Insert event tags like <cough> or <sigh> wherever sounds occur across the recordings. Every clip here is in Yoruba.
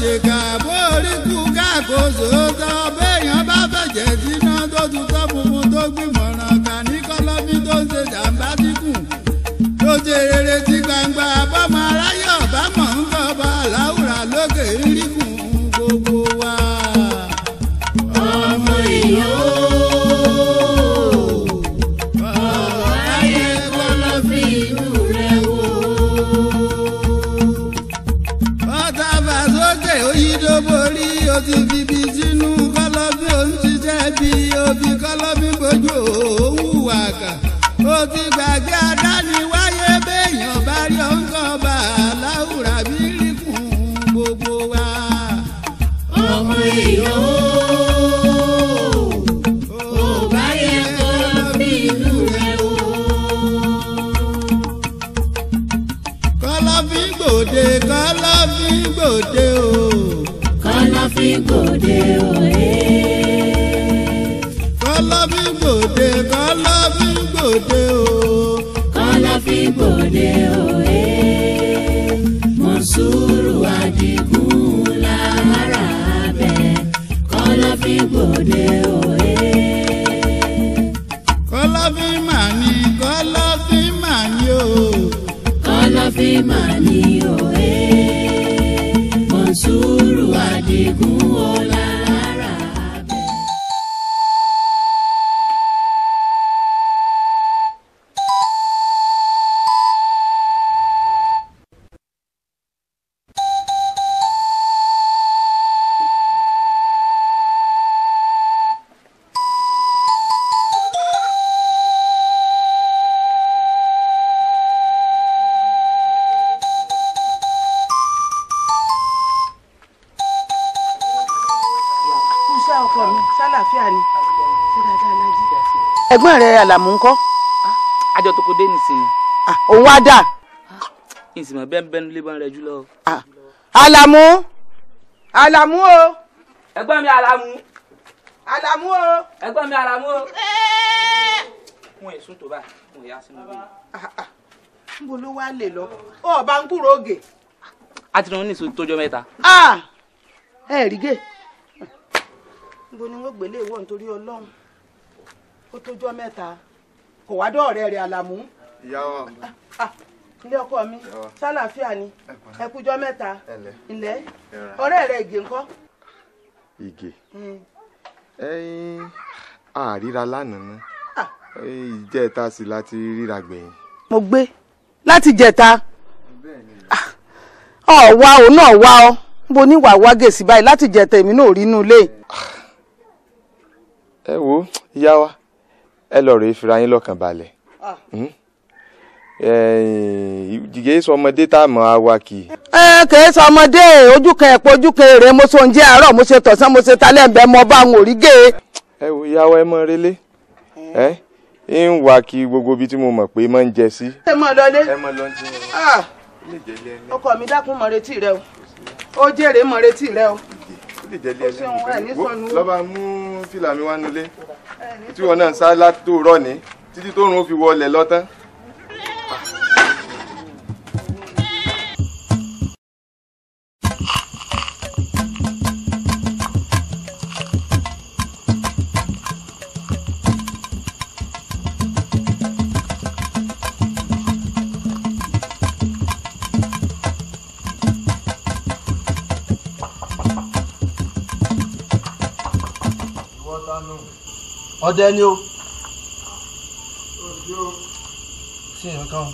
ṣèkà bórí kú káàkóso tán béèyàn bá bẹ̀jẹ̀ síná tó tutọ́ funfun tó gbìmọ̀ràn kà ní kọ́lọ́bí tó ń ṣe jàǹbá dínkù tó ṣe rere sí gbangba bọ́mọ aráyọ̀ bá mọ̀ ń kọ́ bá aláwùrà lókè rírí kù gbogbo wa. ọmọ ìyó. fi kọ́lọ́fín bojú òwú àgà ó ti gbàgbé adániwáyé béèyàn bá rí ọ̀ǹkọ́ bá láwùrà bí rí kùn gbogbo wa. ọmọ ìyàwó. gbòde kọ́lọ́fín gbòde o. kọ́lọ́fín gbòde o gbòde kọ́lọ́fín gbòde o. kọ́lọ́fín gbòde o ee mọ̀sùrù àdìgún lára bẹ̀ kọ́lọ́fín gbòde o ee. kọ́lọ́fín mà ní kọ́lọ́fín mà ní o. kọ́lọ́fín mà ní o ee mọ̀sùrù àdìgún ọ̀la. àlàmú ńkọ́. Ah, àjọ tó kò dé nìsín. Ah, òun á dà. ìsìnmọ̀ ah, bẹ́ẹ̀ bẹ́ẹ̀ ló bá ń rẹ jù lọ. àlàmú àlàmú o. ẹ̀gbọ́n mi àlàmú. àlàmú o. ẹ̀gbọ́n mi àlàmú o. wọn eh. èso tó bá wọn yà sínú mi. níbo ló wá lè lọ ọ bá ń kúrò ògè. a ti rán ní ìṣòro tójọ ẹ rí gé. níbo ni wọ́n gbélé ìwọ nítorí ọlọ́run. ó mẹta, kò wá dọ̀ọ̀rẹ́ rẹ̀ àlàmú. ìyáwó ah, ah, ilé ọkọ mi sálàáfíà ni ẹkújọ́ mẹ́ta ilẹ̀ ọ̀rẹ́ rẹ̀ ìgè ńkọ́. Hmm. ẹyin àríra lánàá ah. ìjẹta sí láti ríra gbẹ̀yìn. mo gbé láti jẹta ọ̀wá òun náà wá ọ bó ní wàá gèsì báyìí láti jẹta èmi náà rí inú ẹ wo ìyá wa ẹ lọ rèé fira yín lọ́kàn balẹ̀ jìgé ah. hmm? sọmọdé tá a mọ àwa kì í. ẹ kèé sọmọdé ojúkan ẹ̀pọ̀ ojúkan èrè mo so ń jẹ́ àárọ̀ mo ṣe tọ̀sán mo ṣe talẹ̀ ń bẹ́ mọ bá àwọn òrígè. ẹ wo ìyàwó ẹ mọ relé eh. ẹ ń wà kí gbogbo ibi tí mo mọ̀ pé máa ń jẹ sí. ẹ mọ lọlé ah. ọkọ mi dákun mọ retí rẹ o ó jèrè mọ retí rẹ o sì lè jẹ́lé ẹlẹ́nu ìgbẹ́ wo lọ́ba mú fìlà mi wá nulẹ̀ tí wọn náà sá látòrọ̀ ní títí tó rún fi wọlé lọ́tán ọdẹ ni o. sí nǹkan.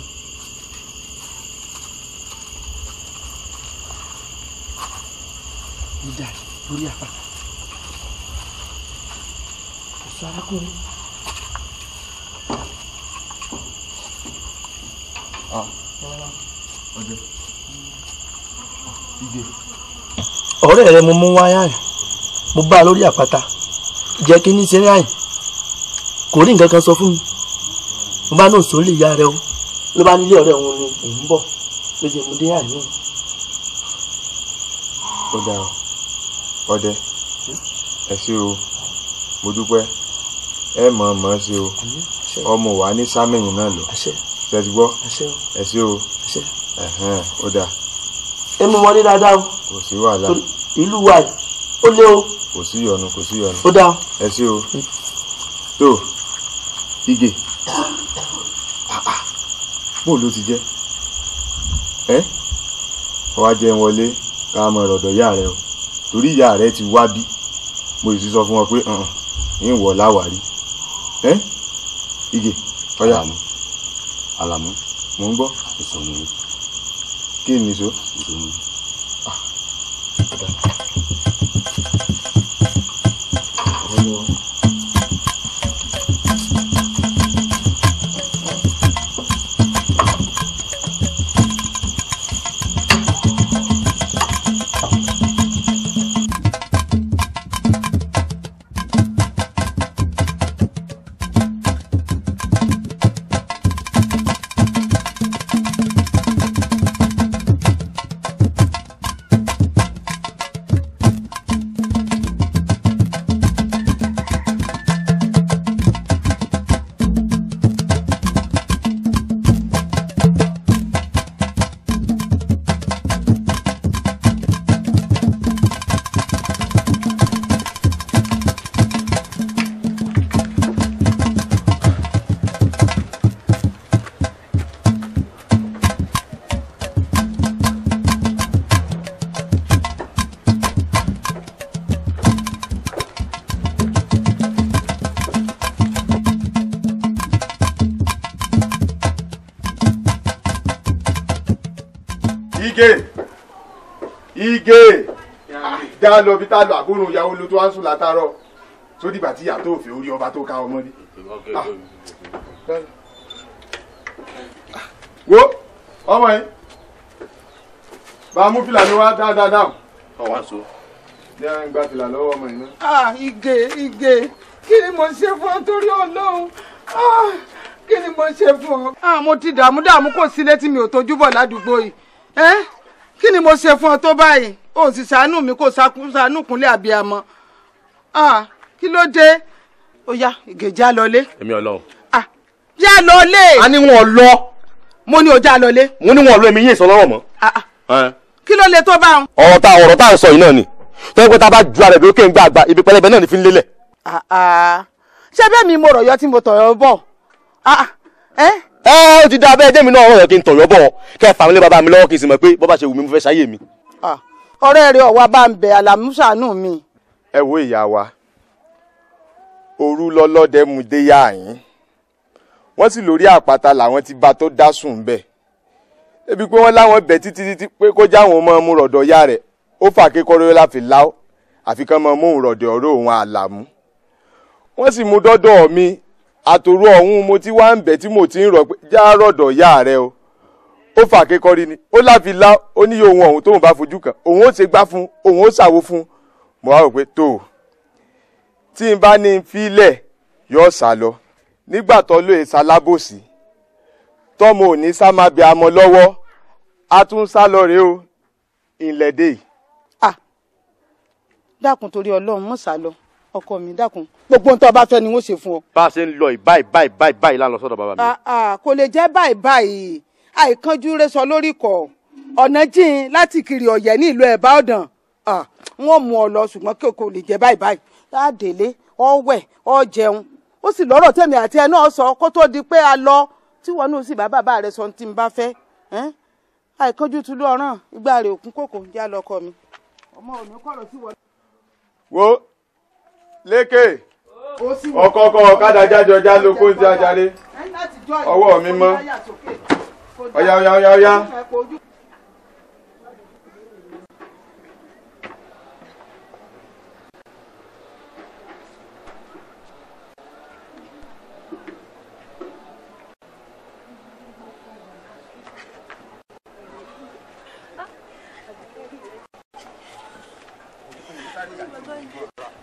ìdá lórí àpáta èso arákùnrin. Ah, ọ̀rẹ́ rẹ mo mú wáyà rẹ̀ mo bá a lórí àpáta jẹ́ kí ní sinmi àyè kò rí nǹkan kan sọ fún mi mo bá náà sọ lè ya rẹ o ló bá nílé ọ̀rẹ́ òun ni òun bọ̀ ló ṣe mú dé àná. ó dáa ọdẹ ẹ ṣé o mo dúpẹ́ ẹ mọ̀ mọ̀ ṣe o ọmọ wa ní sámẹ̀yìn náà lọ ṣe ti ẹ ṣé o ó dáa. ẹ mú wọlé dáadáa o kò sí wàhálà ìlú wa ó lé o kò sí yọnu kò sí yọnu ó dáa ẹ ṣé o mm. tó. Ìgè ah, ah. bóò ló ti jẹ́ ẹ́ wá jẹ́ wọlé ká mọ ọ̀dọ̀ ìyá rẹ o torí ìyá rẹ ti wá bí mo sì sọ fún wọn pé ń wọ̀ láwàárí ẹ́ Ìgè ọ̀yà mi àlàmú mò ń gbọ́ ìsọ̀nù mi kí ni so ìsọ̀nù mi. Ah, á lọ bí tá a lọ àkórùn ìyàwó ló tó wá sùn látàárọ̀ tó dìgbà tí ìyá tó fi orí ọba tó ká ọmọdé. Ah. wo ọmọ yìí bá a mú fìlà ni wá dáadáa dáhùn. ọwọ́ àṣọ. ní à ń gba fìlà lọ́wọ́ ọmọ yìí náà. a ah, Ìgè Ìgè kí ni mo ṣe fún ọ torí Ọlọ́run ah, kí ni mo ṣe fún ọ. mo ti dààmú dààmú kò sí létí mi ò tójú bọ̀ ládùúgbò yìí eh? kí ni mo ṣe fún ọ tó báyìí òun sì ṣàánú mi kó ṣàánú kúnlẹ̀ àbíamọ kí ló dé ó yá ìgèjà lọlé. èmi ọlọ. yá lọlé. a ní wọn lọ. mo ní ọjà lọlé. mo ní wọn lọ èmi yín ìsọlọrọ mọ. kí ló lè tó bá wọn. ọ̀rọ̀ tá ọ̀rọ̀ tá à ń sọ yìí náà ni tọ́jú pé tá a bá ju ara ẹ̀ lókè ń gbà àgbà ibi pẹlẹbẹ náà ni fi ń lélẹ̀. ṣé bẹ́ẹ̀ mi mo rọ̀yọ́ tí mo tọ̀yọ̀ bọ̀? ẹ ó ti dá abẹ́ ẹjẹ́ mi náà rọ̀yọ́ kí n tọ̀yọ̀ bọ̀ kẹ́ ẹ fà mí lé bàbá mi lọ́wọ́ kí n sì mọ̀ pé bọ́ bá ṣe wù mí mo fẹ́ ṣáyé ọ̀rẹ́ rẹ̀ ọ̀wá bá ń bẹ àlàmúsàánú mi. ẹ wo ìyá wa òru lọlọ́dẹ mú dé yá yín wọ́n sì lórí àpáta làwọn ti bá tó dá sùn bẹ́ẹ̀ ebi pé wọ́n láwọn bẹ̀ títí títí pé kó jáwọn ọmọ ọmú rọ̀dọ̀ ya rẹ̀ ó fà kékeré láfi láó àfi kán mọ mú rọ̀dọ̀ òun àlàmú wọ́n sì mú dọ́dọ̀ mi àtòrú ọ̀hún mo ti wá ń bẹ̀ tí mo ti ń rọ̀ pé já rọ̀dọ̀ ya rẹ̀ o ó fà kékọ́rí ni ó láfi lá ó ní ohun ọ̀hún tóun bá fojú kan òun ó ṣe gbá fún òun ó ṣàwo fún mo wá rò pé tó tí n bá ní fílẹ̀ yóò sá lọ nígbà tó lóye sálábòsí tọmọ òní sá máa bẹ amọ lọ́wọ́ a tún sá lọ rèé o ìlẹ̀dẹ̀ yìí. ah dákun torí ọlọ́run mọ̀ sá lọ ọkọ mi dákun gbogbo ohun tó bá fẹ́ ni wọ́n ṣe fún ọ. bá a ṣe ń lọ yìí báyìí báyìí báyìí lánàá sọ́dọ̀ bàbá mi. kò lè jẹ́ báyìí báyìí àìkánjú rẹsọ lórí kọ̀ ọ̀nà jìn láti kiri ọ̀yẹ́ ní ìlú ẹ̀bá ọ̀dàn wọ́n mú ọ lọ ṣùgbọ́n kí o kò lè jẹ báyìí báyìí á délé ọ wẹ̀ ọ jẹun ó sì lọ́rọ̀ tẹ̀mí àti ẹ náà sọ kó tó di pé a lọ tí wọn náà sì bá bàbá rẹ sọ tí n bá fẹ́ àìkánjú tulú ọ̀ràn ìgbà rẹ̀ òkun kòkò já lọ́kọ mi. ọmọ òní kọ̀rọ̀ sí wọn. wo lékè ọkọ̀ ọkọ̀ ọ̀kadà jájọ já lóko ń ti ajáde ọwọ́ mi mọ́ ọ̀yá ọ̀yá ọ̀yá ọ̀yá.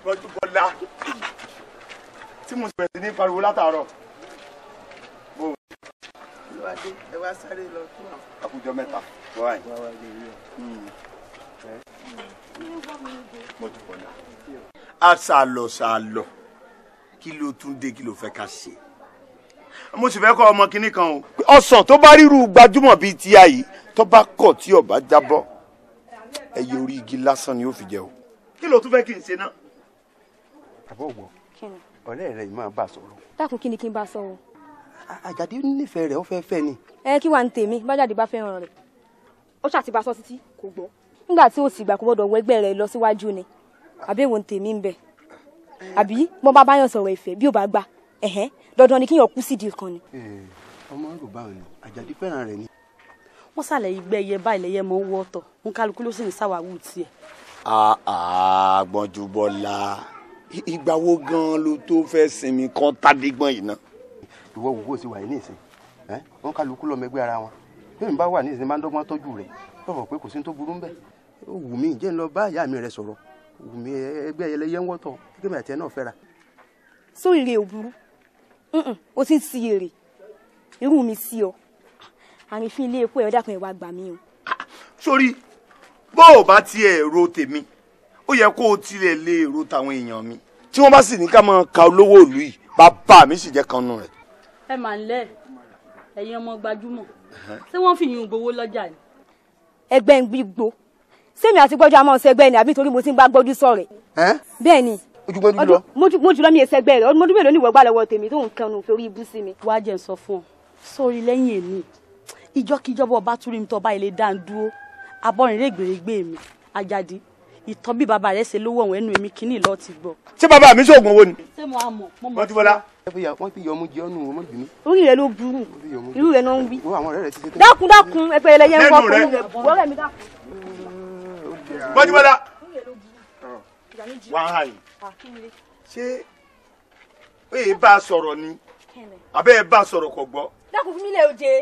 Rọ́jú bọ́lá tí mo sì bẹ̀rẹ̀ sí ní pariwo látàárọ̀ wá dé ẹ wá sáré lọ kí wọn. àkójọ mẹ́ta wọ́n wá yìí. Hmm. mo ti pọ̀ náà. a sàlọ̀ sàlọ̀ kí ló tún dé kí ló fẹ́ ká ṣe mo sì fẹ́ kọ́ ọmọ kinní kan o. ọsàn tó bá ríru gbajúmọ̀ bíi ti àyè tó bá kọ̀ tí ọba jábọ́ ẹyẹ orí igi lásán ni ó fi jẹ o. kí ló tún fẹ́ kí n ṣe náà. àbọ̀ wọ̀ ọ̀rẹ́ rẹ̀ yìí máa bá a sọ̀rọ̀. dákun kí ni kí n bá a sọ̀rọ̀ àjàdí nífẹ̀ẹ́ rẹ̀ ó fẹ́ fẹ́ ni. ẹ kí wàá ń tèmi bájàdé bá fẹ́ràn rẹ̀ ó ṣàtìgbà títí kò gbọ́ nígbà tí ó sì gbà kó gbọ́dọ̀ wọ ẹgbẹ́ rẹ̀ lọ síwájú ni àbí èwo ń tèmi ń bẹ̀ àbí mo bá báyọ̀ sọ̀rọ̀ ìfẹ́ bí ò bá gbà ẹ̀hẹ́n dandan ni kíyàn kú sídìí kan ni. ọmọ rò bá òní àjàdí fẹ́ràn rẹ̀ ni. wọ́n ṣàlẹ̀ ìgbẹ́ ẹyẹ báyìí lẹ́yẹ mọ́ owó ọ̀tọ̀ ń kálukú ló sì ń ṣàwáwù tiẹ̀. àgbọ̀njúbọ̀lá ìgbà wo gan-an ló tó fẹ́ sinmi kan tádégbọ̀n yìí náà ìwọ wò bó ṣe wà ní ìsìn ẹ wọn kálukú lọmọ ẹgbẹ́ ara wọn bẹ́ẹ̀ bá wà ní ìsìn máa ń dọ́gbọ́n tọ́jú rẹ̀ lọ́rọ̀ pé kò sí tó burú ńbẹ̀ ó wù mí jẹ́ ń lọ bá ìyá mi rẹ̀ sọ̀rọ̀ wù mí ẹgbẹ́ ẹyẹlẹyẹ ń wọ́tọ̀ gẹ́gẹ́ bí àtẹ náà fẹ́ra. só èrè ò burú ó ti ń si èrè irú mi sí ọ àrífín ilé epo ẹ̀ ọ́ dàpọ̀ ẹ̀ wá gbà mí o. sórí bó o bá tiẹ̀ ro tèmi ó yẹ kó o tilẹ̀ lè ro tàwọn èèyàn mi tí wọ́n bá sì ní ká máa ka olówó ìlú yìí bàbá mi sì jẹ́ kan rẹ̀ ẹ mà ńlẹ́ ẹ̀yin ọmọ gbajúmọ̀ ṣé wọ́n fi yín gbowó lọ́jà ni. ẹgbẹ́ ń gbígbó sẹ́mi àti gbọ́jú àmọ́ ọ̀sẹ̀ ẹgbẹ́ ni àbí torí mo ti ń bá gbọ́jú sọ̀rọ̀ bẹ́ẹ̀ ni mo jùlọ mi ẹsẹ̀ ẹgbẹ́ rẹ̀ ọdún mélòó ni ìwọ gbà lọ́wọ́ tèmi tó ń kẹnu fi orí ibú sí mi. wá jẹ́ ń sọ fún ọ sórí lẹ́yìn èmi ìjọkíjọba ọba tún rí mi tó ọba ilé dá ń dúró abọ́rinrẹ́ gbèrègbè mi ajadi ìtọ́ bí bàbá rẹ̀ ṣe lówó ọ̀hún ẹnu èmi kínní lọ́ọ́ ti gbọ́. ṣé bàbá mi ṣoògùn owó ni. ṣé mo á mọ̀ mo mọ̀ sí i wọ́n orí rẹ ló burú irú rẹ náà ń wí. dákun dákun ẹgbẹ́ ẹlẹ́yẹ ń kọ́ fún mi. wọ́rẹ́ mi dákun. gbọ́dúgbọ́dá wàhálà yìí ṣé ó yẹ bá a sọ̀rọ̀ ni àbẹ́ ẹ bá a sọ̀rọ̀ kò gbọ́. dákun fún mi lè oje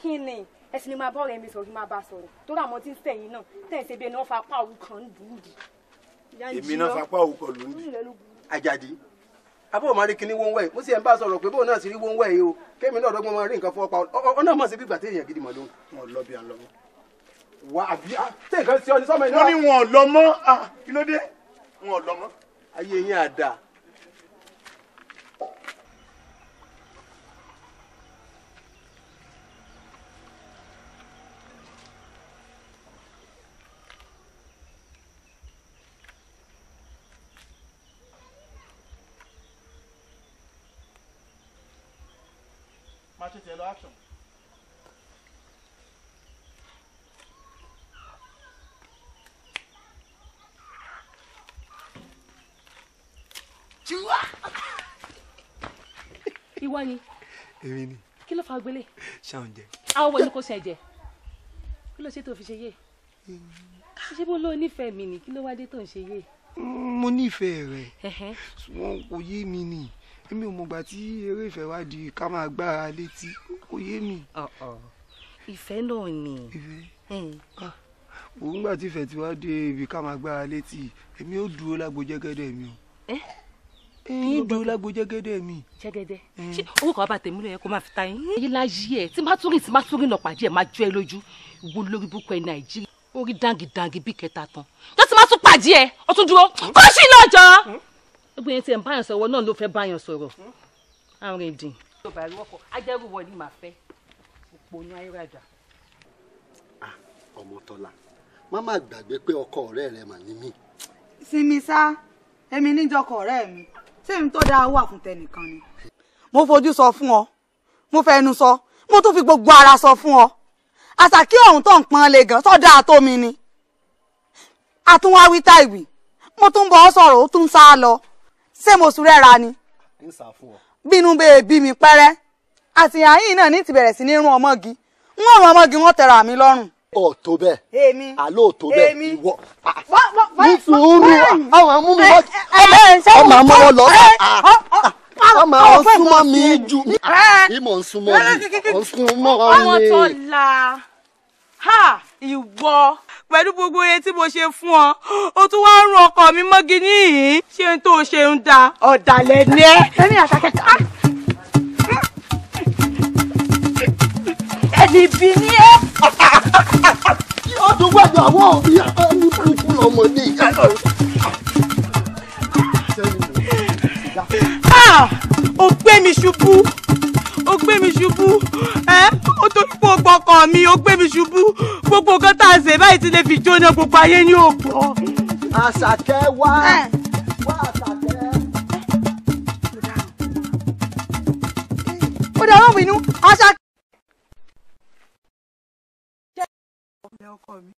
kí ni ẹ ni máa bọ́ ọ̀rẹ́ mi sọ̀rọ̀ kí máa bá a sọ̀rọ̀ tó rà tí ń sẹ̀yìn náà tẹ̀ ṣe bí ẹni wọ́n fa òwú kan lù ú di. èmi náà fa òwú kan lù ú di àjàdí abọ́ máa rí kinní wọ́n wẹ̀ mo sì ẹ̀ ń bá sọ̀rọ̀ pé bóun náà sì rí wọ́n wẹ̀ yìí o kémi náà dọ́gbọ́n máa rí nǹkan fọ́ pa ọ náà mọ̀ sí bígbà téèyàn gidi mọ̀ lóhùn. wọn lọ bí alọ mọ. wà á bí tẹ nǹkan sí ọ ní sọmọ ìlú. wọn ní wọn lọ mọ kí ló dé wọn lọ mọ. ayé yín àdá wá ni. èmi ni. kí ló fa gbélé. ṣáwọn jẹ. àwọn wọlé kò ṣẹjẹ kí ló ṣe tó fi ṣe yé. ṣé bó ló nífẹ̀ẹ́ mi ni kí ló wá dé tó ń ṣe yé. mo nífẹ̀ẹ́ rẹ̀ wọn kò yé mi ni èmi ò mọ̀gbà tí eré ìfẹ́ wá di ká máa gbára létí kò yé mi. ìfẹ́ náà ni. ìfẹ́ òun ah, gbà tí ìfẹ́ ti wá dé ibi ká máa gbára létí èmi ò dúró lágbo jẹ́gẹ́dẹ́ mi o eyín dùn lágbo jẹgẹdẹ mi. jẹgẹdẹ ṣé owó kan bá tèmi lóye kó máa fi ta yín. èyí la yí ẹ tí má túrìn tí má túrìn lọ pàdé ẹ má jọ ẹ lójú wo lórí búkọ ẹ nàìjíríà orí dangidangi bí kẹta tán tó ti má tún pàdé ẹ ó tún dúró hmm? kó sì lọ́jọ́. Hmm? gbogbo yẹn tí ẹ ń báyàn sọ̀rọ̀ náà ló fẹ́ báyàn sọ̀rọ̀ àrùn ìdìn. yorùbá rí ọkọ ajẹ́rù wọ ni màá fẹ́ òpònú ayérajà. Ah, ọmọ tọ́lá má má gbàgbé pé ọkọ ọ̀rẹ́ rẹ mà ní mí. sinmi sá èmi níjọkọ ọ̀rẹ́ sẹ́yìn tó dáa wà fún tẹnìkan ni. mo fojú sọ fún ọ mo fẹnu sọ mo tún fi gbogbo ara sọ fún ọ àṣàkí ọ̀hún tó ń pọn lè gan sọ́dà tó mi ni. àtúnwá wí táìwì mo tún bọ́ sọ̀rọ̀ ó tún sá lọ ṣé mo sùn rẹ́ra ni. bínú bẹ́ẹ̀ bí mi pẹ́rẹ́ àtìyàn yìí náà ní ti bẹ̀rẹ̀ sí ní rún ọmọgi ń rún ọmọgi wọ́n tẹ̀ra mi lọ́rùn ọ̀tọ̀ bẹ́ẹ̀. èmi àlọ́ ọ̀tọ̀ bẹ́ẹ̀ ìwọ. ní sùúrù àwọn amú mi wọ́n ọmọ amọ́wọ́ lọ. ọmọ àwọn ah, ah, ah. súnmọ́ mi jù. ìmọ̀ ń súnmọ́ mi ń súnmọ́ mi. ọmọ tó la ìwọ pẹ̀lú gbogbo oye tí mo ṣe fún ọ o tún wá ń rún ọkọ mi mọ́gi níyìn ṣé n tó ṣe ń da ọ̀dàlẹ̀ ni ẹ. ẹni àtàkẹ́kẹ́. níbí ní ẹ. kí ó tún gbàgbọ́ àwọn òbí ẹni burúkú lọmọdé ìyá lọ. ó gbé mi ṣubú ó gbé mi ṣubú ẹ ó torí pé ọgbọ́n kan mi ó gbé mi ṣubú gbogbo nǹkan tá a ṣe báyìí ti lè fi jóná gbogbo ayé ní òpó. àṣàkẹ́ wá wá àṣàkẹ́. ó dàrú mi nú àṣàkẹ́. ọkọ mi.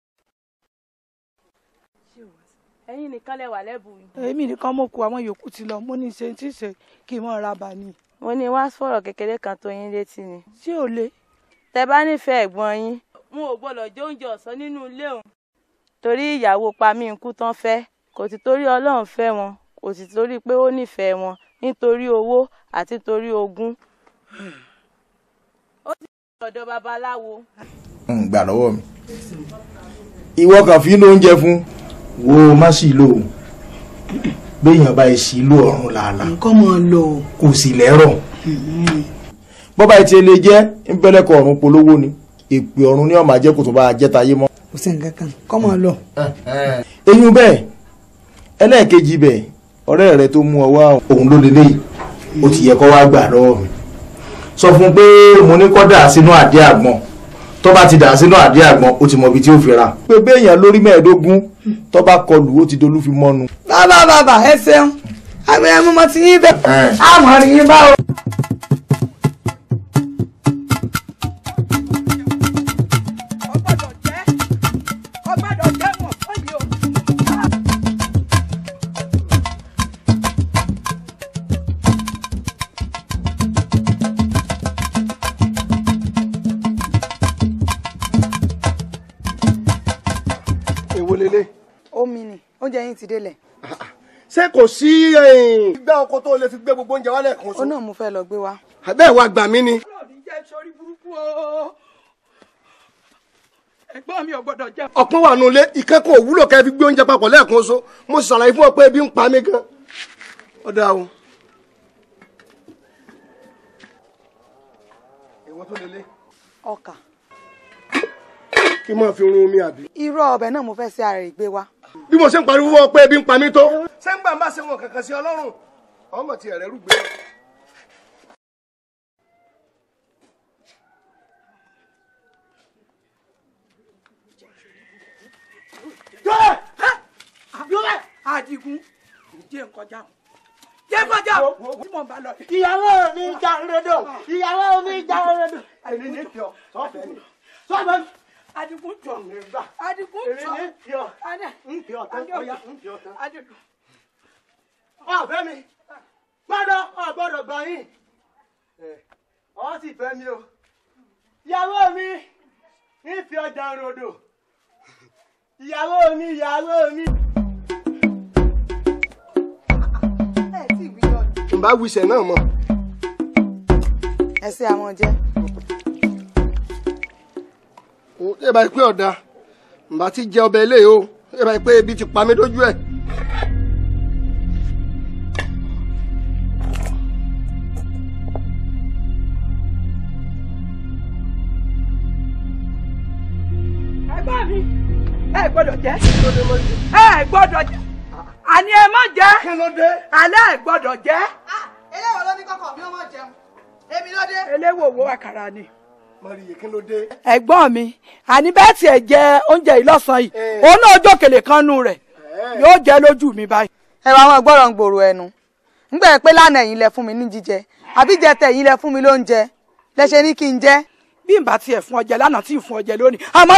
ẹ̀yin nìkan lẹ wà lẹ́bùn yìí. èmi nìkan mo kù àwọn yòókù ti lọ mo ní ṣe tí ṣe kí n mọ ra bà ní. mo ní wá sọ̀rọ̀ kékeré kan tó yín létí ni. tí ò le. tẹ bá nífẹ̀ẹ́ ẹ̀gbọ́n yín. n ò gbọ́dọ̀ jẹ oúnjẹ ọ̀sán nínú ilé òun. torí ìyàwó pa mí nkú tán fẹ́ kò ti torí ọlọ́run fẹ́ wọn kò sì torí pé ó nífẹ̀ẹ́ wọn nítorí owó àti torí ogún. ó ti sọ̀dọ̀ babaláwo ń gbà lọ́wọ́ mi ìwọ kàn fi ló ń jẹ fún. wo má sì lò ó béèyàn bá ṣì lò ọ̀run làálàá nǹkan mọ̀ lọ kò sì lẹ́rọ̀. bọ́bá ìtì ilé jẹ́ ń bẹ́lẹ́kọ̀ ọ̀run polówó ni èpè ọ̀run ni ọ̀mà jẹ́ kò tó bá jẹ́ tayé mọ́. kò sí nǹkan kan kọ́ mọ̀ lọ. eyín bẹ́ẹ̀ ẹlẹ́ẹ̀kejì bẹ́ẹ̀ ọ̀rẹ́ rẹ tó mú ọ wá òun ló lélẹ́yìí ó ti yẹ kó wá gbà lọ́wọ́ mi sọ fún pé mo ní kọ́dà sínú àdé àgbọn tó bá ti dà sínú àdé àgbọn ó ti mọ ibi tí ó fi ra. pépé èèyàn lórí mẹ́ẹ̀ẹ́dógún tó bá kọlù ó ti dolú fi mọ́nu. bàbá bàbá ẹ ṣeun àgbẹ̀yẹ̀mú mo ti yín bẹ́ẹ̀ àmọ́ rí yín báwo. lẹ́yìn ti délẹ̀. ṣé kò sí eh, gbẹ́ ọkọ tó lè fi gbé gbogbo oúnjẹ wálẹ̀ kan sọ. ó mo fẹ́ lọ gbé wa. bẹ́ẹ̀ wá gbà mí ni. ẹ̀gbọ́n mi ò gbọ́dọ̀ jẹ́. ọ̀pọ̀ wà nù lé ìkẹ́kọ̀ọ́ òwúlò kẹ́ fi gbé oúnjẹ papọ̀ lẹ́ẹ̀kan so mo ṣàlàyé fún ọ pé ebi ń pa mí gan. ó dáa o. èwo tó lélẹ̀. ọkà. kí n máa fi run omi àbí. irú ọbẹ̀ náà mo fẹ́ ṣe ara ìgbé wa bí mo ṣe ń pariwo wọ́n pé ń pa mí tó. ṣé ń gbà má ṣe wọn kankan sí ọlọ́run ọmọ tiẹ̀ rẹ̀ rúgbìn. jọ́lẹ̀ jọ́lẹ̀ àdìgún jẹ́ nkọjá o nkọjá tí mo bá lọ. ìyàwó mi jà ń rodo ìyàwó mi jà ń rodo. àìní ní tí ọ sọ́ọ̀bù sọ́ọ̀bù. Adigun jọ. Adigun jọ. Èmi ní fi ọ. N fi ọ tán. Ọya n fi ọ tán. Adigun. Ọ̀fẹ́ mi, gbọ́dọ̀ ọ̀gbọ́dọ̀ gbọ́ yín. Ọ sì fẹ́ mi o. Ìyàwó mi, ń fi ọjà ròdò. Ìyàwó mi, ìyàwó mi. Ǹbá wíṣẹ̀ náà mọ̀. Ẹ ṣe àwọn jẹ́ ṣé ìbá pé ọ̀dà ǹbá ti jẹ ọbẹ̀ ilé o ṣé ìbá pé ebi ti pa mí dójú ẹ̀. ẹ̀gbọ́n mi ẹ gbọ́dọ̀ jẹ ẹ gbọ́dọ̀ jẹ àní ẹ má jẹ alẹ́ ẹ gbọ́dọ̀ jẹ. Ah, eléwo ló ní kọkọ mi ó mọ jẹun èmi ló dé. eléwo wo àkàrà ni. mọ̀rìyè ẹ̀gbọ́n mi àní bẹ́ẹ̀ jẹ oúnjẹ yìí lọ́sàn-án yìí eh. òun náà jókèlè kan nù rẹ̀ eh. yóò jẹ́ lójú mi báyìí. ẹ wá wọn gbọ́dọ̀ ń gbòòrò ẹnu nígbà pé lánàá ẹ̀yin lẹ fún mi ní jíjẹ àbí lẹ fún mi lóúnjẹ lẹ ṣe ní kí n jẹ. ọjẹ lánàá tí ọjẹ lónìí àmọ́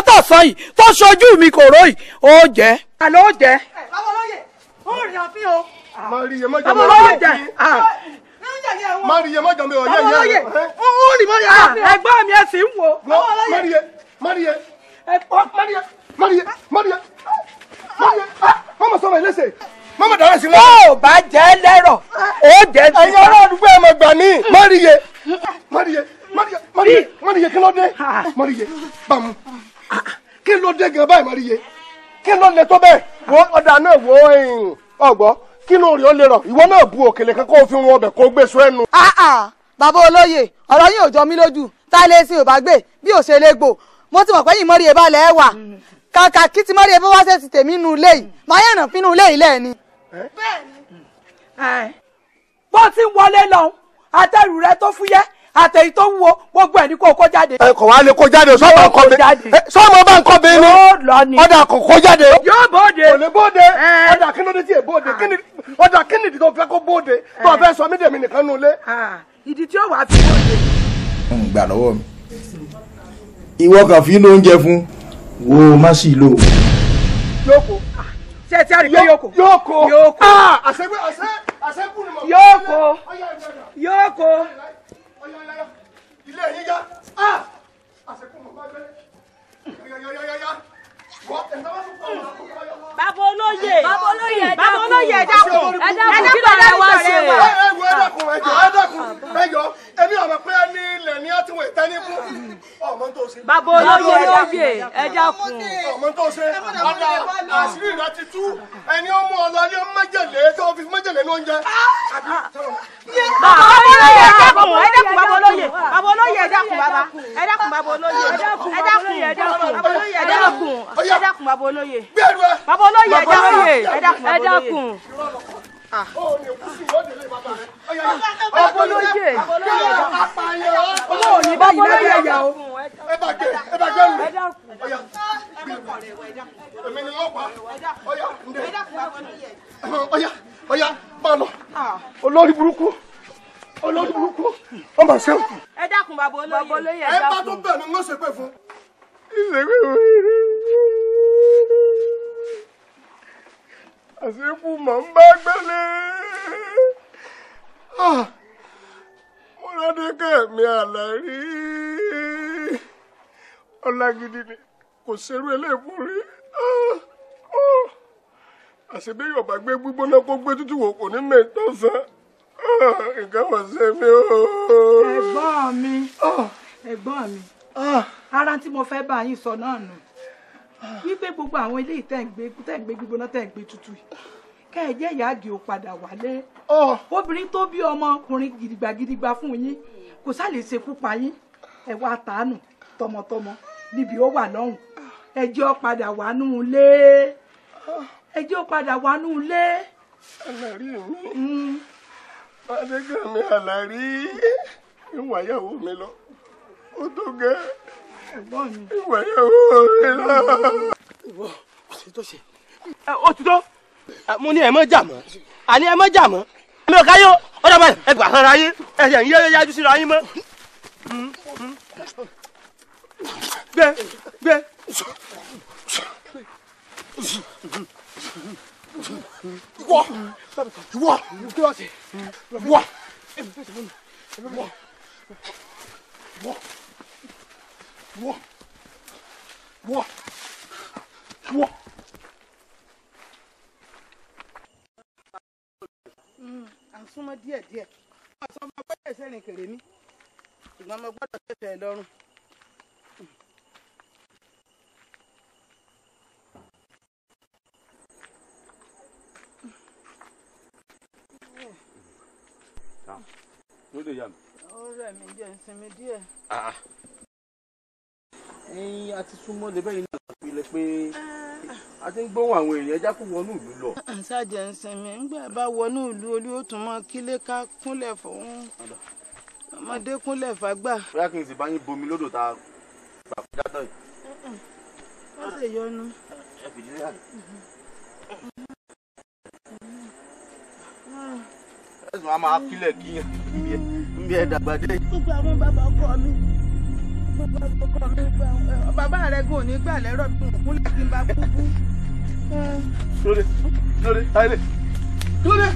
tó sọ yìí mi kò yìí jàyẹ wọn. máríye má jọ mi ọ̀yẹ́ yẹn. ọlọ́yẹ ó rì mọ́ yàrá. Ah, ẹgbẹ́ mi ẹ sì ń wo. máríye máríye oh, máríye máríye máríye máríye ah, mama sọ ma ẹlẹ́sẹ̀ mama dara sí lọ́wọ́. tó o bá jẹ́ lẹ́rọ̀ ó jẹ́ ti. ẹ̀yin ará àdúgbò ẹ̀ mọ̀ gbà mí máríye máríye máríye máríye kí ló dé ah, máríye bàmú kí ló dé gan báyìí máríye kí ló lè tó bẹ́ẹ̀ wo ọ̀dà náà wo ọ̀gbọ́n kínú rẹ̀ ó lè rọ̀ ìwọ náà bu òkèlè kan kó o fi run ọbẹ̀ kó o gbé sọ ẹnu. Ah, ah, bàbá olóye ọ̀rọ̀ yìí ò jọ mí lójú tá a lè sin ò bá gbé bí ò ṣe lè gbò mo ti mọ̀ pé yìí mọ́rí ebá lẹ́ wà kàkà kí ti mọ́rí ebá wá ṣe ti tèmi nu ilé yìí máa yànnà fínú ilé yìí lẹ́ẹ̀ni. bẹ́ẹ̀ni bó ti wọlé lọ atẹ́rù rẹ tó fúyẹ́ àtẹ̀yí tó ń wo gbogbo ẹ̀ ní kó kó jáde. ẹ kò wá lè kó jáde sọ́mọ nǹkan mi sọ́mọ bá nǹkan mi ni ọ̀dà kò kó jáde. yóò bóde. kò lè bóde ọ̀dà kí ló dé tí yẹ bóde ah. ọ̀dà kí nìdí tó fẹ́ kó bóde tó fẹ́ sọ mí dèmi nìkan nulẹ̀. Ah, ìdí tí ó wà á fi bóde. ń gbà lọ́wọ́ mi ìwọ kàn fi lóúnjẹ fún wo má sì lò. yókò ah, ṣe ti a rí pé yókò. yókò yókò àṣẹ àṣẹ kù ni mo. yókò yókò ilé yín yá ah! àṣekún mọ̀ bá gbé yáyáyáyá bàbá olóyè bàbá olóyè ẹ dákun ẹ dákun ẹ dákun ẹ wá ṣe wá. ẹ wo ẹ dákun ẹ jọ ẹ dákun ẹ jọ èmi ọmọ pé ní ilẹ̀ ní àtiwọ̀ ìtẹ́ni kú ọmọ tó ṣe. bàbá olóyè olóyè ẹ dákun. ọmọ tó ṣe ọ̀dà àṣírí rẹ ti tú ẹni ó mú ọlọ ní májèlé tó fi májèlé ní oúnjẹ. bàbá olóyè ẹ dákun bàbá olóyè ẹ dákun bàbá ẹ dákun bàbá olóyè ẹ dákun bàbá olóye bàbá olóye ẹ dákun ẹ dákun ẹ dákun. bàbá olóye ọmọ òní báyìí lábẹ́ ẹ̀yà o. ẹ bá gbé ẹ bá gbé lu ẹ dákun èmi ni wọ́n pa ọ̀yà ǹdẹ ọ̀yà ọ̀yà máa lọ olórí burúkú olórí burúkú ọmọ ṣẹ́wọ̀n. ẹ dákun bàbá olóye ẹ bá tó bẹ̀ ni wọ́n ṣe pé fún. ìṣègùn ìwé rí. àṣekù mọ̀ ń bá gbélé. Ah, mo ládékẹ́ mi I ọlá gidi ni kò ṣerú eléèbú rí. Ah, ah. àṣebí yorùbá gbé gbígbóná kó gbé tútù wò kò ní mẹ́tọ́ san nǹkan wọ̀ ṣe mí o. ẹ̀gbọ́n mi ẹ̀gbọ́n mi ara tí mo fẹ́ bá yín sọ náà nù wípé gbogbo àwọn ilé ìtẹ̀gbẹ́ tẹ̀gbẹ́ gbígbóná tẹ̀gbẹ́ tútù ká ẹ jẹ́ ìyá àgè padà wálé obìnrin tó bí ọmọkùnrin gidigbagidigba fún yín kò sá lè ṣekú yín ẹ wá tàánù tọmọtọmọ níbi ó wà lọ́hùn ẹ jẹ́ ó padà wánú ilé ẹ jẹ́ ó padà wánú ilé. alárí mi hmm. adégbèmí alárí ìwà ìyàwó mi lọ ó tó gẹ́ẹ́ ẹ̀gbọ́n mi. ìwọ ìyàwó mi lọ. ìwọ òtítọ́ ṣe. òtítọ́ mo ní ẹ mọ jà mọ́ àní ẹ mọ jà mọ́ mi ò káyọ ọ̀dọ̀ bá ẹ gbà sára yín ẹ jẹ́ yíyá yájú síra yín mọ́. gbé gbé. ìwọ ìwọ ìwọ ìwọ ìwọ. Whoa. Whoa. Whoa. à ń súnmọ́ díẹ̀ díẹ̀ wọ́n sọ ma gbọ́dọ̀ sẹ́rìn kèrè mi ṣùgbọ́n mo gbọ́dọ̀ tẹ̀sẹ̀ lọ́rùn. ló lè yà mí ẹ̀yin àti súnmọ́ lébẹ́ yìí náà pilẹ̀ pé a ti ń gbóhùn àwọn èèyàn ẹja kó wọnú ìlú lọ. sáàjẹ̀ ah, ń sinmi ńgbà bá wọnú ìlú olú ó tún mọ kílé ká kúnlẹ̀ fún ọmọdé kúnlẹ̀ fàgbà. bóyá kí n sì bá yín bomi lódò tá a gbà kọjá tán yìí. wọ́n sì yọnu. ẹ fìdí rẹ̀ mm-hmm. ẹ̀sùn a máa kílẹ̀ kíyàn ń bí ẹ dàgbà dé. gbogbo àwọn bàbá ọkọ mi bàbá rẹ gùn ní gbà lẹ́rọ̀ bí mo kúnlẹ̀ n bá kú bú. lóde lóde ayẹlẹ lóde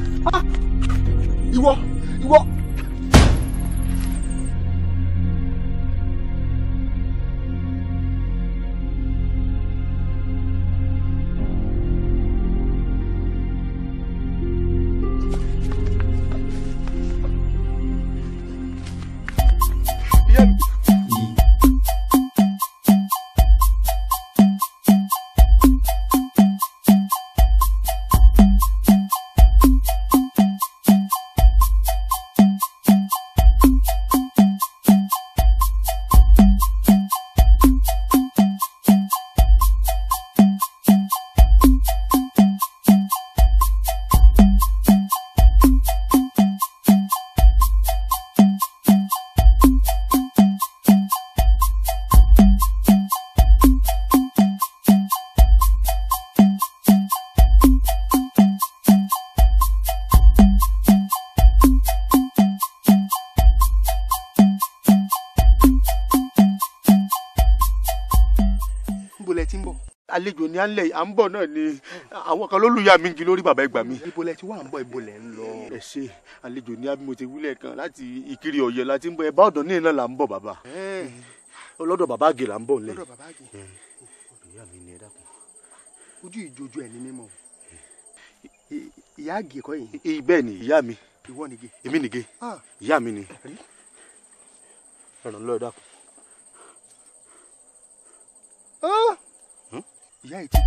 ìwọ ìwọ. àlejò ní alẹ́ yìí à ń bọ̀ náà ni àwọn kan ló lùyà mí jí lórí bàbá ìgbà mi. ibo lẹ ti wá ń bọ̀ ibo lẹ ń lọ. ẹ ṣe àlejò ní abimo ti wílẹ̀ kan láti ìkiri ọ̀yẹ́ láti ń bọ̀ ẹ bá ọ̀dọ̀ ní iná là ń bọ̀ bàbá ọlọ́dọ̀ bàbá àgè là ń bọ̀ lẹ́yìn. ojú ìjojo ẹ̀ ní mímọ́ ìyá àgè kọ́ yìí. bẹ́ẹ̀ ni ìyá mi ìwọ nìge. èmi nìge ah. ìyá mi ni ẹ̀rọ ńlọ ẹ̀dá kù. E aí, tipo...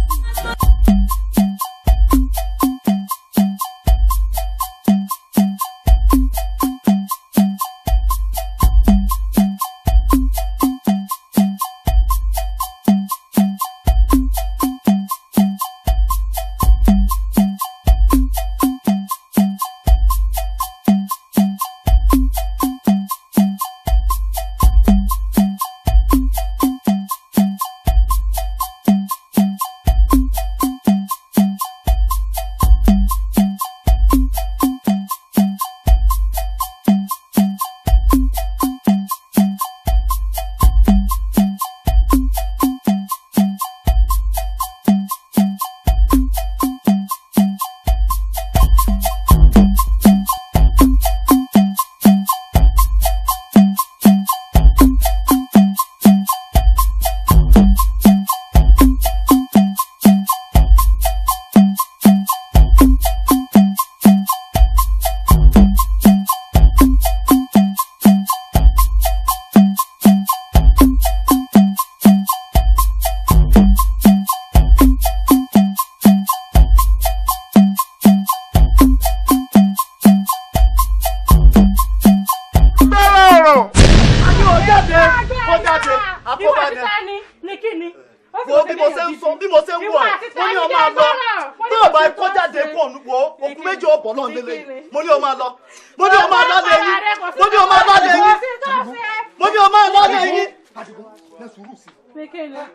èèyàn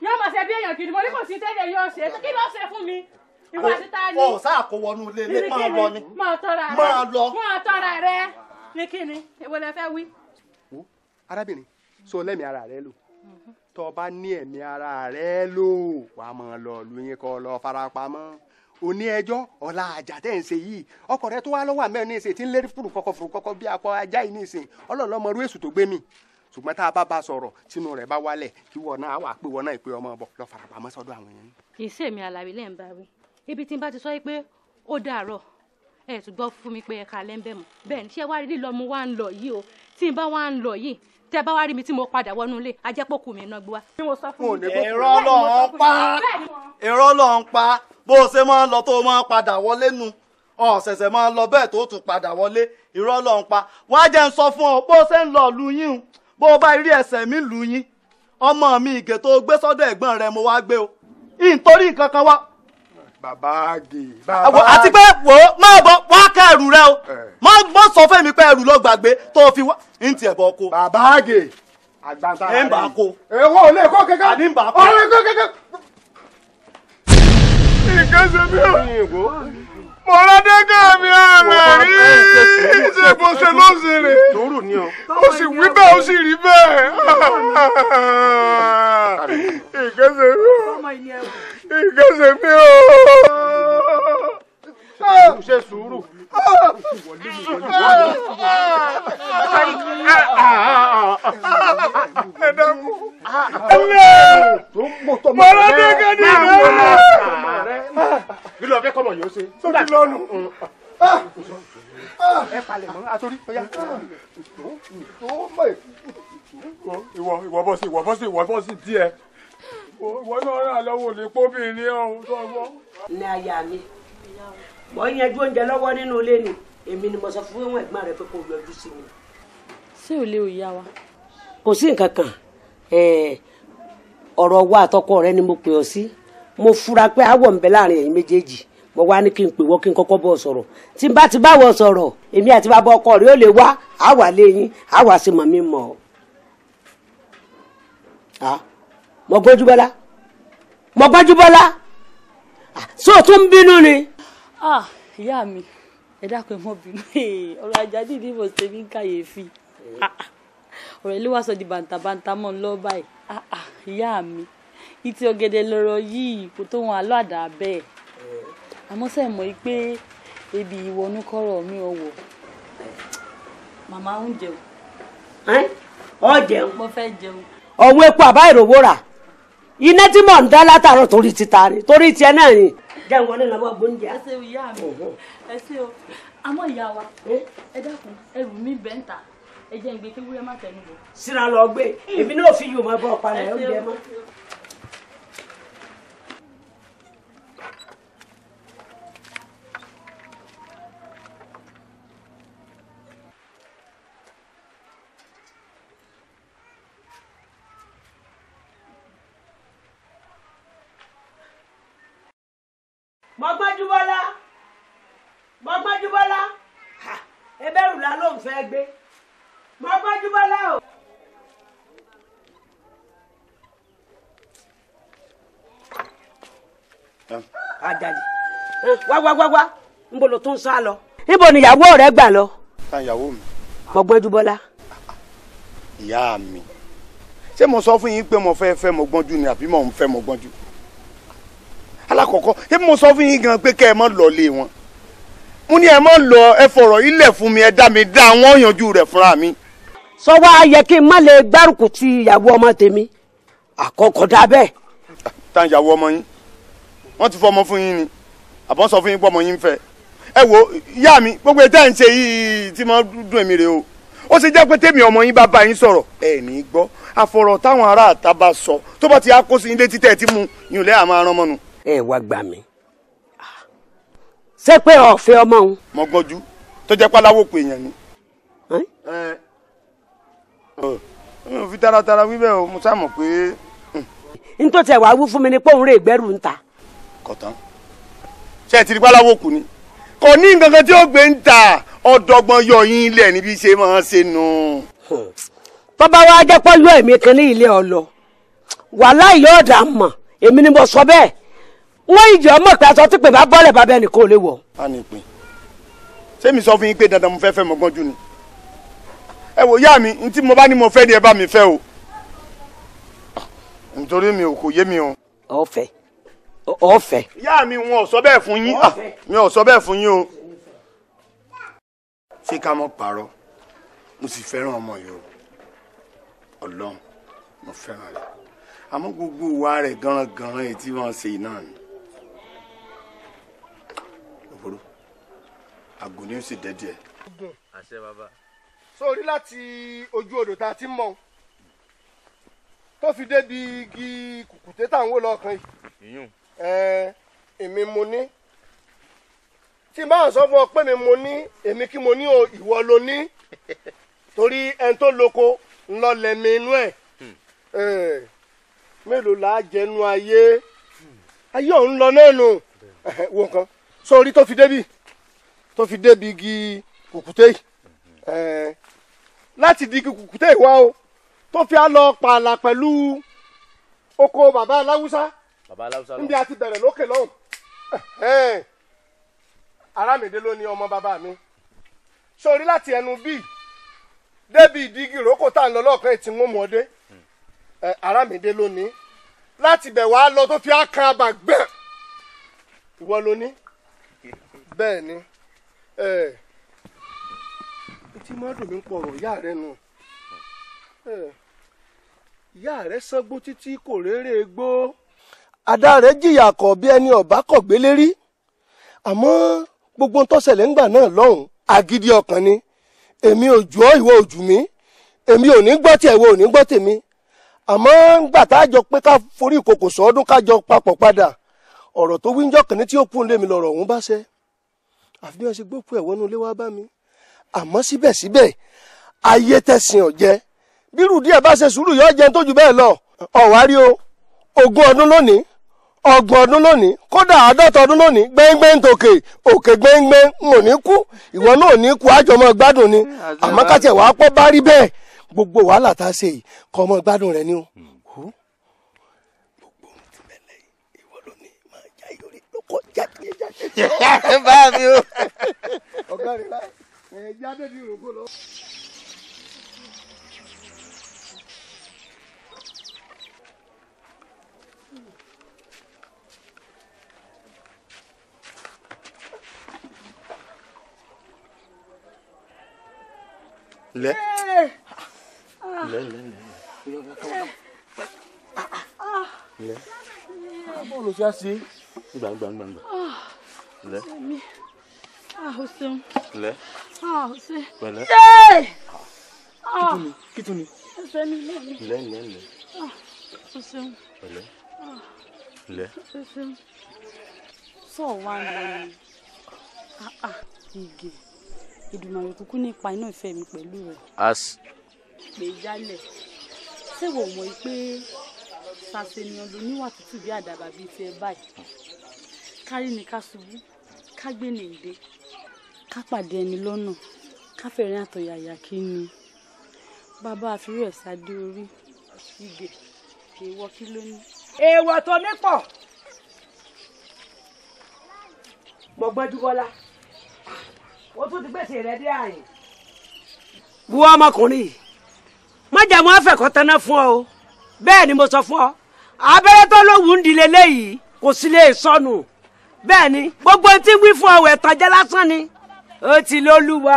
yóò máa ṣe bí èèyàn kìíní mo ní kò sí tẹ́lẹ̀ yóò ṣe kí ló ṣe fún mi ìwà títa ni ọ̀ sáà kó wọnú ilé ilé máa lọ ni máa tọ́ra máa tọ́ra rẹ ní kíni èwo lẹ fẹ́ wí. arábìnrin so lẹ́mìí ara rẹ lò tó bá ní ẹ̀mí ara rẹ lò wàá máa lọ lóyún kọ́ lọ farapamọ́ òní ẹjọ́ ọ̀la àjà tẹ̀ ń ṣe yìí ọkọ rẹ tó wá lọ́wọ́ àmẹ́rin ní ìsìn tí ń lérí fùrù kọkọ bí akọ ajá yìí ní ìsìn ọlọ́ọ̀lọ́ mọ irú èṣù tó gbé mi ṣùgbọ́n tá a bá bá sọ̀rọ̀ tínú rẹ̀ bá wálẹ̀ kí wọn náà wà pé wọn náà ìpè ọmọ bọ̀ lọ farapamọ́ sọ́dọ̀ àwọn yẹn. kì í ṣe èmi àlàyé lẹ́ ń bá wí ibi tí n bá ti sọ pé ó dàárọ̀ ẹ̀ tún gbọ́ fún mi pé ẹ̀ka lẹ́ ń mọ́ bẹ́ẹ̀ ni ṣé wàá rí lílọ wá ń lọ yìí o tí n bá wá ń lọ yìí tẹ bá wá rí mi tí mo padà wọnú ilé ajẹ́pọ̀kù mi náà gbé èrò lọ́ọ̀ ń pa èrò lọ́ọ̀ ń pa bó o ṣe máa ń lọ tó o máa padà wọlé nu ọ̀sẹ̀sẹ̀ máa ń lọ bẹ́ẹ̀ tó o tún padà wọlé irọ́ lọ́ọ̀ ń pa wọ́n á jẹ́ ń sọ fún ọ bó o ṣe ń lọ lù yín bó o bá rí ẹsẹ̀ mi lù yín ọmọ mi ìgè tó gbé sọ́dọ̀ ẹ̀gbọ́n rẹ mo wá gbé o nítorí nǹkan kan wá. bàbá gè bàbá. àti pé wò ó má bọ wá ká ẹrù rẹ o eh. má sọ fún mi pé ẹrù lọ gbàgbé tó fi wá ní tiẹ̀ bọ kó. bàbá gè àgbàntà rẹ ẹ̀ǹbà kó. èwo ò lè kó kékeré. àní ń bà kó. ọ̀rẹ́ kó kékeré. mo rádẹ́gà mi ààrẹ rí ṣe bó ṣe ló ṣe rè ó sì wí bẹ́ẹ̀ ó sì rí bẹ́ẹ̀. ìkẹsẹ̀ mi ò ìkẹsẹ̀ mi ò sùúrù ṣe sùúrù. ẹ dẹ́kun ẹ lé mọ̀lá dẹ́gẹ́ ní ìlú. kí ló fẹ́ kọ́mọ̀ yóò ṣe. tó ti lọ́nu. ẹ palẹ̀ mọ́ àtòrí ó yá. ìwọ ìwọ bọ́sì ìwọ bọ́sì ìwọ bọ́sì díẹ̀ ìwọ náà rà lọ́wọ́ lè pọ́bìnrin ọ̀hún tó gbọ́. ní aya mi mọ̀ ń yanjú oúnjẹ lọ́wọ́ nínú ilé ni èmi ni mo sọ fún wọn ẹ̀gbọ́n rẹ pé kò yọjú sí mi. ṣé ò lè ò yá wa. kò sí nǹkan kan ọ̀rọ̀ wa àtọkọ rẹ ni mo pè ọ́ sí mo fura pé àwọ̀ ń bẹ láàrin ẹ̀yin méjèèjì mo wá ní kí n pè wọ́n kí n kọ́kọ́ bọ̀ sọ̀rọ̀ tí n bá ti báwọ̀ sọ̀rọ̀ èmi àti bàbá ọkọ rẹ ó lè wá àwà léyìn àwà sí mọ̀ mi mọ̀ ọ́ mọ̀ gbójúbọ́lá mọ̀ gbójúbọ́lá sóòtún bínú ni ah ìyá mi ẹ dákun ẹ mọ bínú ọ̀rọ̀ Àjàdí ni mo ṣe ní fi. Ah, ah. ọ̀rọ̀ ilé wa sọ di bàǹtàbàǹtà mọ́ ń lọ báyìí ah, ìyá mi ìtì ọ̀gẹ̀dẹ̀ lọ̀rọ̀ yìí kò tó wọn àlọ́ àdá bẹ́ẹ̀ àmọ́ sẹ́ mọ̀ pé ebi ìwọ̀nú kọ́rọ̀ mi ò wọ̀ màmá ń jẹun. ọ jẹun. mo fẹ́ jẹun. ọ̀hun epo àbá ìròwó rà iná tí mò ń dá látàárọ̀ torí ti taari torí tiẹ̀ náà ni jẹ́ ń wọlé lọ́wọ́ gbóúnjẹ. ẹ ṣe ìyá mi ẹ ṣe o àmọ́ ìyá wa ẹ dákun ẹrù mi bẹ́ẹ̀ ń ta ẹ jẹ́ ń gbé kéwúrẹ́ má tẹnu bọ̀. síra lọ gbé èmi náà fi yùmọ̀ bọ́ ọ̀pá rẹ̀ ó jẹ bẹ̀rù la ló ń fẹ́ gbé mọ gbọ́jú bọ́lá o. Ah. àjàlè eh, wá wá wá wá níbo ló tún sá lọ. níbo ni ìyàwó rẹ gbà lọ. ta ìyàwó mi. mọ gbọ́jú bọ́lá. ìyá mi ṣé mo sọ fún yín pé mo fẹ́ fẹ́ mo gbọ́njú ni àbí mo ń fẹ́ mo gbọ́njú alákọ̀ọ́kọ́ ṣé mo sọ fún yín gan pé kẹ́ ẹ mọ́ lọ wọn mo ní ẹ má lọ ẹ fọ̀rọ̀ ilẹ̀ fún mi ẹ dá mi dá wọn yanjú rẹ̀ fúnra mi. sọ́wọ́ ayẹ kí n má lè gbárùkù ti ìyàwó ọmọ tèmi àkọ́kọ́ dá bẹ́ẹ̀. ta ìyàwó ọmọ yín wọ́n ti fọ ọmọ fún yín ni àbọ̀ sọ fún yín pé ọmọ yín fẹ́ ẹ wo ìyá mi gbogbo ẹ̀ tẹ́ ń ṣe yìí tí mo dùn èmi rè o ó ṣe jẹ́ pé tèmi ọmọ yín bá bá yín sọ̀rọ̀ ẹ ní gbọ́ àfọ̀rọ̀ táwọn ará bá sọ tó bá ti á kó sí ilé títẹ̀ tí mu yìnlẹ́ àmọ́ aránmọ́nu ṣé pé ọ̀fẹ́ ọmọ òun. mo gbọ́njú tó jẹ́ páláwo pé èèyàn ni. mo fi taratara wíbẹ̀ o mo sá mọ̀ pé. Hm. n tó tẹ̀ wá wú fún mi ni pé òun rè gbẹ́rù ń ta. kọ̀tán ṣé ẹ ti rí páláwo kù ni kò ní nǹkan tí ó gbé ń ta ọ̀dọ́gbọ́n yọ yín ilẹ̀ níbi ṣe máa ṣe nu. Hmm. tó bá jẹ́ pọ́lú ẹ̀mí kan ní ilé ọlọ wàhálà yóò dà mọ̀ èmi ni mo sọ bẹ́ẹ̀ wọ́n ìjọ ọmọ ìpè aṣọ tí pè bá bọ́lẹ̀ bàbá ẹnì kò lè wọ̀. a ní ìpín sẹ́mi sọ fún yín pé dandan mo fẹ́ fẹ́ mọ̀gánjú ni ẹ wò yá mi ntí mo bá ní mo fẹ́ ni ẹ bá mi fẹ́ o ah, nítorí mi ò kò yé mi o. ọ̀fẹ́ ọ̀fẹ́. yá mi wọn ò sọ bẹ́ẹ̀ fún yín ah, mi ò sọ bẹ́ẹ̀ fún yín o. ṣé ká mọ̀ pààrọ̀ mo sì fẹ́ràn ọmọ yìí o ọlọ́run mo fẹ́ràn rẹ̀ àmọ́ gbogbo wa rẹ̀ ganran ganran ètí wọn ṣe náà ni. àgùnì sì dẹ́díẹ̀. àṣẹ bàbá. sórí láti ojú odò tá a ti ń mọ tó fi débi igi kùkùté tá à ń wò lọ́ọ̀kan yìí. èmi mo ní tí n bá sọ fún ọ pé mi mo ní èmi kí mo ní o ìwọ lo ní torí ẹni tó loko ńlọ lẹ́mi inú ẹ̀ mélòó la jẹnu ayé ayé òun lọ náà nù wò kan sórí tó fi débi tó fi débi igi kùkùté yìí mm-hmm. eh, láti di igi kùkùté yìí wá o tó fi á lọ pààlà pẹ̀lú oko bàbá aláwùsá níbi àti bẹ̀rẹ̀ lókè lọ́hùn eh, arámìdé ló ní ọmọ bàbá mi sórí láti ẹnu bíi débi ìdígi ìrókò tá à ń lọ lọ́ọ̀kan tí wọ́n mọ̀ dé mm. eh, arámìdé ló ní láti bẹ̀ wá lọ tó fi á kan abàgbẹ́ ìwọ ló ní bẹ́ẹ̀ ni. tí má dùn mí pọ̀rọ̀ ìyá rẹ nù ìyá rẹ sangbó títí kò rere gbó àdá rẹ jìyà ẹni ọ̀bá kọ̀ gbélé àmọ́ gbogbo ń tọ́sẹ̀lẹ̀ ńgbà náà lọ́hùn agidi ọkàn ni èmi ò jù ọ́ ìwọ èmi ò ní jọ pé ká forí ìkòkò sọ́ọ́dún ká jọ papọ̀ padà ọ̀rọ̀ tó wíńjọ́ tí ó kún mi ọ̀hún bá àfi bí wọ́n ṣe gbókù ẹ̀ wọnú ilé wá bá mi àmọ́ síbẹ̀síbẹ̀ ayé tẹ̀sìn ọ̀jẹ́ bírù díẹ̀ bá ṣe sùúrù yọ jẹun tó jù bẹ́ẹ̀ lọ ọ̀wárí o ogún ọdún lónìí ọgbọ̀n ọdún lónìí kódà àádọ́ta ọdún lónìí gbẹ́ngbẹ́ng tòkè òkè gbẹ́ngbẹ́ng n ò ní kú ìwọ náà ò ní kú àjọmọ́ gbádùn ni àmọ́ kájẹ̀ wàá pọ́ bá rí bẹ́ẹ̀ gbogbo wàhálà tá a ṣe yìí kọ́ ọmọ gbádùn rẹ ni o. gbogbo ohun ìwọ ló máa já ìyọrí lóko jáde bá mi o. ọ̀gá rẹ̀ láì ẹ̀yà dẹ́bi òrògbò lọ. lẹ lẹ lẹ lẹ lẹ bọ́ọ̀lù ṣáṣe gbàngbàngbàngbà. Ah lẹ. o ah, ṣeun. lẹ. o ah, ṣe. pẹ̀lẹ́. Ah! kí tún ni. ẹsẹ̀ mi lẹ́nu. lẹ́nu lẹ́nu. o ṣeun. pẹ̀lẹ́. lẹ. o ṣeun. sọ wa ń lọ ni igi ìdùnnàrè kúkú nípa iná ìfẹ́ mi pẹ̀lú rẹ̀. as. pé jálẹ̀ ṣé wò mọ̀ pé sàṣèyàn ló níwà tútù bí àdàbà bíi tiẹ̀ báyìí kárí ni ká ṣubú ká gbé ní ìdè ká pàdé ẹni lọ́nà ká fẹ̀rẹ̀ àtọ̀yàyà kí ni bàbá àfirú ẹ̀ sáde orí ìgbè kì í wọ kí ló ní. èèwọ̀ tó ní pọ̀ mọ̀gbọ́njú bọ́lá ó tún ti gbèsè rẹ̀ dé àyìn. buwọ́ ọmọkùnrin yìí májàmú àfẹ̀kọ́ tanná fún ọ o bẹ́ẹ̀ ni mo sọ fún ọ abẹ́rẹ́ tó lówùú ń dilé léyìí kò sí lè sọnù. So bẹ́ẹ̀ ni gbogbo tí wí fún ọwọ́ ẹ̀tàn jẹ́ lásán ni ó ti lólúwa.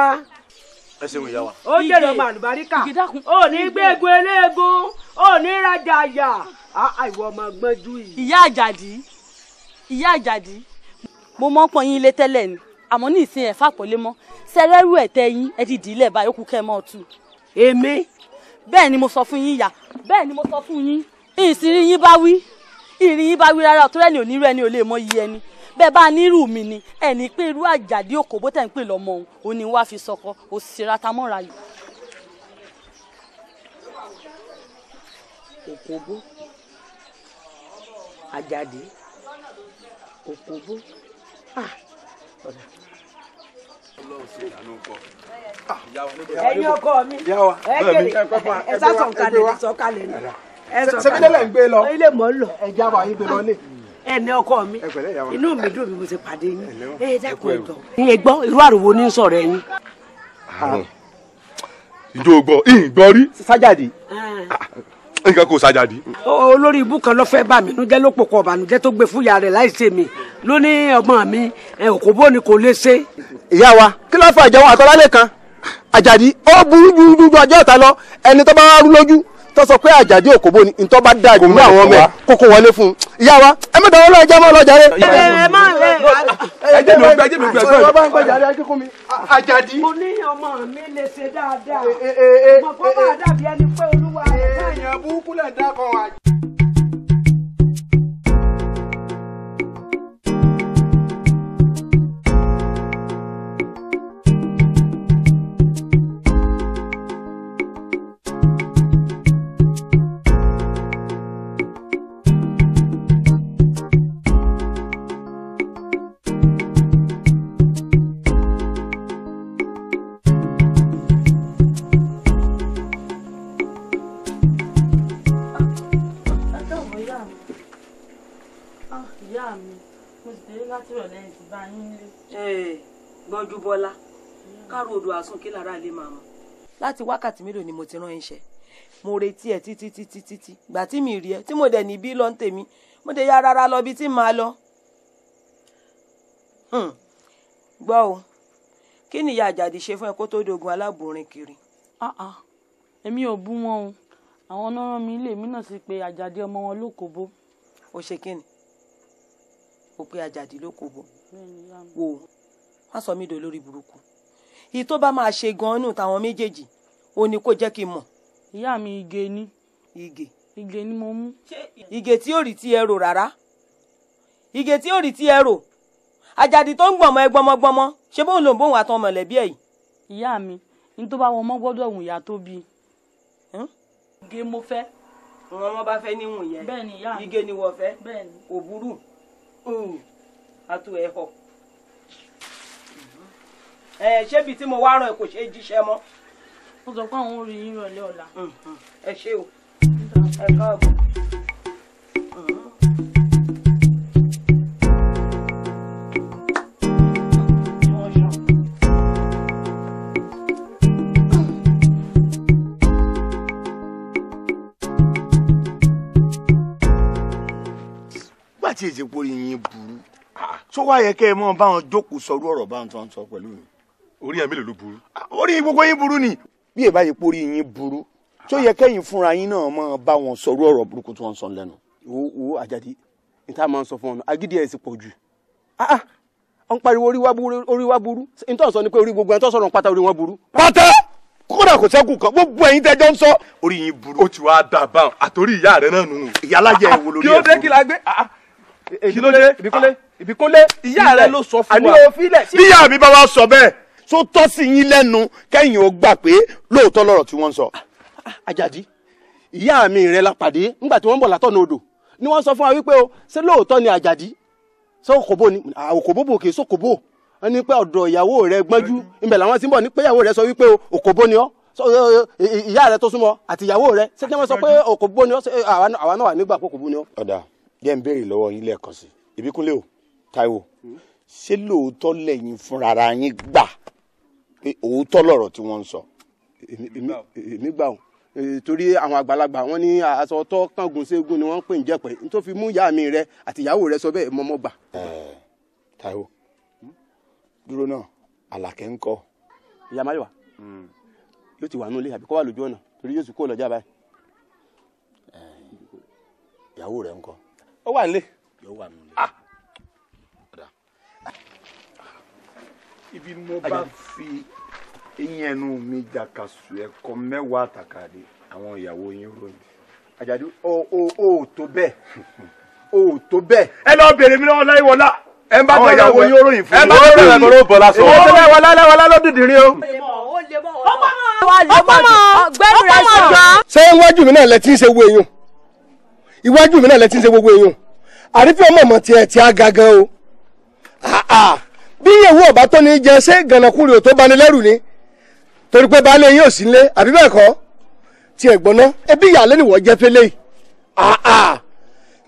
ẹ ṣeun ìyá wa. ó jèrè ọmọ àlùbáríkà ó ní gbégun eléegun ó ní rajà àyà àìwọ ọmọ gbọ́njú yìí. ìyá àjàdí ìyá àjàdí mo mọ pọn yín ilé tẹ́lẹ̀ ni àmọ́ ní ìsìn ẹ̀fà pọ̀lẹ́ mọ́ sẹ́rẹ́rù ẹ̀tẹ́ yín ẹ ti dì í lẹ̀ báyìí ó kú kẹ́ ẹ mọ́ ọ tù. èmi. bẹ́ẹ̀ ni mo sọ fún yín ìyá bẹ́ẹ̀ ni mo sọ fún yín ìsìn yín bá wí ìrìn yín bá wí rárá ọ̀tọ́rẹ́ ni ò ní rẹ́ ni ò lè mọ iye ẹni bẹ́ẹ̀ bá nírú mi ni ẹ̀ ní pé irú àjàdí òkòbó tẹ̀ ń pè lọ́mọ òun òun ni wàá fi sọkọ òsìsira ta mọ́ra yìí. òkòbó àjàdí òkòbó ah, ọ̀dà. ẹ̀yin ọkọ mi ẹ sá sọ̀kalẹ̀ sọ̀kalẹ̀. ṣe fi délẹ̀ ń gbé ilé mọ̀ ń lọ. ẹ jábọ̀ ayé gbé lọ ẹ ní ọkọ mi inú mi dùn bí mo ti pàdé yín ẹ dákun ẹjọ. ìyẹn gbọ́ irú àròwọ ní sọ̀rọ̀ ẹ̀yin. ìjọ gbọ́ ìgbọ́ rí sájàdì nǹkan ah. ah. kò sájàdì. olórí ibú kan ló fẹ́ bà mí nújẹ́ ló pòkọ̀ ọ̀bànújẹ́ tó gbé fúyà rẹ̀ láì ṣe mi ló ní ọgbọ́n mi òkòbó ni kò lè ṣe. ìyá wa kí ló fà ìjẹun àtọ́lálẹ̀ kan àjàdí ó burú ju ju ọjọ́ ìta lọ ẹni tó bá rú lójú tó sọ pé àjàdí òkòbó ni ntọ́ bá dá ìgbìmọ̀ àwọn ọmọ ẹ̀ kókó wọlé fún un ìyá wa ẹ mẹ́ta wọn lọ́jà mọ́ lọ́jà rẹ. ẹ má lẹ ẹ jẹ́ mi gbẹ jẹ́ mi gbẹ sọ́yìn. ọba ń gbẹjà rẹ kíkún mi àjàdí. mo ní ọmọ mi lè ṣe dáadáa mo kọ́ bá dàbí ẹni pé olúwa ẹ̀ mọ́jú bọ́lá káàró odò àsun kí lára lè máa mọ̀. láti wákàtí mélòó ni mo ti rán iṣẹ́ mo retí ẹ títí títí títí gbà tí mi rí ẹ tí mo dẹ̀ níbí lọ ń tèmi mo dẹ̀ ya rárá lọ bí tí màá lọ. Hmm. gbọ́ o kí ni ìyá àjàdì ṣe fún ẹ kó tó dogun aláàbòrin kiri. Ah, ah. èmi ò bú wọn o àwọn náà rán mi ilé mi náà sí pé àjàdì ọmọ wọn ló kó bó. o ṣe kí ni o pé àjàdì ló kó bó wọ́n sọ mí dò lórí burúkú èyí tó bá máa ṣe gan-an nù táwọn méjèèjì ò ní kó jẹ́ kí n mọ̀. ìyá mi ìgè ni. ìgè. ìgè ni mo mú. ìgè tí ò rí ti ẹrò rárá ìgè tí ò rí ti ẹrò àjàdì tó ń gbọ̀mọ ẹ gbọmọgbọmọ ṣé bóun lòun bóun àtọmọ mọ̀lẹ́bí ẹ̀ yìí. ìyá mi ní tó bá wọn mọ́ gbọ́dọ̀ wùn ìyá tó bí hm? i. mo fẹ́ wọn wọn bá fẹ́ níhùn yẹn ige ni wọ́n fẹ́ òbúrú àtò ẹ̀họ̀ ẹ ṣébi tí mo wá rán ẹ kò ṣe jíṣẹ́ mọ́. mo sọ pé àwọn orí yín rọlẹ́ ọ̀la. Hm, hm. ẹ ṣé o ẹ káàbọ̀. tí èsèpò yìnyín burú tó wáyé kẹ́ ẹ mọ́ báwọn jókòó sọrú ọ̀rọ̀ báwọn tó ń sọ pẹ̀lú mi orí ẹ̀ mélòó ló burú. Ah, orí gbogbo yín burú ni. bí èèbá yìí porí yín burú tí ó yẹ kẹ́yìn fúnra yín náà máa bá wọn sọ̀rọ̀ ọ̀rọ̀ burúkú tí wọ́n ń sọ lẹ́nu. wo wo àjàdí n ta máa ń sọ fún ọ̀nà agídí ẹ̀ sì pọ̀ jù. ọ ah, ah, ń pariwo orí wa burú n tó sọ ni pé orí gbogbo ẹni tó sọ̀rọ̀ pátá orí wọn burú. pátá kódà kò sẹ́kù kan gbogbo ẹ̀yin tẹ́jọ́ ń sọ. orí yín burú. ó ti wá dà báwọn àtòrí ìyá rẹ náà nù. ìyá alájẹ ìwo lórí ẹ̀ fún. kí ló dé kí la gbé kí ló dé ìbíkúnlé ìyá rẹ ló sọ fún wa. àní òfin lẹ. bí ìyá mi bá wa sọ bẹ́ẹ̀ tó tọ́ sí yín lẹ́nu kẹ́yìn ó gbà pé lóòótọ́ lọ́rọ̀ tí wọ́n ń sọ. Ah, ah, àjàdí ìyá mi rẹ la pàdé nígbà tí wọ́n ń bọ̀ látọ̀nà odò ni wọ́n sọ fún wa wípé o ṣé lóòótọ́ ni àjàdí ṣé òkòbó ni ah, òkòbó bò kè sókòbó wọn ni pé ọ̀dọ̀ ìyàwó rẹ gbọ́njú ibẹ̀ làwọn ti ń bọ̀ ní pé ìyàwó rẹ sọ wípé òkòbó ni ọ́ eh, eh, eh, ìyá rẹ tó súnmọ́ àti ìyàwó rẹ ṣé kí wọ́n sọ pé òkòbó ni ọ́ àwa náà wà nígbà pé òkòbó ni ọ́. ọ̀dà díẹ̀ ń béèrè lọ́wọ́ yín lẹ́ẹ̀kan sí ìbíkúnlé o Táíwò ṣé lóòótọ́ lẹ́yìn fúnra yín gbà òótọ́ lọ̀rọ̀ tí wọ́n ń sọ èmi gbà wọn torí àwọn àgbàlagbà wọn ní aṣọ tó kángun ségun ni wọ́n ń pè ń jẹ́pẹ́ nítorí fi mú ìyá mi rẹ àti ìyàwó rẹ sọ bẹ́ẹ̀ mọ́mọ́ gbà. Táíwò hmm? dúró náà Àlàkẹ́ ń kọ́. ìyá Máyọ̀wá hmm. yóò ti wà nínú ilé àbí kọ́ wà lójú ọ̀nà torí yóò ti kó lọ́jà báyìí. ìyàwó rẹ ń kọ́. ó wà nílé. yóò wà nílé. ibi mo bá fi eyín ẹnu mi jàkàsù ẹ̀kọ́ mẹ́wàá àtàkàdé àwọn ìyàwó yín ròyìn àjàdí o o o tó bẹ́ẹ̀ <laughs> o tó bẹ́ẹ̀. ẹ lọ bèrè mi lọ́wọ́ láyé wọlá ẹ bá tẹ̀lé ìyàwó yín ròyìn fún mi. ẹ bá tẹ̀lé ìyàwó yín bọ̀lá sọ. ìwọ tẹ̀lé wọlá lẹ́wọ̀lá ló dìdì rí o. ọkọ mọ gbẹrù rẹ sọ. ṣé iwájú mi náà lẹ ti ń ṣe wo èèyàn iwájú mi náà lẹ ti ń ṣe gbogbo èèyàn àrífẹ́ ọmọ ọmọ tiẹ̀ ti á ga gan o. bí ìyàwó ọba tó ní jẹ ṣé gànàkúrì tó bani lẹ́rù ni torí pé baálé yín sí lé àbí bẹ́ẹ̀ kọ́ tiẹ̀ gbọ́ná ẹbí ìyàlẹ́ nìwọ jẹ́ fẹ́lẹ́ àà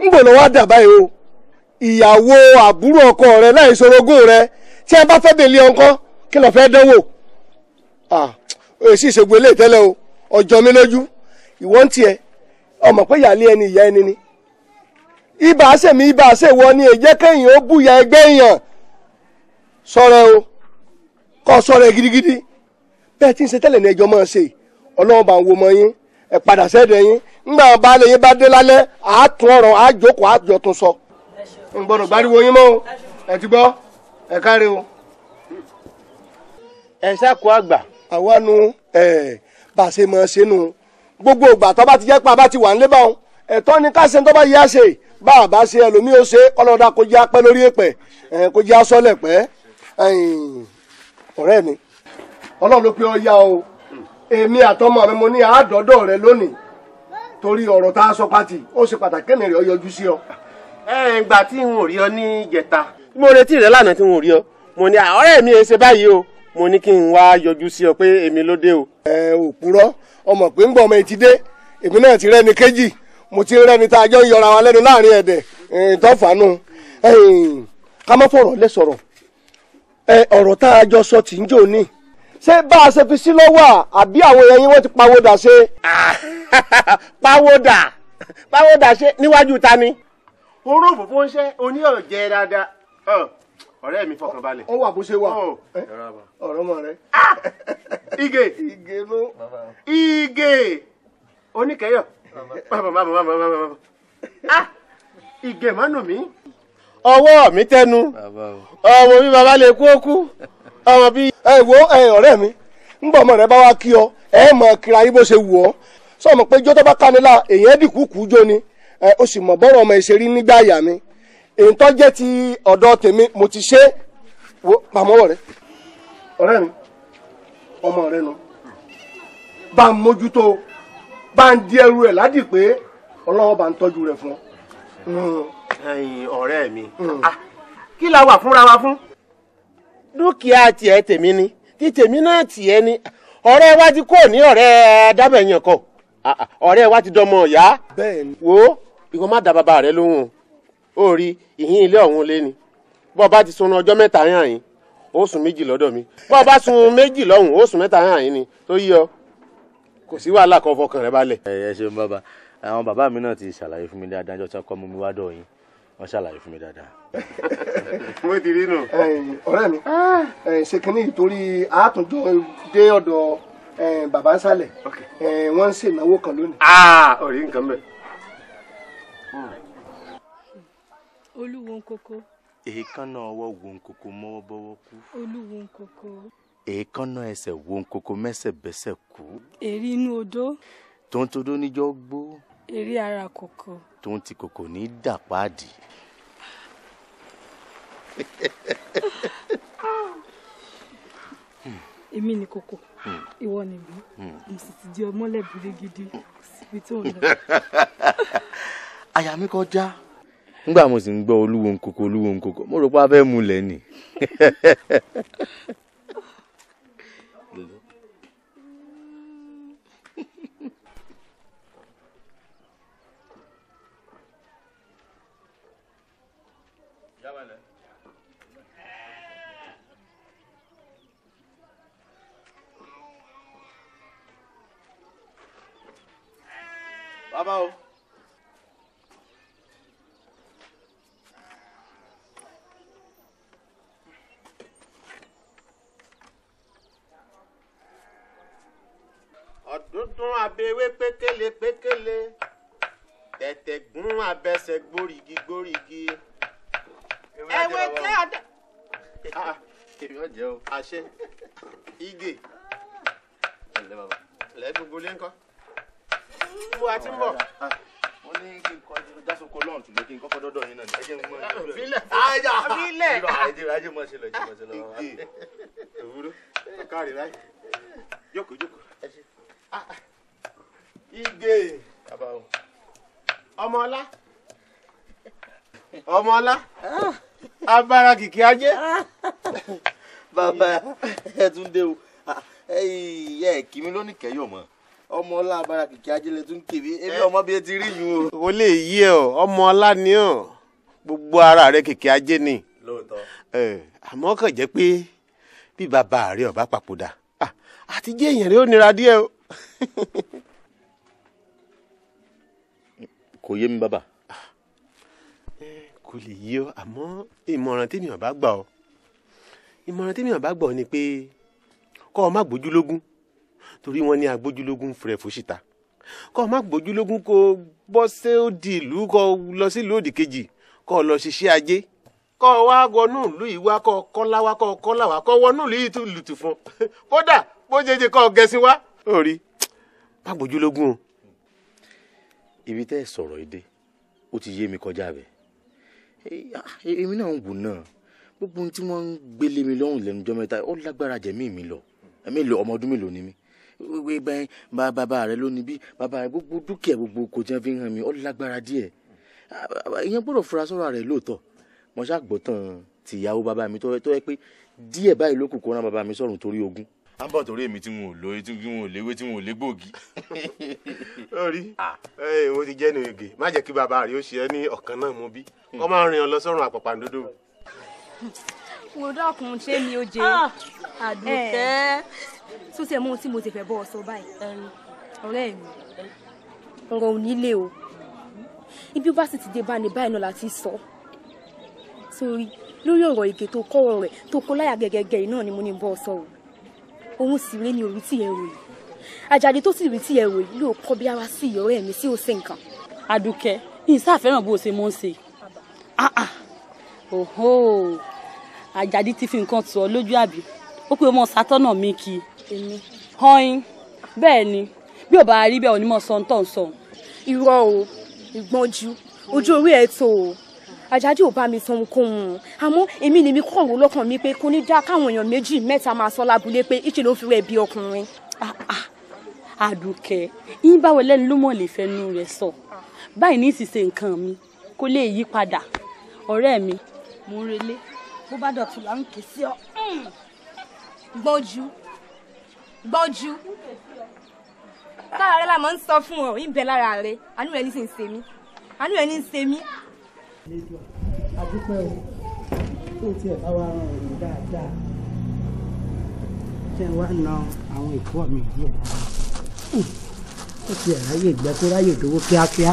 ń bò lọ́wọ́ dà báyìí o ìyàwó àbúrò ọkọ rẹ láì sorogún rẹ tí a bá fẹ́ bèlè ọkọ kí lọ́ọ́ fẹ́ dánwò èsì ìṣègùn eléyìí tẹ́lẹ̀ o ọjọ́ mi lójú ìwọ́n tiẹ̀ ọmọ pé ìyàlẹ́ ẹni ìyá ẹni ni ibà àṣẹ mi ibà àṣẹ wọ ni èjẹ́ kẹ́yìn ó bùyà ẹgbẹ́ èèyàn sọ́rẹ́ o kọ́ sọ́rẹ́ gidigidi bẹ́ẹ̀ tí ń ṣe tẹ́lẹ̀ ní ẹjọ́ máa ṣe ọlọ́run bá ń wo yín ẹ padà sẹ́dẹ̀ yín ńgbà baálé yín bá dé lálẹ́ àátún ọ̀rọ̀ àájókòó tún sọ. nu ẹ bá a gbogbo ìgbà tó bá ti jẹ́ pé a bá ti wà nílé ẹ̀tọ́ ni ká ṣe ọ̀rẹ́ mi ọlọ́run ló pé ọ o èmi àtọmọ mi mo ní àádọ́dọ̀ rẹ lónìí torí ọ̀rọ̀ tá a sọ pati ó ṣe pàtàkì kẹ́mi rẹ̀ ọ yọjú sí ọ. ẹ ìgbà tí n ò rí ọ ní ìjẹta. mo retí rẹ lánàá tí n ò rí ọ mo ní ọrẹ mi ẹ ṣe báyìí o mo ní kí n wá yọjú sí ọ pé èmi ló dé o. ẹ ò purọ́ ọmọ pé ń gbọ́ ọmọ etí dé èmi náà ti rẹ́ni kéjì mo ti rẹ́ni tá a jọ ń yọra wa lẹ́nu láàrin ẹ̀dẹ̀ ìtọ́fàánú ká má fọ̀rọ̀ lẹ́sọ̀rọ̀ ẹ ọ̀rọ̀ tá a jọ sọ tí ń jò ní. ṣé bá a ṣe fi sí lọ́wọ́ àbí àwọn èèyàn yín wọ́n ti pawódà ṣe. <laughs> pawódà pawódà ṣe níwájú ta ni. oró òfófó ń ṣe oníyọ̀ jẹ́ dáadáa ọ̀rẹ́ mi fọkàn balẹ̀. ó wà bó ṣe wà ọ̀rọ̀ mọ̀ rẹ. Ah! Ige Ige ló Ige oníkẹyọ bàbà bàbà bàbà bàbà ah! Ige mọ́nù mi. ọwọ́ mi tẹnu ọmọ bí baba lè kú bí. ẹ wo ẹ mi ń bọ̀ ọmọ rẹ bá wa kí ọ ẹ kíra yín bó ṣe wù ọ́ sọmọ pé jọ́tọ́ bá kánilá èèyàn dìkú kú jó ni ó sì mọ̀ ọmọ ìṣeré nígbà àyà mi èyí ti ọ̀dọ̀ tèmi mo ti ṣe wo mi ọmọ rẹ nu bá ń mójútó bá ń di ọrẹ mi hmm. ah, kí la wà fúnra wa fún. dúkìá tiẹ̀ tèmi ni tí tèmi náà tiẹ̀ ni ọ̀rẹ́ wa ti kó ní ọ̀rẹ́ dábẹ̀yàn kọ ah, ah, ọ̀rẹ́ wa ti dọmọ ọ̀yá wo ìwọ má da bàbá rẹ lóhùn ó rí ìhín ilé ọ̀hún lé ni bọ́ ọ bá ti sunrun ọjọ́ mẹ́ta yàn yín ó sùn méjì lọ́dọ̀ mi bọ́ ọ bá sun méjì lọ́hùn ó sùn mẹ́ta yàn yín ni tó yí ọ kò sí wàhálà kan fọkàn rẹ balẹ̀. ẹ ṣeun bàbá àwọn bàbá mi náà ti ṣàlàyé fún mi dáadáa jọ tí wọn kọ́ mú mi wá dọ̀ yín wọ́n ṣàlàyé fún mi dáadáa. <laughs> mo ti rí nù. ọ̀rẹ́ mi ah. ṣe kínní ìtorí àtúntò dé ọ̀dọ̀ eh, bàbá sálẹ̀ eh, wọ́n ń ṣènáwó kan lónìí. ọ̀rí ah, nǹkan bẹ̀. Hmm. olúwo ń koko. èékánná ọwọ́ wo ń koko mọ́wọ́ bọ́wọ́ kú. olúwo ń koko. èékánná ẹsẹ̀ wo ń koko mẹ́sẹ̀ bẹ́sẹ̀ kú. èrí inú odó. tó ń gbó. èrí ara kòkò. tó ń ti kòkò ní dàpáàdì èmi ni kókó ìwọ ni mi mo sì ti di ọmọlẹ́bìrì gidi síbi tó ń lọ. <laughs> àyà mi kọjá nígbà mo sì ń gbọ́ olúwo nkoko olúwo nkoko mo rò pé a fẹ́ mulẹ̀ ni. <laughs> bàbá o. ọ̀dúndún abẹ́wé pékélé pékélé tẹ̀tẹ̀ gún abẹ́sẹ̀ gbórígi gbórígi. ẹ̀wẹ̀ tẹ́ adá. èmi ò jẹ́ o. àṣẹ igè. ẹ lẹ́ bàbá. lẹ́gbẹ̀gbọ́lé ńkọ́ a ti ń bọ̀. mo ní kí n kọ́ jásokò lọ́run tùmọ̀ kí n kọ́kọ́ dọ́dọ̀ yín náà ní. ẹjẹ mọ ẹjẹ bílẹ̀ bílẹ̀ ẹjẹ ẹjẹ mọ ṣe lọ ẹjẹ mọ ṣe lọ. òwúrọ̀ káàrí ráì jókòó jókòó. Ah, ah. igé ọmọọlá ọmọọlá abára kìkì ajé. bàbá ẹ tún dé o ah, ẹ kì mí lónìí kẹyọ mọ ọmọ ọlá abara kìkì ajílẹ̀ tún kèwé ebi eh? ọmọ bíi ti rí yun o. o lè yí ẹ o ọmọ ọlá ni ọ gbogbo ara rẹ kìkì ajé ni. lóòótọ́. ẹ àmọ́ kàn jẹ́ pé bí bàbá rẹ ọba papòdà àti jẹ́ èèyàn rẹ ó nira díẹ̀ o. kò yé mi bàbá. kò lè yí ọ àmọ́ ìmọ̀ràn tèmi ọba gbà ọ ìmọ̀ràn tèmi ọba gbà ọ ni pé kọ́ ọ má gbójú lógún torí wọ́n ní agbójúlógún fúrẹ́ fòṣìta kọ́ má gbójúlógún kó bọ́ sí òdì ìlú kọ́ lọ sí ìlú òdì kejì kọ́ lọ ṣiṣẹ́ ajé kọ́ wá wọnú ìlú ìwá kọ́ kọ́láwá kọ́ kọ́láwá kọ́ wọnú ìlú yìí tún lùtù fún <laughs> kódà bó jẹjẹ kọ́ gẹ̀ẹ́sìn wá. orí má gbójúlógún o. ibi tẹ́ ẹ sọ̀rọ̀ èdè ó ti yé mi kọjá bẹ́ẹ̀ èmi náà ń wò náà gbogbo ohun tí wọ́n ń gbélé mi lọ́rùn lẹ́nu jọ́ ó lágbára jẹ̀mí mi lọ ẹ̀mí ọmọ ọdún mélòó ni mí gbẹgbẹ bàbá rẹ ló ní bí bàbá rẹ gbogbo dúkìá gbogbo kò jẹ́ fi hàn mí ó lágbára díẹ̀ ìyẹn gbọ́dọ̀ fura sọ́ra rẹ̀ lóòótọ́ mo ṣàgbọ́tàn tìyàwó bàbá mi tó yẹ pé díẹ̀ báyìí ló kù kó rán bàbá mi sọ̀rùn torí ogún à ń bọ̀ torí èmi tí wọn ò lóye tí wọn ò léwé tí wọn ò légbògi. lórí èwo ti jẹ́ nìyege má jẹ́ kí bàbá rẹ̀ ó ṣe ẹ́ ní ọ̀kan náà mú bí kó máa rìn ọ lọ sọ́run àpàpàǹdodo. mo dákun ṣé mi ò jẹ ah. àdùkẹ́ eh tó tiẹ̀ mú ohun tí mo ti fẹ́ bọ́ ọ sọ báyìí ọ̀rẹ́ mi ọ̀rọ̀ ò nílé o ibi bá sì ti dé bá ní báyìí náà láti sọ sórí lórí ọ̀rọ̀ èké tó kọ́rọ̀ rẹ̀ tó kó láyà gẹ́gẹ́gẹ́ yìí náà ni mo ní bọ́ ọ sọ o òun sì rí ní orí tí ẹ rò yìí àjàdí tó sì rí tí ẹ rò yìí yóò kọ́ bí ara sí ìyọ̀rẹ́ mi sí òsè nǹkan. adúkẹ́ ìsáfẹ́ràn bó o ṣe mọ́ ń ṣe ah, ah. òhò ti fi nǹkan tù ọ lójú àbí ó pé o mọ mi kì í tèmi. họyin bẹ́ẹ̀ ni bí ò bá rí bẹ́ẹ̀ ò ní mọ̀ sọ tó ń sọ. irọ́ o ìgbọ́njú ojú orí ẹ̀ tó o àjáde ò bá mi sọ ohunkóhun àmọ́ èmi ni mi kọ̀ wó lọ́kàn mi pé kò ní dá káwọn èèyàn méjì mẹ́ta máa sọ lábúlé pé ìṣe ló fi rẹ̀ bí ọkùnrin. Ah, ah, àdùkẹ́ yín báwo lẹ́nu ló mọ̀ lè fẹnu rẹ̀ sọ báyìí ní ìsìsẹ́ nǹkan mi kó lè yí padà ọ̀rẹ́ mi. mo ń relé bó bá dọ̀tún là ń ké sí ọ hmm. gbọ́njú gbọ́jú lára rẹ la máa ń sọ fún ọ ìbẹ lára rẹ àánú rẹ ní sì ń ṣe mí àánú rẹ ní ń ṣe mí. àdúpẹ́ o tó tiẹ̀ bá wa ran òun dáadáa jẹ́ wá na àwọn ìkọ́ mi díẹ̀ ó ti ráyè gbẹ́ kó ráyè dówó kíákíá.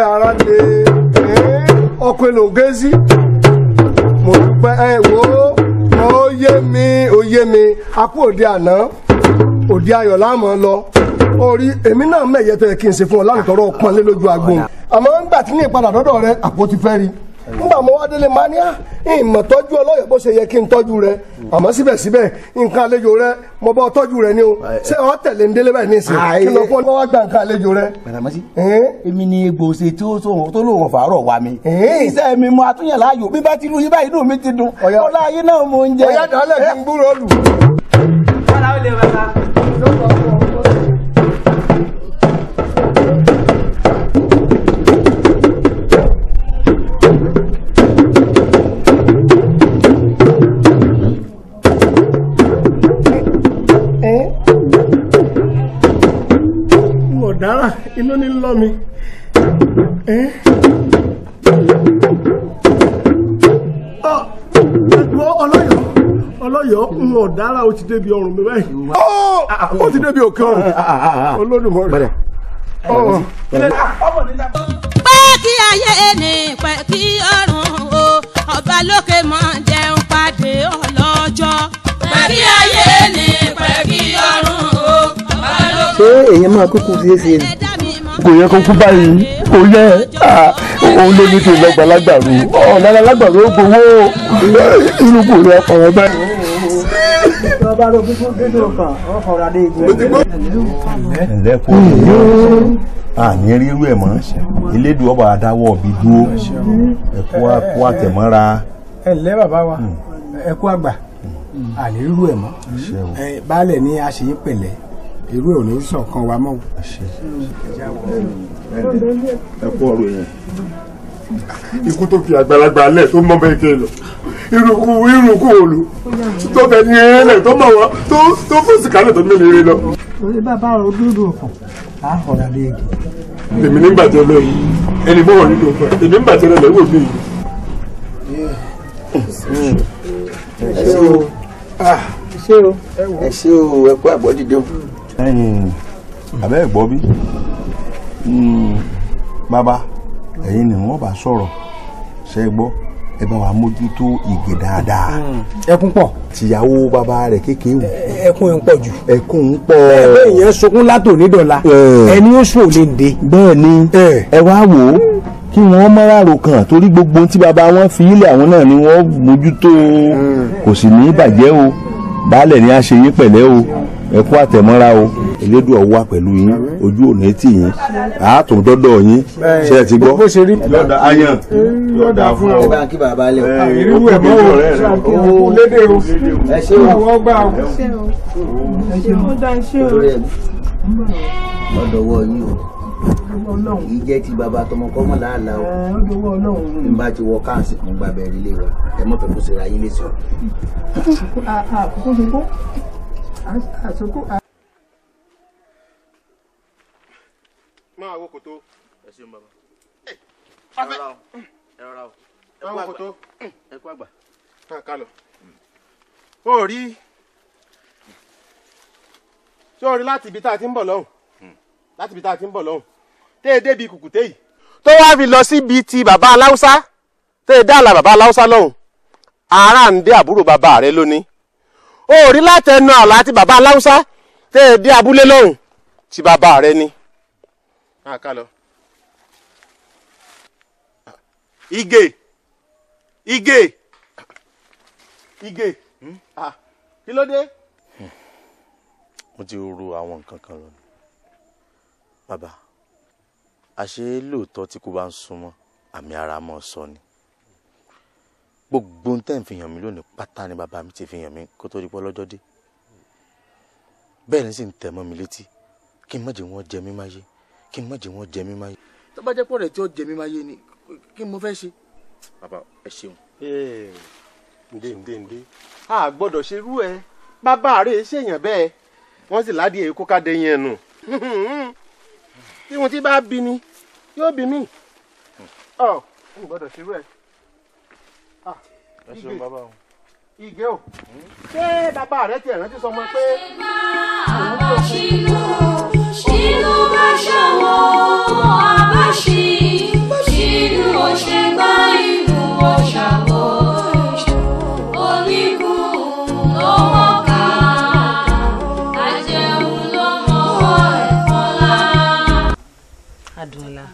ọkụ eh, ọkọ èlò gẹ́sí mo dúpẹ́ ẹ wò ó ó yé mi ó yé mi apú òde àná òde ayọ̀ láàmú lọ orí èmi náà mẹ̀yẹ tó yẹ kí n ṣe fún ọ ń gbà tí ní ìpadà dọ́dọ̀ nígbà mo wá délé máa ah, ìmọ̀ tọ́jú ọlọ́yọ̀ bó ṣe yẹ kí n tọ́jú rẹ àmọ́ síbẹ̀síbẹ̀ nǹkan àlejò rẹ mo bọ́ tọ́jú rẹ ni o ṣé ọ tẹ̀lé ń délé báyìí ní ìsìn kí lọ fún ọ wá gba nǹkan àlejò rẹ. bàdàmọ́sí èmi ni gbòòsè tí ó tó lóòrùn fàárọ̀ wa mi iṣẹ́ mi mo àtúnyẹ̀ láàyò bí bá ti lu yín inú mi ti dùn ọlá ayé náà mo ń jẹ. ọ̀yá dàálẹ̀ kí n gbúròó lù. Ah, inú ní lọ mi. Ah, ọlọ́yọ̀ ọlọ́yọ̀ ń wọ̀ dára ó ti débi ọrùn mi báyìí. Oh! Ah, ó ti débi òkè ọrùn olódùmọ̀rẹ́. Oh. pé kí ayé ẹni pẹ́ kí ọrùn o ọba lókè mọ́ jẹun pàdé ọ̀. ṣé èèyàn máa kúkú ṣeé ṣe ni. kò yẹ kó kú báyìí kò yẹ òun ló ní kí n lọ́gbà lágbàrú ọ̀nà lágbàrú ó gbowó inú kò rẹ ọkọ̀ ra dé ìgbẹ́. Ǹjẹ́ kò ní àní rírú ọba adáwọ̀ bí dúró ẹ̀kú ẹ̀kú àtẹ̀mọ́ra. Ẹ ǹlẹ́ bàbá wa hmm. ẹ̀kú àgbà hmm. àní rírú ẹ̀ mọ́ baálẹ̀ ni a ṣe ń pẹ̀lẹ́ irú ẹ̀ ò ní sọ̀kan wa mọ́. ẹ kú ọ̀rọ̀ yẹn ikú tó fi àgbàlagbà lẹ̀ tó mọ́ bẹ́ẹ̀ kẹ́ lọ irunku irunku òlu tó fẹ́ ní ẹlẹ̀ tó mọ̀ wọ́n tó fòsì kálẹ̀ tó mímì rẹ lọ. orí bàbá rẹ ojúlùdù ọkàn á ọ̀rọ̀ lè jù. èmi nígbà tó lọ yìí ẹni bọ́wọ̀ nínú ọkọ èmi nígbà tó lọ lọ wò mí yìí. ẹ ṣé o ah. ẹ ṣé o ẹ kú àgbọ̀dìde o ẹ̀yin abẹ́ ẹ̀ gbọ́ bí hmm, bàbá ẹ̀yin ni wọ́n bá sọ̀rọ̀ ṣe é gbọ́ ẹ bá wa mójútó ìgè dáadáa. Hmm, ẹkún pọ̀. tìyàwó bàbá rẹ̀ kékeré. ẹkún ń pọ̀ jù. ẹkún ń pọ̀. ẹgbẹ́ ìyẹn sunkún látòní dọ̀la. ẹni ó sùn ò lè dé. bẹ́ẹ̀ ni ẹ wá wò ó kí wọ́n mọ́ràrò kan torí gbogbo tí bàbá wọn fi ilé àwọn náà ni wọ́n mójútó hmm. kò sì ní bàjẹ́ o baálẹ̀ ni a ṣe yín pẹ̀lẹ́ o ẹ kú àtẹ̀mọ́ra o elédùn ọwọ́ pẹ̀lú yín ojú òní tì yín àátùn dọ́dọ̀ yín ṣe ti gbọ́ yọ̀dà ayan yọ̀dà fún ọ irú ẹ̀ mọ́ o lédè o ẹ ṣe o wọ́n gbà o ẹ ṣe o dá ṣe o lọ́dọ̀wọ́ yìí o yìí jẹ́ ti bàbá tọmọ kọ́ mọ́ làálàá o n bá ti wọ káàsì kan gbàbẹ̀rẹ̀ ilé wa ẹ mọ̀ fẹ́ kó ṣe ra yín lé sí o. àkókò ṣe kó àsìkò. máa wo kòtó. ẹ ṣeun bàbá. ẹ rọra o ẹ rọra o. máa wo kòtó. ẹ kú àgbà. náà ká lọ. Mm. ó rí ṣé o rí láti ibi tá a ti ń bọ̀ lọ́hùn mm. láti ibi tá a ti ń bọ̀ lọ́hùn tẹ́ ẹ débi kùkùté yìí tó wá fi lọ síbi ti bàbá aláùsá tẹ́ ẹ dá àlà bàbá aláùsá lọ́hùn ara ń dé àbúrò bàbá rẹ lónìí o rí látẹnu àlá àti bàbá aláwùsá tẹ ẹ dé abúlé lọ́hùn tí bàbá rẹ ni. igè igè igè hmm? kí ló dé. mo ti ro àwọn nǹkan kan lọ bàbá àṣé lóòótọ́ tí kò bá ń súnmọ́ àmì ara mọ́ sọ ni gbogbo ń tẹ́ ń fi hàn mí lónìí pátá ni bàbá mi ti fi hàn mí kó tó di pọ́ lọ́jọ́ dé bẹ́ẹ̀ ni sì ń tẹ̀ mọ́ mi létí kí n má jẹ́ wọ́n jẹ mí máyé kí n má jẹ́ wọ́n jẹ mí máyé. tó bá jẹ́ pọ̀ rẹ̀ tí ó jẹ mí máyé ni kí n mo fẹ́ ṣe. bàbá ẹ ṣeun. ǹdè ǹdè ǹdè a gbọ́dọ̀ ṣe irú ẹ bàbá rẹ̀ ṣèyàn bẹ́ẹ̀ wọ́n sì ládìí èyí kó ká dé yẹn nù <laughs> tí wọ́n ti bá bí ni yóò bí mi hmm. ọ̀ n gbọ́dọ̀ ṣe irú ẹ ìgé o ṣé bàbá rẹ tiẹ̀ rántí sọmọ pé. àbáṣinú inú bá ṣòwò àbáṣí inú ò ṣe gbá inú ò ṣàwò onígun lọ́wọ́ ká àjẹun lọ́mọ ẹ̀fọ́lá. Adùnlá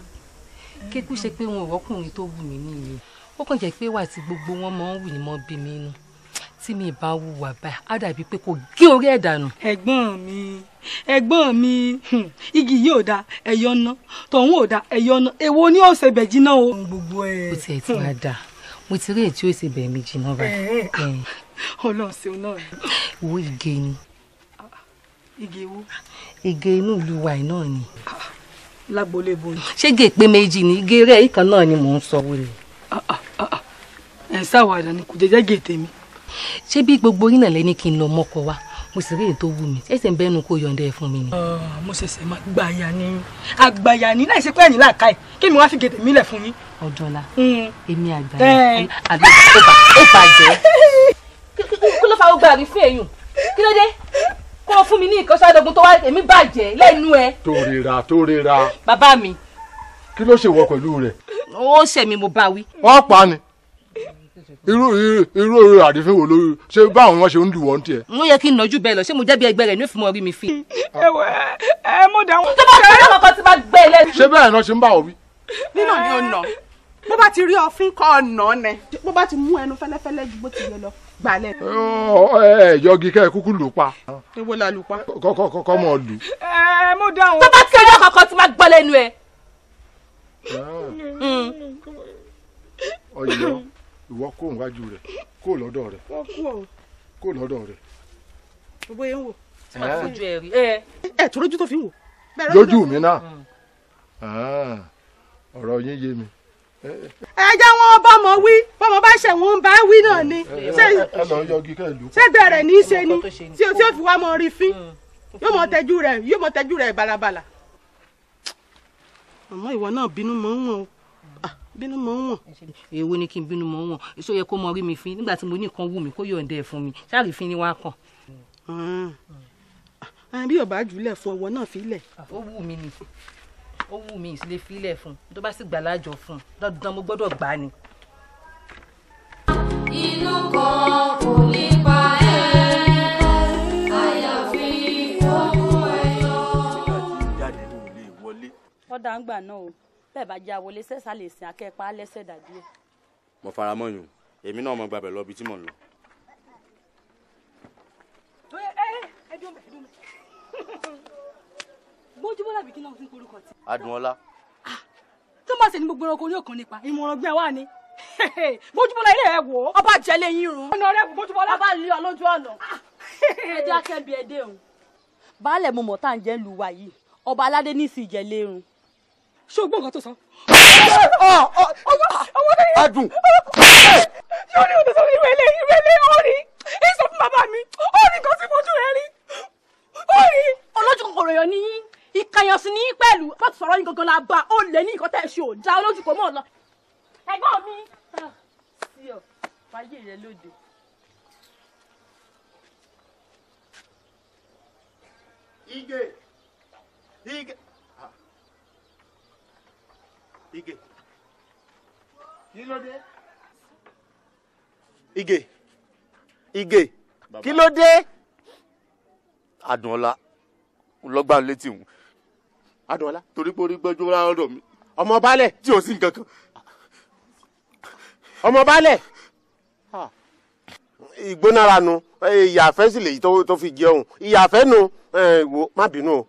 kékú ṣe pé wọn ò rọ́kùnrin tó wù mí nílé ó kàn jẹ́ pé wà tí gbogbo wọn máa ń wù ní mọ́ bí mi nù tí mi bá wùwà báyìí á dàbí pé kò gé orí ẹ̀ dànù. ẹ̀gbọ́n mi ẹ̀gbọ́n mi igi yìí ò da ẹ̀yọ́ ná tọ̀hún ò da ẹ̀yọ́ ná èwo ni ó ṣe bẹ̀ jiná o. gbogbo ẹ̀. o tiẹ̀ ti máa da mo ti rí ètí ó ṣe bẹ̀ mi jiná báyìí. ọlọ́run ṣeun náà. wo ige ni. ige wo. ige inú ìlú wa náà ni. Ah, lágbo lè bo ni. ṣé gèpè méjì ni ige rẹ̀ ìkan náà ni mò ń sọ wọlé ẹ̀ ń ṣàwàdà ni kò jẹ́jẹ́ gètè mi. ṣé bí gbogbo yín náà lẹ́ni kí n lọ mọ́kọ wa mo sì rí èyí tó wù mí ẹsẹ̀ ń bẹ́nu kó yọ̀ǹda ẹ̀ fún mi ni. mo ṣẹ̀ṣẹ̀ máa gbàyà ni àgbàyà ni láì ṣe pé ẹ̀yìn láàka ẹ̀ kí mi wá fi gètè mi lẹ̀ fún yín. ọ̀dọ́là hmm. èmi àgbàyà àbí ó bàjẹ́. kí ló fa gbogbo àrífín èèyàn kí ló dé kó o fún mi ní ìkọ́sádọ́gun tó wá èmi bàjẹ́ lẹ́nu ẹ. tó rira tó rira. bàbá mi. kí ló ṣèwọ pẹ̀lú rẹ̀ ó ṣe mi mo bá wí. wọ́n pa ni irú irú irú àdìfín wo lórí ṣé báwọn wọn ṣe ń lù wọ́n tiẹ̀. mo yẹ kí n nọjú bẹ́ẹ̀ lọ ṣé mo jẹ̀bi ẹgbẹ́ rẹ̀ ní òfin mọ rí mi fi. ẹ wọ ẹ mo dà wọn. tó bá fẹ́ lọ́wọ́ kan ti bá gbé e lẹ́nu. ṣé bẹ́ẹ̀ náà ṣe ń bá ọ wí. nínà ni ó nà bó bá ti rí ọfín kọ ọ̀nà nẹ bó bá ti mú ẹnu fẹ́lẹ́fẹ́lẹ́ ju bó ti yẹ lọ gbalẹ. ẹ yọgi kẹ kúkú lù pa. ewo la lù pa. kọkọ kọkọ mọ lù. ẹ mo dà wọn. tó bá kan ti máa gbọ́ lẹ́nu ẹ̀. Ah. Hmm. ọyọ ìwọ kó níwájú rẹ kó lọ́dọ̀ rẹ kó lọ́dọ̀ rẹ. gbogbo yẹn wò tí wọn fojú ẹ rí. ẹ tó lójú tó fi wò. lójú mi náà hmm. ah. ọ̀rọ̀ yín yé mi ẹ jẹ́ wọn bọ́mọ wí bọ́mọ bá ṣe wọn bá wí náà ni ṣé bẹ̀rẹ̀ ní í ṣe ni tí o fi wá mọ rí fín hmm. yóò mọ tẹjú rẹ̀ yóò mọ tẹjú rẹ̀ balabala àmọ́ ìwọ náà bínú mọ́ ń o bínú mọ́ ń èwo ni kí n bínú mọ́ ń èso yẹ kó mọ rí mi fín nígbà tí mo ní nǹkan wù mí kó yọ̀ǹda ẹ̀ fún mi sáàrì fín ni wàá kàn. bí ọba jùlẹ̀ fún ọwọ́ náà fílẹ̀. ó wù mí ni ó wù mí ìsílẹ̀ fílẹ̀ fún un tó bá sì gbàlájọ fún un dandan mo gbọ́dọ̀ gbà á ni. inú kan kò lè dá ń gbà náà o bẹ́ẹ̀ bá já wọlé sẹ́sà lè sìn akẹ́pá lẹ́sẹ̀ dàbí ẹ̀. mo fara mọ́ yùn èmi náà mo gbàbẹ̀ lọ ibi tí mò ń lọ. gbójúbọ́ làbí kí náà fi ń korúkọ tí. Adùnọlá. Ah, tó máa ṣe ní gbogbo ọkọ orí òkan nípa ìmọ̀ràn gbẹ́ wà ní. <laughs> gbójúbọ́lá ilé ẹ̀ wò ó. ọba jẹlé yín rún. ọ̀nà rẹ̀ gbójúbọ́lá. ọba lè ọ ọ̀nà. ẹjọ́ akẹ́bi ẹ̀dẹ́ òun. baálẹ̀ mo mọ̀ tá à ń jẹ́ lu yìí ọba aládé ní ìsìn ìjẹ́lérun ṣé o gbọ́ nǹkan tó sọ. Ah, ah, ah. adùn. yóò ní òtún sọ́kì ìrẹ̀lẹ̀ ìrẹ̀lẹ̀ orí èso fún bàbá mi orí kan sí fojú rẹ̀ rí orí. olójú kòkòrò yọ ní ìkànnì ọ̀sìn ní pẹ̀lú bọ́ọ̀tù sọ̀rọ̀ yín gangan la bá ó lè ní ìkọ́tà ẹ̀ṣẹ̀ ò já olójú kò mọ̀ lọ. ẹ̀gbọ́n mi. sí ọ fàyè rẹ lóde. Ige. Ige. Ige. Kí ló dé? Ige. Ige. Kí ló dé? Adùnọlá lọ́gbà létí òun. Adùnọlá torí pé orí gbẹ́jú rárá ọ̀dọ̀ mi. Ọmọ balẹ̀. Tí o sì nǹkan kan. Ọmọ balẹ̀. Ìgbónára nu ìyàfẹ́ sì lèyí tó fi jẹ òun. Ìyàfẹ́ nu wo má bínú o.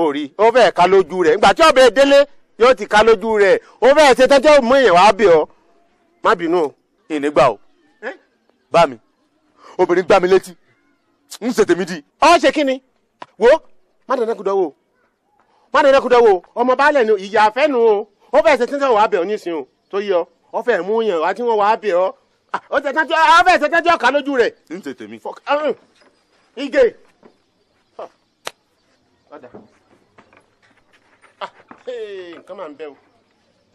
Orí ó fẹ́ ka lójú rẹ̀. Ìgbà tí ọbẹ̀ délé yóò ti ká lójú rẹ o fẹ́ẹ̀ ṣe tẹ́tẹ́ mú èèyàn wá bẹ̀ ọ́ má bínú o èlé gbà o bá mi obìnrin létí ń di. ọ ṣe kí ni wo má dandan kú dánwò má dandan kú dánwò ọmọ baálẹ̀ ni ìyá afẹ́ o o ó ṣe tẹ́tẹ́ wàá bẹ̀ ọ́ nísìn o tó yẹ ọ ọ fẹ́ẹ̀ mú èèyàn wá tí wọ́n wàá bẹ̀ ọ́ ó fẹ́ẹ̀ ṣe lójú ń ige. nǹkan máa ń o.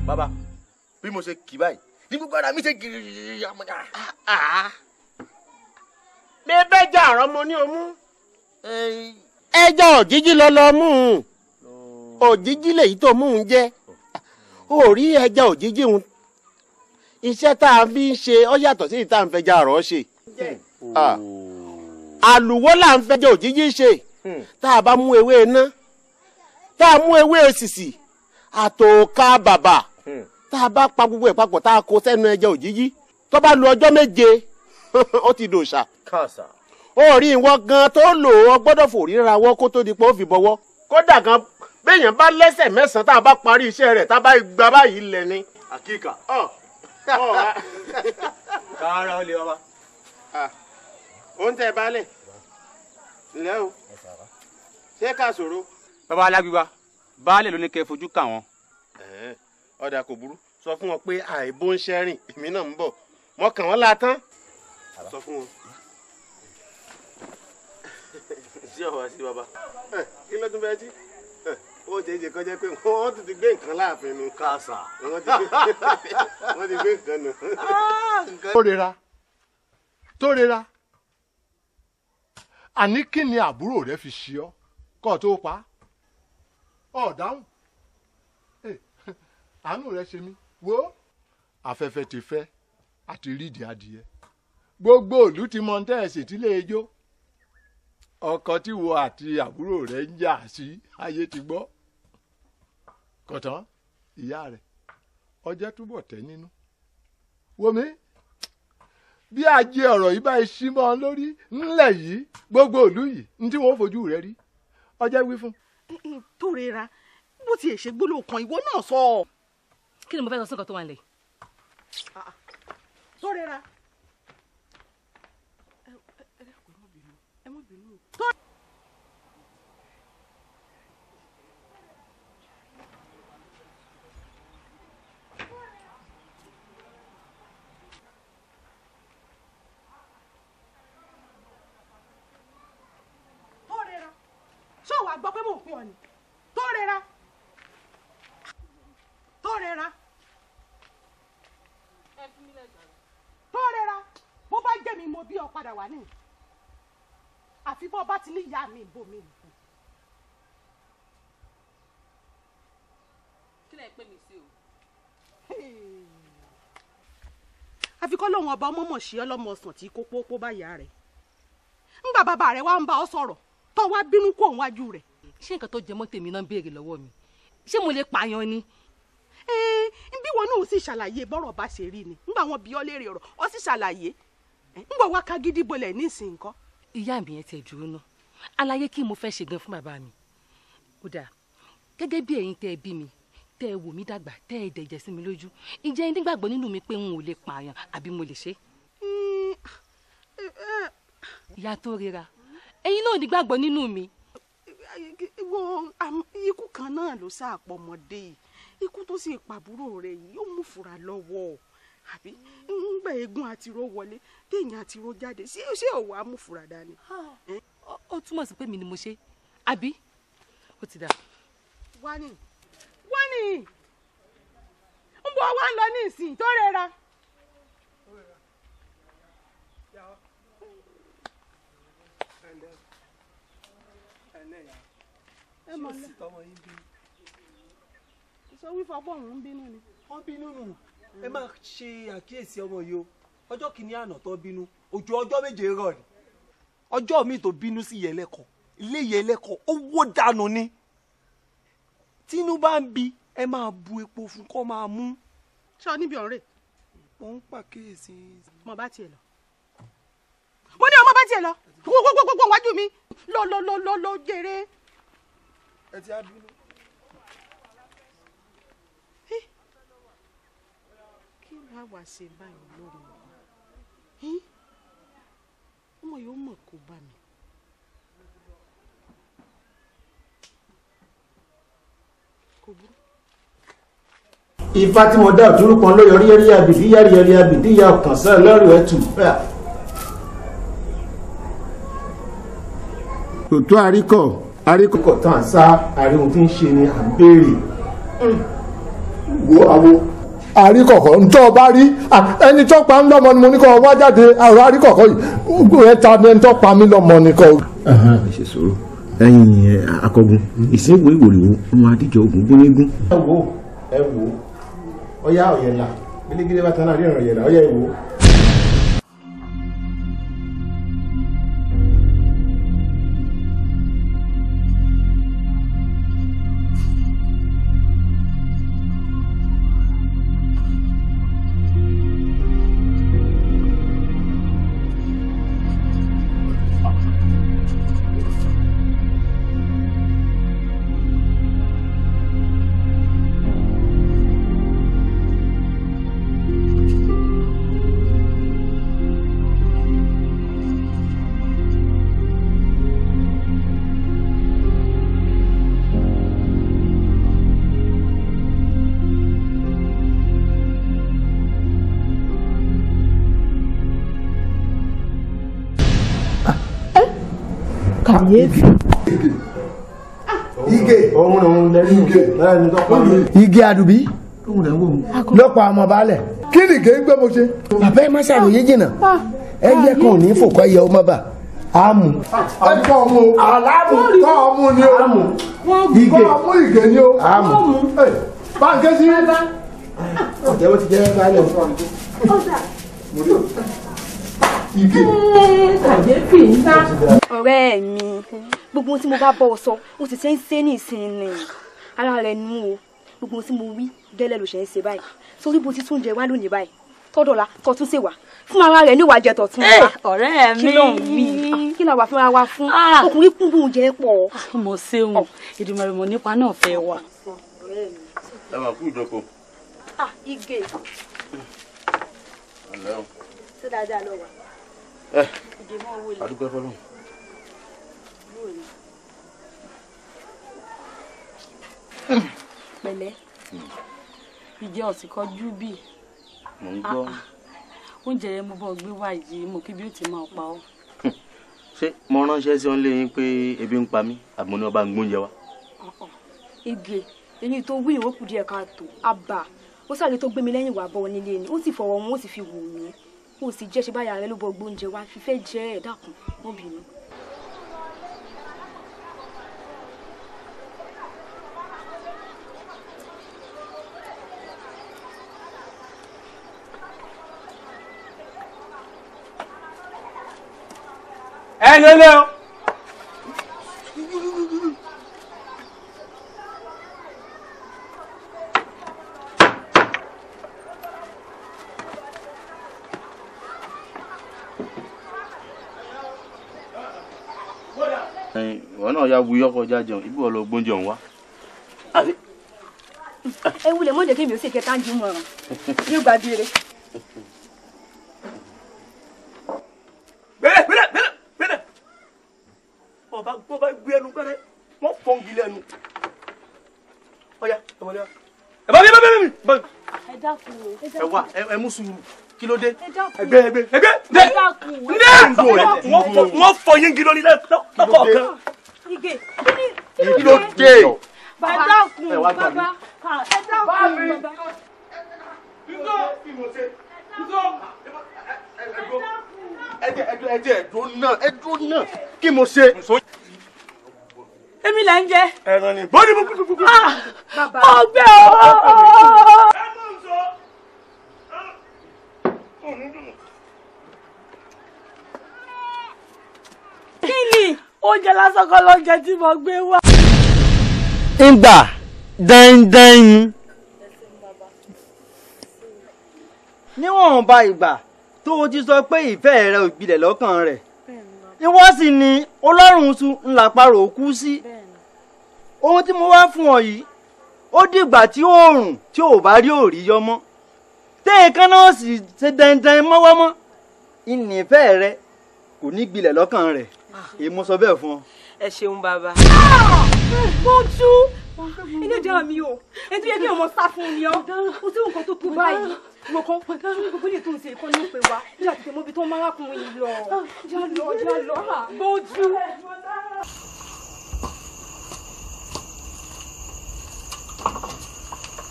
bàbá bí mo ṣe kì báyìí ní gbogbo ara mi ṣe gírì yàmùyà. mi bẹ́ jà àrọ́ mo ní òjijì mú un oh. òjijì lèyí tó mú un jẹ́ orí ẹja òjijì un iṣẹ́ tá a fi ń ṣe ó yàtọ̀ sí ìta ṣe oh. ah. àlùwò là ń òjijì ṣe hmm. tá a bá mú ewé iná tá a mú àtòká bàbà hmm. tá a bá pa gbogbo ẹ̀ papọ̀ tá a kó sẹ́nu ẹja òjijì tó bá lu ọjọ́ méje <laughs> ó ti dòṣà. orí ìwọ gan tó lò ó gbọ́dọ̀ fòríra wọ́ kó tó di pé ó fi bọ́wọ́ kódà gan béèyàn bá lẹ́sẹ̀ mẹ́sàn-án tá a bá parí iṣẹ́ rẹ̀ tá a bá gba báyìí lẹ̀ ni. àkíkà ọ ọ rárá ó lè wá. oúnjẹ balẹ̀ ǹlẹ́ o ṣé ká sọ̀rọ̀. bàbá alágbèbá baálé ló ní kẹ́ fojú kà wọ́n. ọ̀dà kò burú sọ fún wọn pé àìbó ń ṣẹ́rìn èmi náà ń bọ̀ mọ́ kàn wọ́n la tán sọ fún wọn. sí ọ̀wá sí baba. kí ló tún fẹ́ jí ó jẹ jẹ kọjá pé wọ́n ti ti gbé nǹkan láàfin nu. kàṣà <laughs> wọ́n ti gbé nǹkan nù. Ah! tó rira tó rira àní kí ni àbúrò rẹ fi ṣe ọ kó o tó pa á. ọ̀dáhùn eh, <laughs> àánú rẹ ṣe mí wo afẹ́fẹ́ ti fẹ́ àti rídìí adìyẹ gbogbo òlú ti mọ tẹ́ ẹ̀ sì ti lè jó ọkọ tí wo àti àbúrò rẹ ń jà sí ayé ti gbọ́ kọ̀tán ìyá rẹ ọjẹ́ túbọ̀ tẹ́ nínú wọmi bí ajé ọ̀rọ̀ yìí bá ṣí mọ́ lórí ńlẹ̀ yìí gbogbo òlú yìí ní tí wọ́n fojú rẹ rí ọjẹ́ wí fún tó rera bó ti ṣe gbólóhùn kan ìwọ náà sọ. kí ni mo fẹ́ sọ sí nǹkan tó wà nílẹ̀. tó rera. ẹ má bínú. wàá gbọ́ pé mò ń pín ọ ni tó rẹra tó rẹra tó rẹra bó bá jẹ́ mi mo bí ọ padà wà nìyí àfi bó bá ti ní ìyá mi ìbò mi nìkan. kí lẹ̀ pè sí o. àfi kọ́ lóun ọba ọmọ mọ̀ sí ọlọ́mọ ọ̀sán tí kó pópó bá yà rẹ̀ ń bàbá rẹ̀ wá ń bá ọ sọ̀rọ̀ tó wá bínú kó òun wájú rẹ̀ ṣé nǹkan tó jẹ mọ́ tèmi náà béèrè lọ́wọ́ mi ṣé mo lè pààyàn ni. ẹ bí wọn náà sì ṣàlàyé bọ́rọ̀ bá ṣe rí ni nígbà wọn bí ọ léèrè ọ̀rọ̀ ọ sì ṣàlàyé nígbà wá ká gidi bolẹ̀ ní ìsìn nǹkan. ìyá mi yẹn tẹ dúró náà àlàyé kí mo fẹ́ ṣe gan fún bàbá mi ó dáa gẹ́gẹ́ bí ẹ̀yin tẹ́ ẹ bí mi tẹ́ ẹ wò mí dàgbà tẹ́ ẹ dẹ̀jẹ̀ sí mi lójú ìjẹ́ nígbàgbọ́ nínú mi pé n ò lè pààyàn àbí mo lè ṣe. Hmm, ah, eh, eh. ìyá tó rira ẹ̀yin náà ní gbàgbọ́ nínú mi. wo ikú kan náà ló ṣàpọ̀ ọmọdé yìí ikú tó sì pàbúrò rẹ̀ yìí ó mú fura lọ́wọ́ àbí ńgbà eégún àtirọ́ wọlé téèyàn àtirọ́ jáde ṣé ṣé ọ̀wọ́ amúfura dání. ó túmọ̀ sí pé mi ni mo ṣe àbí ó ti dà. wani wani ń bọ̀ wá ń lọ ní ìsìn tó rẹra. lẹ́yìn ẹ sọ wífọ pọ òun bínú ni. wọn bínú nù ẹ mm. máa ṣe àkíyèsí ọmọ yìí o ọjọ́ kìíní àná tó bínú ojú ọjọ́ méje rọ̀ ni ọjọ́ mi tó bínú sí ìyá ilé ìyá owó dànù ni tínú bá ń bi ẹ máa bu epo fún kó máa mú. ṣé o níbi ọ̀rẹ́. mo ń pàkíyèsí. mo bá tiẹ̀ lọ. mo ní ọmọ bá tiẹ̀ lọ gbogbogbò wájú mi lọ́lọ́lọ́lọ́ jèrè. ẹ ti á bínú. kí ló wá ṣe báyìí lórí mi ọmọ yóò mọ̀ kó bá mi. ifá tí mo dá òtúrú kan ló yọrí yẹrí abìdí yẹrí yẹrí abìdí ya ọkàn sẹ́ẹ̀ lọ́rùú ẹ̀ tù bẹ́ẹ̀. kò tó àríkọ̀ àríkọ̀ tán sá àríhun tí ń ṣe ni à ń béèrè wo àwo àríkọ̀kọ̀ bá rí ẹni tó pa ń lọ́mọ ni mo ní kọ́ wá jáde àríkọ̀kọ̀ yìí ẹ ta ni ẹni pa mí lọ́mọ ni kọ́. akọgun ọmọ adíjọ ogun ẹ wo ẹ wo ọyá gbẹlẹgbẹlẹ bá tán náà rí ẹ wo. igi àdùbí lọ́pọ̀ àwọn baálẹ̀ kí ni kì í gbé mo ṣe. bàbá ẹ má ṣàròyé jìnnà ah. ẹ jẹ́ kó o ní fòkó ẹyẹ ọmọ bá àmù. ọkọ ah, mu aláàmù kọ ọmú ni o àmù ìgè ọmú ìgè ni o àmù. báńkì sí. ọ̀jẹ̀ wo ti jẹ́ báyìí o kàyéfì ọ̀rẹ́ mi gbogbo ohun tí mo bá bọ̀ ọ sọ ó sì ṣe ń ṣe ní ìsinmi ara rẹ̀ nù o gbogbo ohun tí mo wí gẹ́lẹ́ ló ṣe ń ṣe báyìí sórí bó ti tún jẹ wá lónìí báyìí tọ́dọ̀la tọ́tún ṣèwà fún ara rẹ̀ níwà jẹ tọ̀tún wa. Eh, ọ̀rẹ́ mi kí ló ń wí ah, kí làwà fúnra wa fún ah. ọkùnrin kún bóun pọ̀. Ah, mo ṣeun ìdùnnú oh. nípa náà fẹ́ wà. ẹ máa kú ẹ eh, àdúgbò ẹfọ lóhùn. pẹ̀lẹ́ ìjẹ ọsìn kọjú bí. mo ń gbọ́. Ah, ah. oúnjẹ rẹ mo bọ gbé wá yìí mo kí bí ó ti máa pa ọ. <laughs> ṣé mo ránṣẹ́ sí ọ́n léyìn pé ebi ń pa mí àmọ́ ní ọba ń gbóúnjẹ wa. Ah, ege èyí tó wí ìwé kùdìẹ̀ káàtó àbà ó sáré tó gbé mi lẹ́yìn wà bọ́ nílé ni ó sì fọwọ́ wọn ó sì fi wù mí o sì jẹ́ ṣe báyà rẹ ló bọ gbóúnjẹ wa fífẹ́ jẹ́ ẹ̀ dákun mọ́ bínú. ẹ lélẹ́ o. ya wuyọ́ kọjá jẹun ibi ibu lọ gbóúnjẹ ọ̀hún wá. ẹ wulẹ̀ mọ́ o kí mi ò sì kẹta ń ju mọ̀ràn yóò gba bèrè. bẹ́ẹ̀ bẹ́ẹ̀ bẹ́ẹ̀ bẹ́ẹ̀ ọba gbọ́ba gbé ẹnu kẹ́rẹ́ wọ́n fọ́n gilẹ̀ ẹnu ọ̀ya ẹ̀ wọlé wa ẹ bá mi ẹ bá mi ẹ bá mi. ẹ dákun o ẹ wá ẹ mú sùúrù kí ló dé. ẹ dákun ẹgbẹ ẹgbẹ ẹgbẹ ndé ndé wọ́n fọ yín gidi lọ́ní kí ló dé. bàbá kun bàbá ẹ dákun bàbá. ẹjẹ ẹdùn náà ẹdùn náà kí mo ṣe. èmi là ń jẹ. ẹran ni bọ́ọ̀dì mú kúkúkú. Ah, ọgbẹ́ o. Ah. kí ni oúnjẹ lásán kọ́ lóúnjẹ tí mo gbé wá ń gbà dandan. níwọ̀nba ìgbà tó o ti sọ pé ìfẹ́ rẹ ò gbilẹ̀ lọ́kàn rẹ̀ ìwọ sì ni ọlọ́run tún ńlá parò kú sí ohun tí mo wá fún ọ yìí ó dìgbà tí oòrùn tí ò bá rí òrí yọ mọ́ náà sì ṣe dandan mọ́wọ́mọ́ ìnìfẹ́ rẹ kò ní gbilẹ̀ lọ́kàn rẹ̀ ah. èmi sọ bẹ́ẹ̀ fún ọ ẹ ṣeun bàbá. mo tú ilé ìdára mi o ẹni tó yẹ kí ọmọ sá fún mi ọ mo ti nǹkan tó kú báyìí mo kàn gbogbo ilé tó ń ṣe ìkọ́ ní òpè wa ní àtìkè mọ́bi tó máa rákùnrin yìí lọ já lọ já lọ mo tú.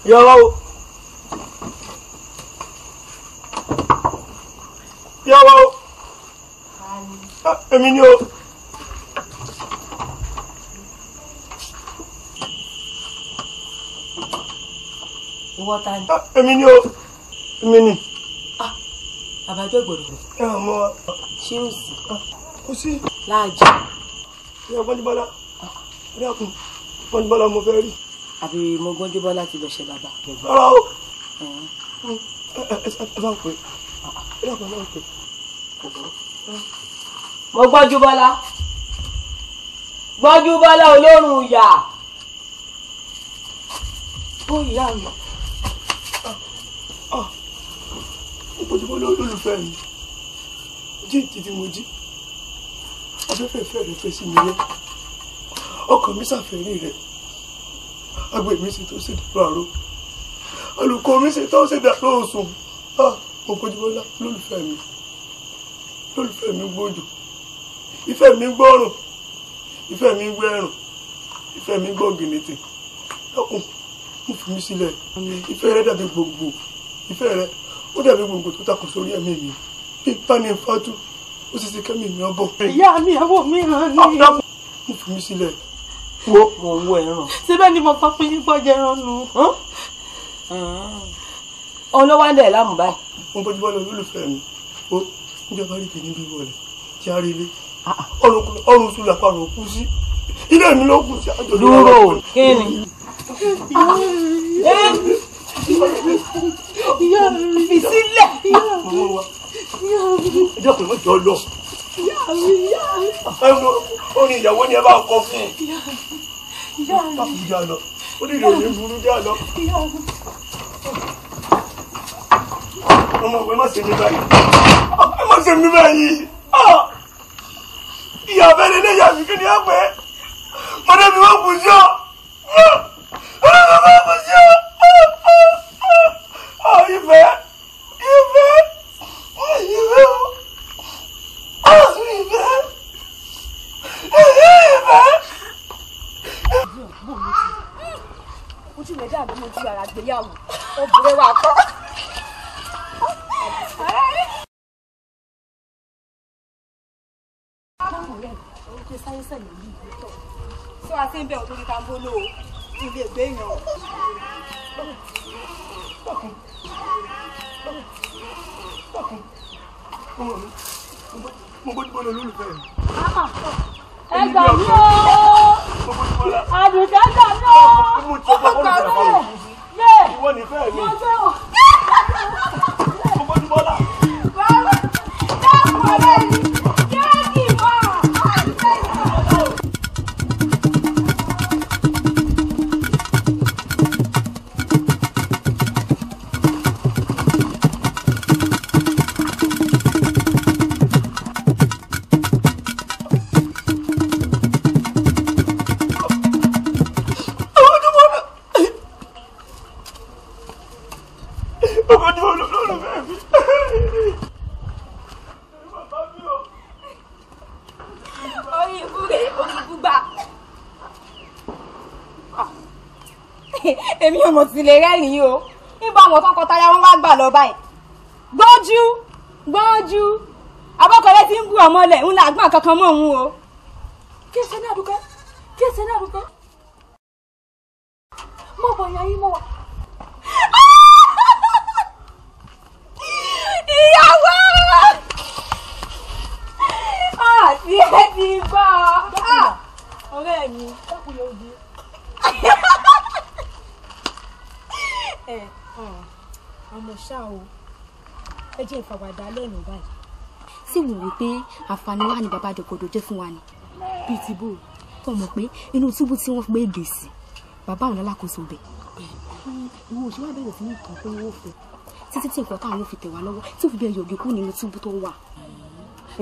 yọ̀rọ̀ o ah, èmi ni o. ìwọ ta ni. èmi ni o èmi ni. àbájọ gbọ́dọ̀. ẹ ò mọ. ṣé o sì. kò sí. láàjì. ìyá gbọ́njúbọ́lá rí àkùn gbọ́njúbọ́lá mo fẹ́ rí. àbí mo gbọ́njúbọ́lá ti lọ ṣe bàbá. ọ̀rọ̀ o ẹ bá ń pè é ẹ bá ń pè mo gbọ́njúbọ́lá gbọ́njúbọ́lá olórùn ìyá. ó ìyá ojúmọ́ lólùfẹ́ mi jíǹkì tí mo jí afẹ́fẹ́ ìfẹ́ rẹ̀ fẹ́ sí mi rẹ̀ ọkàn mi ṣàfẹ́rí rẹ̀ agbè mi ṣe tó ṣe dàrú àrò olùkọ́ mi ṣe tó ṣe dàrú òsùn mo ah, bójúmọ́ lólùfẹ́ mi lólùfẹ́ mi gbójú ìfẹ́ mi gbọ́rùn ìfẹ́ mi gbẹ́rùn ìfẹ́ mi gbọ́gìnìtì ẹkùn ìfún mi sílẹ̀ ìfẹ́ rẹ dàbí gbòǹgbò ìfẹ́ rẹ ó dàbí gbòǹgbò tó takò sórí ẹ̀mí mi bí pani fatu ó sì ti kẹ́mi mi ọbọ̀. ìyá mi ẹ̀wọ̀ mi hàn ní. ìfún mi sílẹ̀ wo mo ń wọ ẹran. síbẹ̀ ni mo fapin yín gbọ́jẹ ẹran nu. ọlọ́wà ń dẹ̀ láàmú báyìí. mo bójú bọ́lá olólùfẹ́ mi ó níjọba rí ibi níbi wọlé kí á rí ilé ah, ah. ọrùn sùn làpá rò kú sí ilé mi ló kù sí àjọyọ̀. dúró kí ni ìyá fi sílẹ̀ ìyá mi ìyá jọ lọ. ìyá mi ìyàwó ni ẹ bá kọ fún un. ó ní ìròyìn burú jà lọ. ọmọ ìwé má ṣe mí báyìí ẹ má ṣe mí báyìí ìyá abẹ́rẹ́ lẹ́yìn àfikún ni a pẹ́ mọ̀dẹ́bí wọ́n kù sí ọ sọ àti ń bẹ̀ òtún ní tambolo o mi lè gbé èèyàn o. mo bójú bọ́lá olólùfẹ́ mi. ẹ gbà mí o àdùkẹ́ gbà mí o ó gbà mí yé ìwọ nífẹ̀ẹ́ mi. mo bójú bọ́lá. báwo dákun ọ̀rẹ́ mi. báyìí mo ti lè rẹ́rìn-ín o níbo àwọn tọkọtaya wọn wá gbà lọ báyìí gbójú gbójú abọ́kọ̀lẹ́ ti ń bú ọmọ lẹ̀ ń kankan mọ́ òun o jẹ́ ìfàwàdà lẹ́nu báyìí. sì wò wí pé àǹfààní wà ní bàbá àjọkọ̀dọ̀ jẹ́ fún wa ni bíi ti bò tó mọ̀ pé inú túbú tí wọ́n gbé èdè sí bàbá àwọn alákòóso bẹ̀. ìwọ òṣèlú àbẹ̀rẹ̀ sí ní nǹkan pé wọ́n fẹ́ títí tí nǹkan táwọn fi tẹ̀ wá lọ́wọ́ tí ó fi bẹ́ẹ̀ yọ̀gẹ̀ kú nínú túbú tó wà.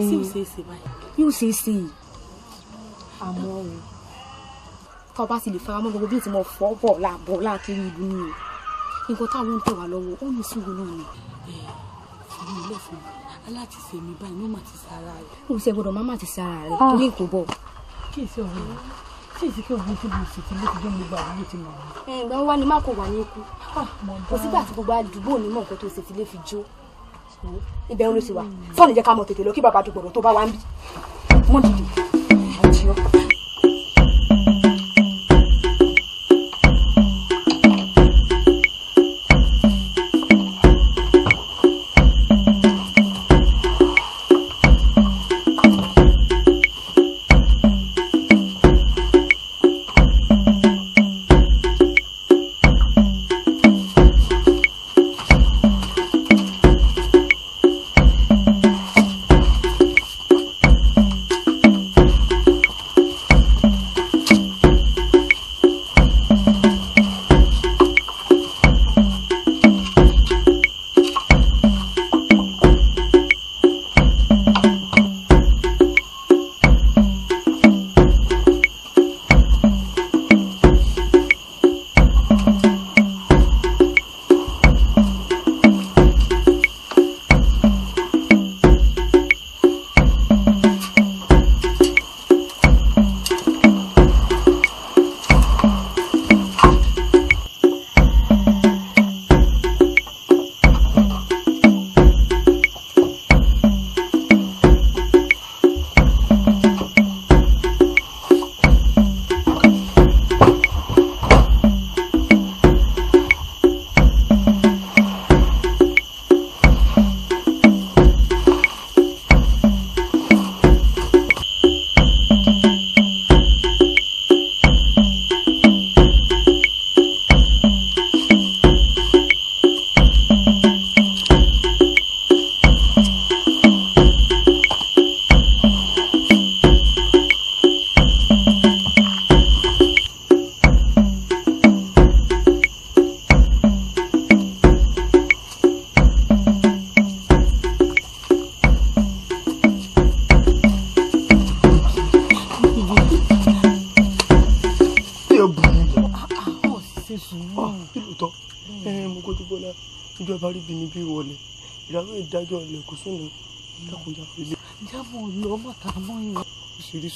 sí ò mm. ṣeé ṣe báyìí. yóò ṣeé ṣe yìí. àmọ́ o. tá a bá sì lè fara mọ́ gbogbo bí ìtìmọ̀ fọ́ bọ̀ láàbọ̀ láàkiri ìlú ni o nǹkan táwọn ń tẹ̀ wá lọ́wọ́ ó ní sùúrù náà ni fi ilé fún mi aláàtìsí mi báyìí ní màá ti sára rẹ. o ṣe gbọ́dọ̀ má má ti sára rẹ ah. torí ètò bọ. kí ìṣe ọ̀rọ̀ rẹ kí ìṣe kí òun fún mi sì ti lé ti jẹ́ gbogbo àdúgbò ti mọ̀. ẹ ǹgbà ń wá ni má kò wá ní ikú ah, kò sígbà tí gbogbo àdúgbò ní mọ̀ nǹkan tó ṣe ti lé fi jó ibẹ̀ ń lọ sí wa fọ́ọ̀nù jẹ́ ká mọ̀ tètè lọ kí bàbá àdúgbò rẹ̀ tó bá wá ń bí mọ́ dìde.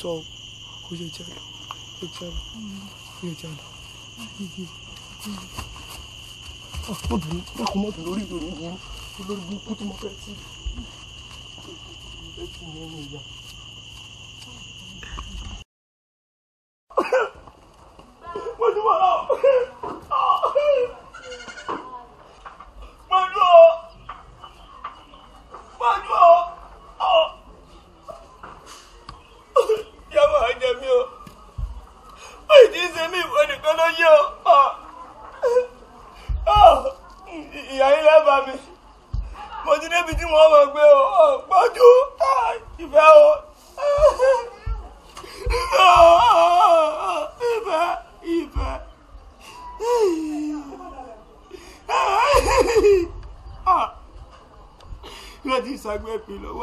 sọ o yẹ jẹ́ lọ ó jẹ́ lọ ó yẹ jẹ́ lọ. ọmọbìnrin dákun mọ́tò lórí ìròyìn yìí olórí burúkú tí mo fẹ́ sí i. mo débi tí wọ́n mọ̀ pé o oh, gbọ́jú ah, ìfẹ́ o ìfẹ́ ìfẹ́. Ìrẹ̀dí ìsagbẹ́ pilọ̀.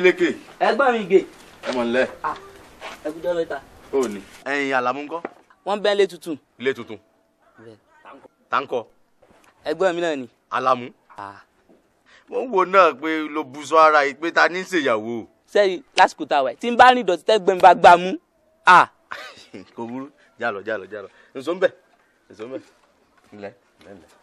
Adeleke. ẹ̀gbọ́n mi gè. ẹ mọ̀ nílẹ̀. Ah, ẹkújọ́ mẹ́ta. ó ní. ẹyin Àlàmú ńkọ́. wọ́n bẹ́ ilé tuntun. ilé tuntun. táǹkọ. ẹ̀gbọ́n mi náà ni. Àlàmú. wọ́n ah. wo náà pé ló bu sọ ara yìí pé ta ní ṣèyàwó. sẹ́yìn lásìkò tá a wà tí n bá rìn ìdọ̀tí tẹ́gbẹ́ mi bá gbà mú. Ah. <laughs> kò burú jálọ jálọ jálọ nsọ́nbẹ̀ nsọ́nbẹ̀ ńlẹ̀ ńlẹ̀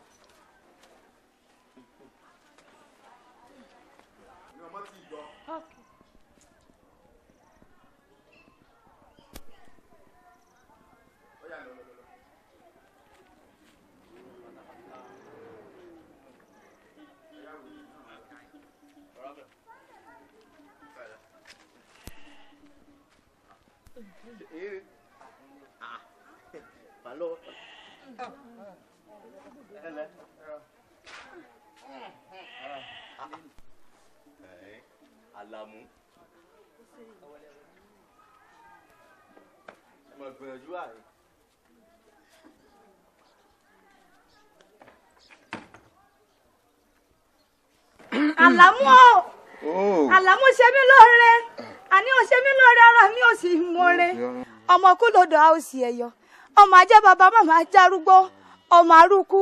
alamu mo gbìyànjú àyè. àlámú o àlámú oh. ṣe mí lóore àní ò ṣe mí lóore ara mi ò sì mọ̀ọ́re ọmọ kú lodò a ò sì ẹ̀yọ ọmọ ajá bàbá màmá járúgbó ọmọ arúkú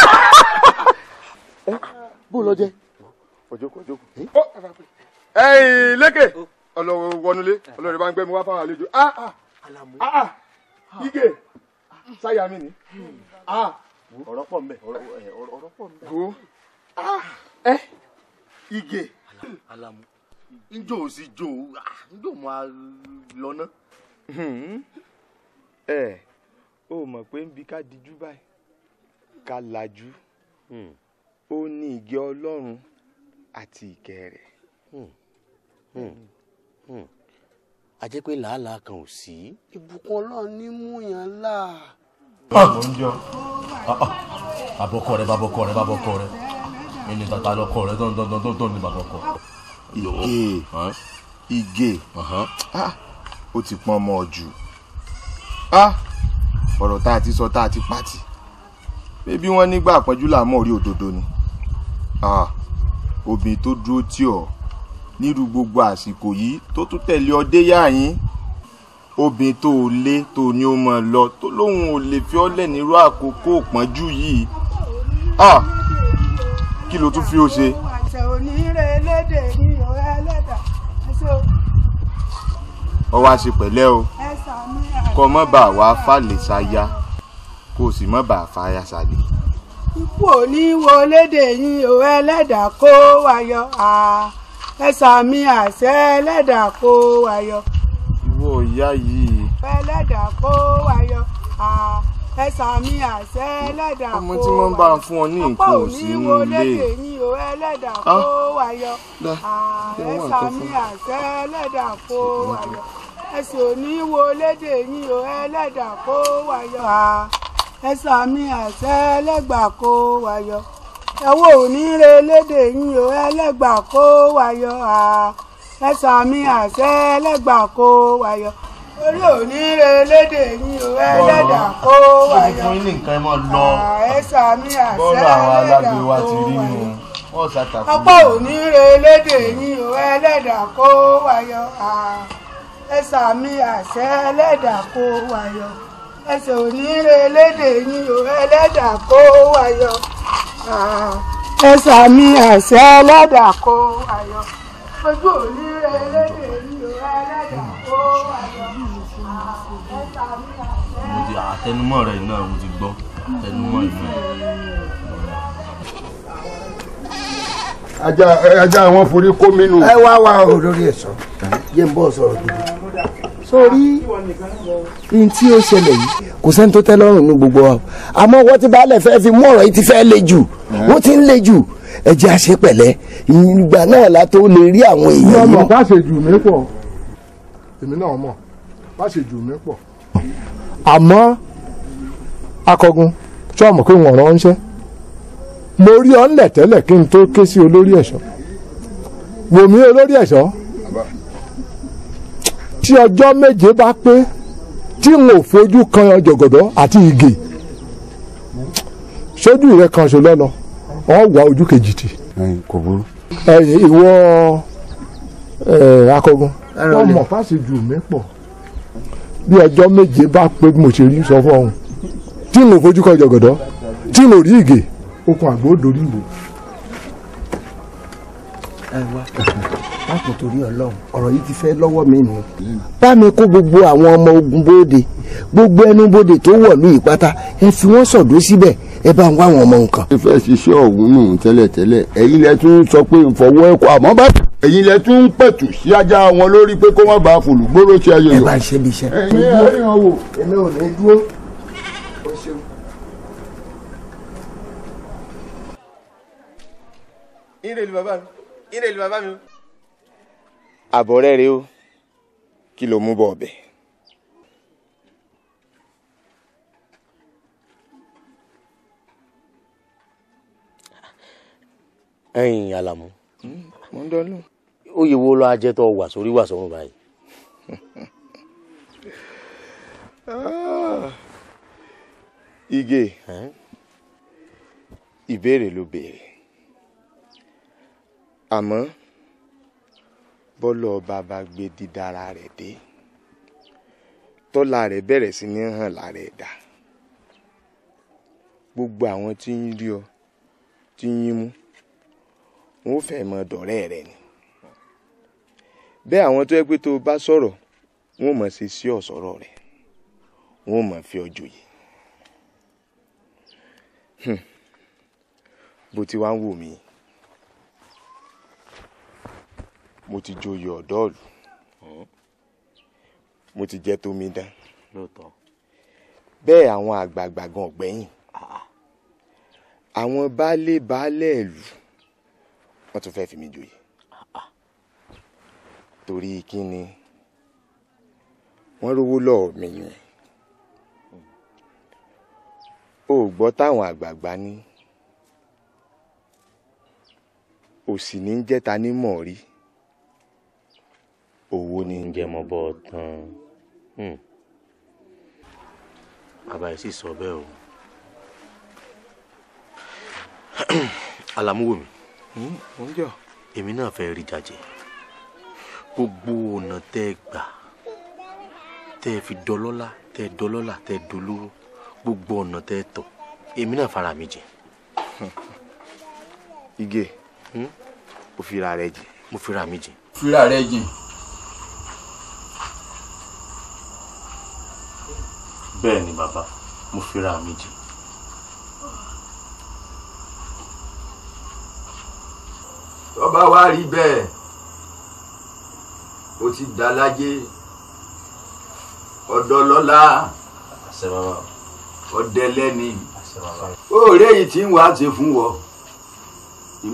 bó lọ jẹ. òjòkó òjòkó. ẹyìn lékè ọlọ́wọ́ wọnúlé ọlọ́run bá ń gbẹ́mi wá fáwọn àlejò ah ah. ah ah ige sáyà mi ni hmm. ah ọ̀rọ̀ pọ̀ mbẹ́ ọ̀rọ̀ pọ̀ mbẹ́. wo ah ẹ ige. alamu njó o sì jó o ah, njó mo a hmm. ẹ o mọ̀ pé ń bi ká dijú báyìí ká lajú. Hmm ó ní ìgẹ́ ọlọ́run àti ìkẹ́ rẹ̀. Hmm. Hmm. Hmm. a jẹ́ pé làálàá kan ò sí. ìbùkún ọlọ́run ní múyàn là. Ah, ah. babọkọ rẹ babọkọ rẹ babọkọ rẹ ẹni tata lọkọ rẹ tọ́ntọ́ntọ́ntọ́ ní babọkọ. ìgè ìgè ah, ó ti pọn ọmọ jù ọ̀rọ̀ tá a ti sọ tá a ti pàtì bébí wọ́n nígbà àpọ́njú làmọ́ orí òdodo ni. Ah, obìnrin tó dúró tì ọ́ nírú gbogbo àsìkò yìí tó tún tẹ̀lé ọ déyà yín obìnrin tó o lé tó o ní o mọ̀ lọ tó lóun ò lè fi ọ́ lẹ̀ nírú àkókò òpọ́njú yìí ah, kí ló tún fi ó ṣe. ọ wá ṣe pẹ̀lẹ́ o kọ́ mọ́ bá wa fàlẹ̀ ṣáya kó o sì mọ́ bá a fàyà ṣàlẹ̀ ikú ò ní wo lédè yín o ẹlẹ́dàá kó wáyọ ẹ sàmì àṣẹ ẹlẹ́dàá kó wáyọ. ìwọ ìyá yìí. ẹlẹ́dàá kó wáyọ ẹ sàmì àṣẹ ẹlẹ́dàá kó wáyọ. ọmọ tí wọ́n bá fún ọ ní nǹkan ò sí ilé. ọ̀pọ̀ ò lédè yín o ẹlẹ́dàá kó ah. wáyọ ẹ sàmì àṣẹ ẹlẹ́dàá kó wáyọ ẹ sì lédè yín o ẹlẹ́dàá kó wáyọ ẹ̀sà mi àṣẹ ẹlẹ́gbà kó wáyọ ẹ̀wọ́ òní re lédè yín o ẹlẹ́gbà kó wáyọ ẹ̀sà mi àṣẹ ẹlẹ́gbà kó wáyọ orí òní re lédè yín o ẹlẹ́dà kó wáyọ ẹ̀sà mi àṣẹ ẹlẹ́gbà kó wáyọ ọ̀pọ̀ òní re lédè yín o ẹlẹ́dà kó wáyọ ẹ̀sà mi àṣẹ ẹlẹ́dà ẹsẹ̀ oníire elédè yín o ẹlẹ́dà kó wáyọ ah, ẹsẹ̀ mi àṣẹ ẹlẹ́dà kó wáyọ ojú oníire elédè yín o ẹlẹ́dà kó wáyọ ah, ẹsẹ̀ mi àṣẹ. àtẹnumọ́ rẹ̀ náà mo ti gbọ́ àtẹnumọ́ ìlú. ajá wọn forí kó mi nù. ẹ wá wá olórí ẹ̀sọ́ yé ń bọ́ sọ̀rọ̀ gidi sórí n tí ó ṣẹlẹ̀ yìí kò sẹ́ni tó tẹ́ lọ́rùn ní gbogbo wa àmọ́ wọ́n ti baálẹ̀ fẹ́ fi mú ọ̀rọ̀ yìí ti fẹ́ le jù wọ́n ti ń le jù ẹ jẹ́ a ṣe pẹ̀lẹ́ ìgbà náà la tó lè rí àwọn èèyàn yìí. ọmọ bá ṣe jù mí pọ̀ èmi náà mọ̀ bá ṣe jù mí pọ̀. àmọ́ akọgun tí ọmọ kí wọ́n ránṣẹ́ mo rí ọ́nlẹ̀ tẹ́lẹ̀ kí n tó ké sí olórí ẹ̀ṣọ́ wòmí olórí ẹ̀ṣọ́ tí ọjọ́ méje bá pé tí n ò fojú kan jọ̀gọ̀dọ̀ àti ìgè sójú rẹ kan ṣe lọ́nà ọ̀ wá ojú kejì tì. kò burú. ẹ̀yin ìwọ akọgun wọn mọ fásitì mi pọ̀ bí ọjọ́ méje bá pé mo ṣe rí sọ fún ọhún tí n ò fojú kan jọ̀gọ̀dọ̀ tí n ò rí ìgè okùn àgbò dorí ìbò. ẹ wá lápò torí Ọlọ́run ọ̀rọ̀ yìí ti fẹ́ lọ́wọ́ mi nù. bá mi kó gbogbo àwọn ọmọ ogun bóde gbogbo ẹnu bóde tó wọ̀lú ìpátá ẹ fi wọ́n sọ̀dọ̀ síbẹ̀ ẹ bá ń wá àwọn ọmọ nǹkan. ẹ fẹ́ ṣiṣẹ́ ọ̀hún nù tẹ́lẹ̀tẹ́lẹ̀ ẹ̀yin lẹ tún sọ pé ìfọwọ́ ẹ̀kọ́ àmọ́ bá ẹ̀yin lẹ tún ń pẹ̀tù sí ajá wọn lórí pé kó má bàa fòlù gbóró ṣe ayẹyẹ. ẹ bá ń ṣe bí iṣẹ́. ẹ̀mí ò ní dúró àbọ̀rẹ́ rẹ o kí ló mú bọ̀ ọbẹ̀. ẹ̀yin alamu. Hmm, mo ń dọ́lù. oyè wo lọ ajẹ́ tó wà sórí wà sọ́run báyìí. Ah, Ige ìbéèrè ló béèrè àmọ́ bọ́lọ̀ bàbá gbé dídára rẹ̀ dé tọ́lá rẹ̀ bẹ̀rẹ̀ sí ní hàn lára ẹ̀dá gbogbo àwọn tí ń rí ọ tí ń yín mú wọn ò fẹ́ mọ dọ̀rẹ́ rẹ ni bẹ́ẹ̀ àwọn tó yẹ pé tó o bá sọ̀rọ̀ wọn ò mọ̀ ṣe sí ọ̀sọ̀rọ̀ rẹ wọn ò mọ̀ fi ọjọ́ yìí hmm. bó ti wá ń wò mí mo ti joyè ọ̀dọ́ọ̀lù hmm. mo ti jẹ́ tómi dán bẹ́ẹ̀ àwọn àgbààgbà gan ọ̀gbẹ́yìn ah. àwọn baálé baálé ìlú wọ́n tún fẹ́ fi mi joyè ah, ah. torí kí ni wọ́n rówó lọ́ọ̀ mi yẹn o gbọ́ táwọn àgbààgbà ní òsì ní jẹ́ta ní mọ̀ọ́rí owó ní jẹ́ mọ́ bọ́ tán hmm. bàbá yìí sì sọ bẹ́ẹ̀ o <clears throat> alamuwo mi hmm, èmi náà fẹ́ rí jàjẹ́ gbogbo ọ̀nà tẹ́ ẹ gbà tẹ́ ẹ fi dọlọ́lá tẹ́ ẹ dọlọ́lá tẹ́ ẹ dolówó gbogbo ọ̀nà tẹ́ ẹ tọ̀ èmi náà fara mi jẹ. <laughs> Ige hmm? o fira rẹ jìn. mo fira mi jìn. fira rẹ jìn. bẹ́ẹ̀ ni bàbá mo fira mi jì. tó bá wá rí bẹ́ẹ̀ ó ti dá lájé ọ̀dọ́ lọ́la ọ̀dẹ lẹ́ni òòrè yìí tí ń wá ṣe fún wọ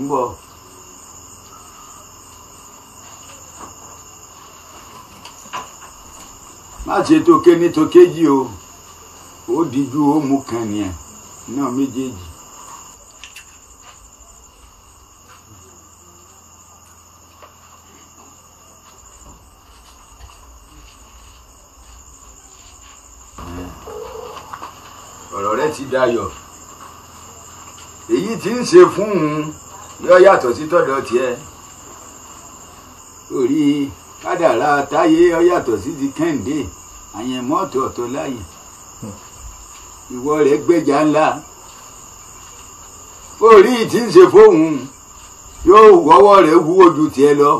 ń bọ̀. má ṣe tókè ní o ó díjú ó mú kan nìyẹn náà méjèèjì. ọ̀rọ̀ rẹ ti dayọ̀ èyí tí ń ṣe fún un yọ yàtọ̀ sí tọ̀dọ̀ tiẹ̀ orí kádàrá táyé ọ yàtọ̀ sí ti kẹ́hìndé àyẹ̀mọ́ ọ̀tọ̀ọ̀tọ̀ láyè. Hmm ìwọ rẹ̀ gbẹ̀jà ńlá orí tí ń ṣe fóun yóò wọ́wọ́ rẹ̀ wúwo ju tiẹ̀ lọ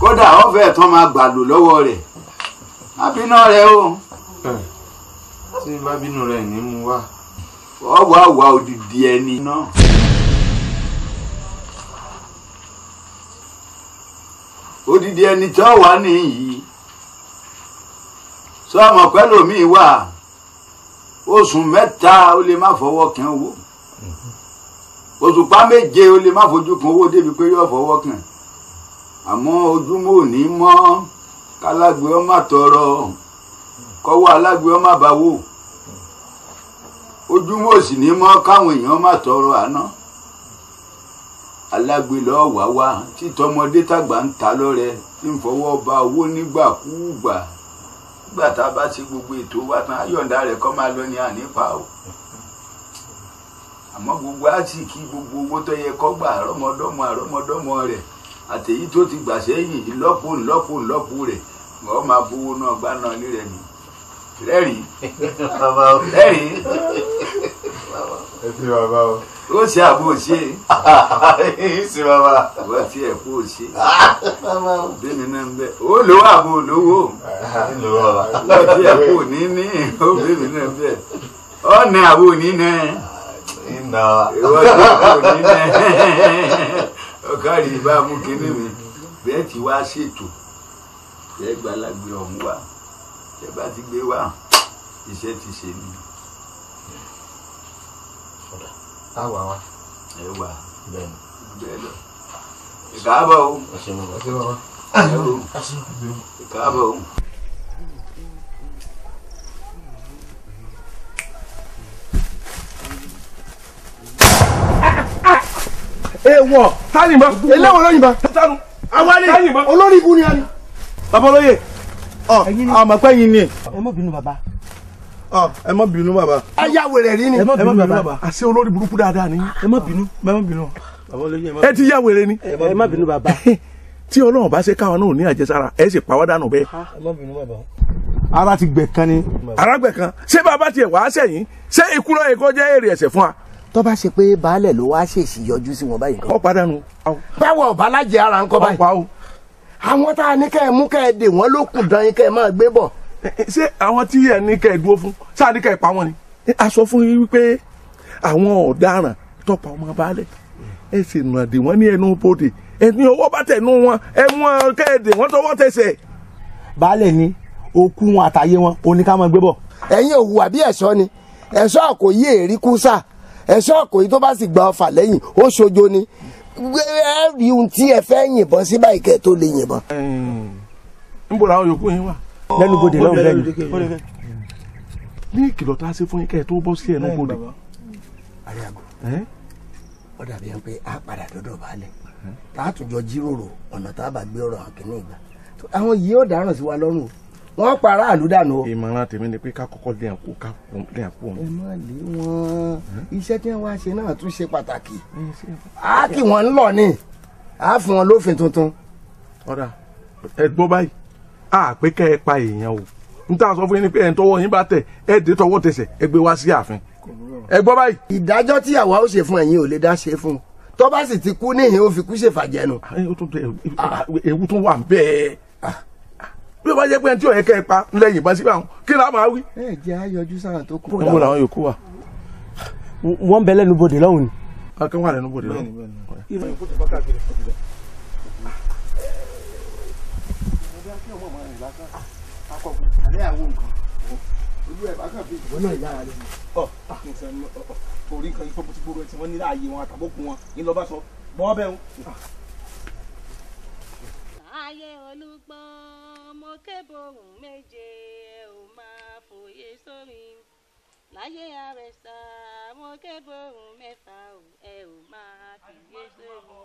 kódà wọ́n fẹ́ẹ̀ tán máa gbàlù lọ́wọ́ rẹ̀ àbínú rẹ̀ o. tí bá bínú rẹ̀ ní mú wá. ọwọ́ àwa òdìdí ẹni náà. odidi ẹni tí ó wà nìyí sọ ọmọ pẹ̀lú mi wà oṣù mẹ́ta ó lè má fọwọ́ kan owó òṣùpá méje ó lè má fojú kan owó débi pé yóò fọwọ́ kan àmọ́ ojúmọ́ ò ní mọ́ kálágbé ọ má tọrọ kọ́wọ́ alágbé ọ má bá wò ojúmọ́ ò sì ní mọ́ káwọn èèyàn má tọrọ àná alágbé lọ́ọ́ wá wá títọ́mọdé tàgbà ń ta lọ́rẹ ń fọwọ́ ba owó nígbàkúùgbà. nígbà bá ti gbogbo ètò wa tán ayọ̀ǹda rẹ̀ kọ́ máa lọ ní ànípa o àmọ́ gbogbo àti kí gbogbo owó tó yẹ kọ́ gbà àrọ́mọdọ́mọ àrọ́mọdọ́mọ rẹ̀ àtèyí tó ti gbà sẹ́yìn ìlọ́po rẹ̀ wọ́n máa bówó náà gbá náà <laughs> ó ṣe àbò ṣe <laughs> ṣe bàbá wọ́n fi ẹ̀kú ṣe bẹ́ẹ̀ni náà ń bẹ́ ó lówó àbò lówó wọ́n fi ẹ̀kú níní ó bẹ́ẹ̀ni náà ń bẹ́ ọ̀nà àbò níná ìwọ́n fi ẹ̀kú níná ọ̀kárí ìbámu kínní mi bẹ́ẹ̀ ti wá ṣètò bẹ́ẹ̀ gbalagbé ọ̀hún wa bẹ́ẹ̀ bá ti gbé wa iṣẹ́ ti ṣe nìyẹn. táwọn wa. ẹ wà bẹ́ẹ̀ ni bẹ́ẹ̀ lọ ìkáàbọ̀ o ìkáàbọ̀ o. ewọ tánìmọ eléwọ lóyìnbọn tánu awálé olórí ibu ni a ni. babalóye ọ àmọ̀pẹ́yìn ni. ẹ mọ̀ bínú bàbá Ah, ẹ má bínú bàbá. aya wèrè rí ni. ẹ má bínú bàbá. àṣé olórí burúkú dáadáa ni. ẹ má bínú ẹ má bínú. ẹ ti ya wèrè ni. ẹ má bínú bàbá. <laughs> tí ọlọ́run bá ṣe káwọn náà ní àjẹsára ẹ sì pàwọ́ dànù bẹ́ẹ̀. ẹ má bínú bàbá. ara ti gbẹ̀ kan ni. ara gbẹ̀ kan ṣé bàbá tiẹ̀ wàá sẹ́yìn ṣé ikú lọ́ọ́ yẹ kó jẹ́ èrè ẹ̀ṣẹ̀ fún wa tó bá ṣe pé baálẹ̀ ló wá ṣèṣì yọjú sí wọn báyìí. ọ pàdánù. báwo ọba alájẹ ara ń kọ báyìí. àwọn tá a ní kẹ́ ẹ mú kẹ́ ẹ dè wọ́n lókùn dán yín kẹ́ ẹ máa gbé bọ̀ ṣé àwọn tí ẹ̀ ní kẹ́ ẹ̀ dúró fún sáà ní kẹ́ ẹ̀ pa wọ́n ni a sọ fún yín wípé àwọn ọ̀daràn tọpa ọmọ balẹ̀ ẹ sì nàdí wọn ní ẹnu bòde ẹni ọwọ́ bá tẹnu wọn ẹ mú wọn kẹ́ẹ̀dẹ̀ wọn tọwọ́ tẹsẹ̀. baálẹ̀ ni okú wọn àtàyè wọn òní ká máa gbé bọ̀. ẹ̀yin òwú àbí ẹ̀ṣọ́ ni ẹ̀ṣọ́ àkòyí èrí kú sá ẹ̀ṣọ́ àkòyí tó bá sì gba ọfà lẹ́yìn ó ṣojo ni ẹ rí ohun tí ẹ fẹ́ yìnbọn sí báyìí kẹ́ tó lè yìnbọn. ń bọ̀ làwọn yòókù yín wà lẹ́nu bòde lọ́hùn bẹ́ẹ̀ ni. Hmm. ní ìkìlọ̀ tá a ṣe fún yín kẹ́ ẹ̀ tó bọ́ sí ẹ̀nu bòde. ó dàbí ẹni pé a padà dọ́dọ̀ balẹ̀ tá a tún jọ jíròrò ọ̀nà tá a bá gbé ọ̀rọ̀ àkínní ìgbà àwọn yìí yóò dáràn sí wa lọ́rùn wọ́n para àlù dànù o. ìmọ̀ràn tèmi ni pé ká kọ́kọ́ lé àpò ká lé àpò wọn. ẹ má lé wọn hmm? iṣẹ́ tí wọ́n ṣe náà tún ṣe pàtàkì á kì wọ́n ń lọ ní á fún wọn lófin tuntun. ọ̀rà ẹ gbọ́ báyìí àpé ah, kẹ́ ẹ pa èèyàn o n tá a sọ fún yín ni pé ẹ̀ ń tọwọ́ yín bá tẹ̀ ẹ̀ dé tọwọ́ tẹsẹ̀ ẹ gbé wá sí ààfin ẹ gbọ́ báyìí. ìdájọ́ tí àwa ó ṣe fún ẹ̀yin ò lè dá ṣe fún un tó bá sì ti kú níhìn ó fi kú ṣèfàjẹ́ nu. ewu tún wà bẹ́ẹ̀ ah, bí o bá jẹ́ pé ẹni tí òye kẹ́ ẹ pa lẹ́yìn ìbọn síbẹ̀ àwọn kí ló máa wí. ẹ jẹ́ àyọjú sáà tó kú. níbo làwọn yòókù wà. wọ́n bẹ lẹ́nu lọ́hùn-ún ni. akẹ́wọ̀n ní ọmọ ọmọ rìn lásán akọkùn àlẹ́ àwo nǹkan ojú ẹ̀ bá kàn fi ìwọ ayé olùgbọ́n mo kébòrùn méje ò máa fòye sómi láyé àrẹ̀sà mo kébòrùn mẹ́fà ẹ ò máa fìyé sómi.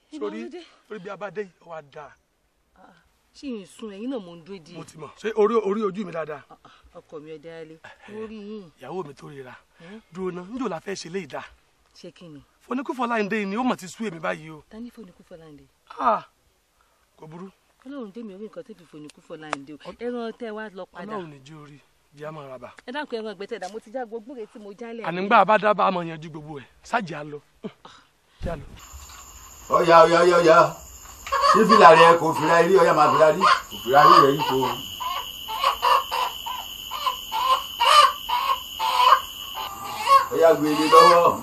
sórí orí bí abadé yìí wà dáa. Ah, ṣé yìí sun ẹyin náà mò ń dúró di. mo ti mọ ṣé orí orí ojú mi dáadáa. Ah, ah, ọkọ mi ọdẹ alẹ orí yìí. ìyàwó mi tó rira dúró ná níjó la fẹ́ ṣe léyìí dáa. ṣé kí ni. Fọnikúfọláńdé ni ó mọ̀ ti sú èmi báyìí o. ta ni Fọnikúfọláńdé. kò burú. ọlọ́run dé mi orí nǹkan tó fi Fọnikúfọláńdé o ẹran tẹ́ wá lọ padà. ọlọ́run ní jó rí jẹ́ àmọ́ raba. ẹ dákun ẹran ìgbẹ́tẹ̀ dà mo ti já gbogbo rẹ̀ tí mo jálẹ̀. ànígbà abádábà àmọ̀ yanjú gbogbo ẹ̀ sájà lọ. jálọ ọ̀yà ọ̀yà ọ̀yà ọ̀yà ní fìlà rẹ kò fìlà rí ọ̀yà máa fìlà rí kò fìlà rí rẹ yìí kò. ọ̀yà gbèrè lọ́wọ́.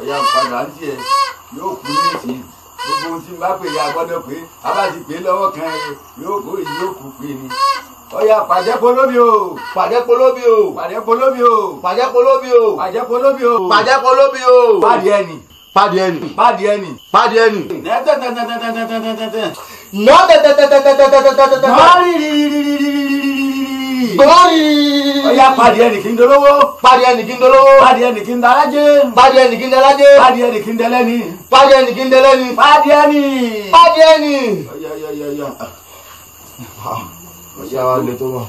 ọ̀yà padà ń tiẹ̀ yóò kú ní ìsìn gbogbo ohun tí n bá pè é a gbọ́dọ̀ pé a bá ti pè é lọ́wọ́ kan yóò kó ìyókù pè é ni ọyà pàjẹ́ polómi o pàjẹ́ polómi o pàjẹ́ polómi o pàjẹ́ polómi o pàjẹ́ polómi o pàjẹ́ polómi o pàdé ẹni pàdé ẹni pàdé ẹni pàdé ẹni. nọ tẹtẹtẹtẹtẹtẹtẹtẹtẹtẹtẹ. gbọ́rì. ọyà pàdé ẹni kí n dolówó. pàdé ẹni kí n dolówó. pàdé ẹni kí n dalajẹ. pàdé ẹni kí n dalajẹ. pàdé ẹni kí n dẹlẹ́ni. pàdé ẹni kí n dẹlẹ́ni. pàdé ẹni. pàdé ẹni. ọyà ọyà ọyà ọṣẹ wa lè tó mọ.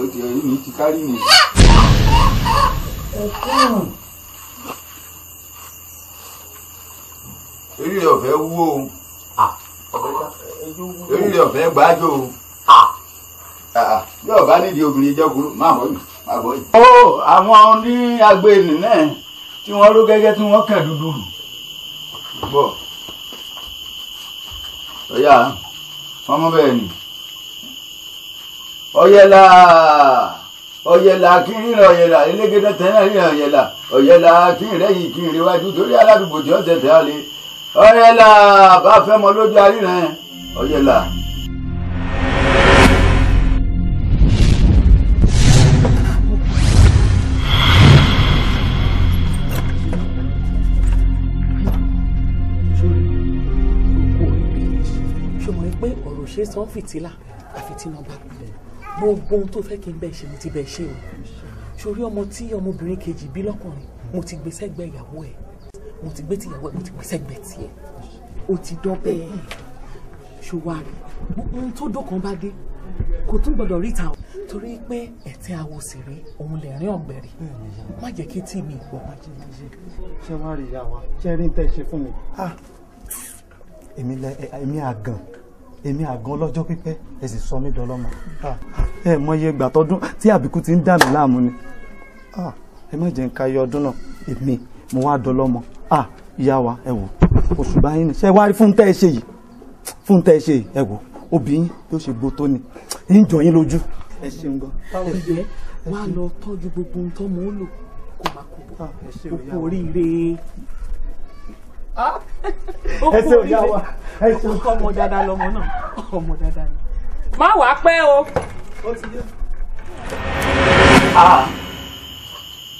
ó ti rí mi ti kárí mi. eré rẹ̀ ọ̀fẹ́ wú o eré rẹ̀ ọ̀fẹ́ gbájú o bí ọba nídìí obìnrin jẹ́ kúrú máa bọ̀ yìí máa bọ̀ yìí. ó àwọn ní agbẹ́ni náà tí wọ́n ró gẹ́gẹ́ tí wọ́n kàn dúdú. bọ̀ ọ̀yà ọmọ bẹ́ẹ̀ ni ọ̀yẹ̀là ọ̀yẹ̀là kí n rìn ọ̀yẹ̀là elégédé tẹ̀ náà rìn ọ̀yẹ̀là ọ̀yẹ̀là kí n rẹ̀ yìí kí n rí wájú torí aládùúgbò tí ó tẹ̀tẹ̀ ọ̀lẹ́ ọ̀yẹ̀là bá fẹ́ mọ lójú aríran ọ̀yẹ̀là. ṣe sọ fìtílà àfi tí wọn bá kú gbogbo ohun tó fẹ́ kí n bẹ́ẹ̀ ṣe mo ti bẹ́ẹ̀ ṣe o sórí ọmọ tí ọmọbìnrin kejì bí lọ́kùnrin mo ti gbé sẹ́gbẹ́ ìyàwó ẹ̀ mo ti gbé tìyàwó ẹ̀ mo ti gbé sẹ́gbẹ́ tiẹ̀ o ti dán bẹ́ẹ̀ ṣòwárì ohun tó dọ̀kan bá dé kò tún gbọdọ̀ ríta o torí pé ẹ̀tẹ́ awo sì rí òun lè rí ọ̀gbẹ̀rì má jẹ́ kí tí mi gbọ́. ṣé wàá rí ìyá wa ṣé rí ń tẹ̀ ṣe fún mi. Ah. èmi àgàn èmi àgàn ọlọ́jọ́ pípẹ́ ẹ sì sọ mí dọlọ́mọ ẹ mọ iye ìgbà tọdún tí àbíkú ti ń dà mí láàmú ni ẹ má jẹ́ ń ka iye ọdún náà èmi mo wá dọlọ́mọ ìyá wa ẹ wò oṣù báyìí ni ṣe wá rí fún tẹ́ ṣe yìí fún tẹ́ ṣe yìí ẹ wò obìnrin bí ṣe gbó tó ni ń jọ yín lójú. ẹ ṣeun gan. ìyẹ́ wàá lọ tọ́jú gbogbo ohun tó mò ń lò kó má kó bọ̀ kó oríire ẹsẹ̀ ò yá wa ẹsẹ̀ ò kọ́ ọmọ dáadáa lọmọ náà ọmọ dáadáa ni. má wàá pẹ́ o. Ah.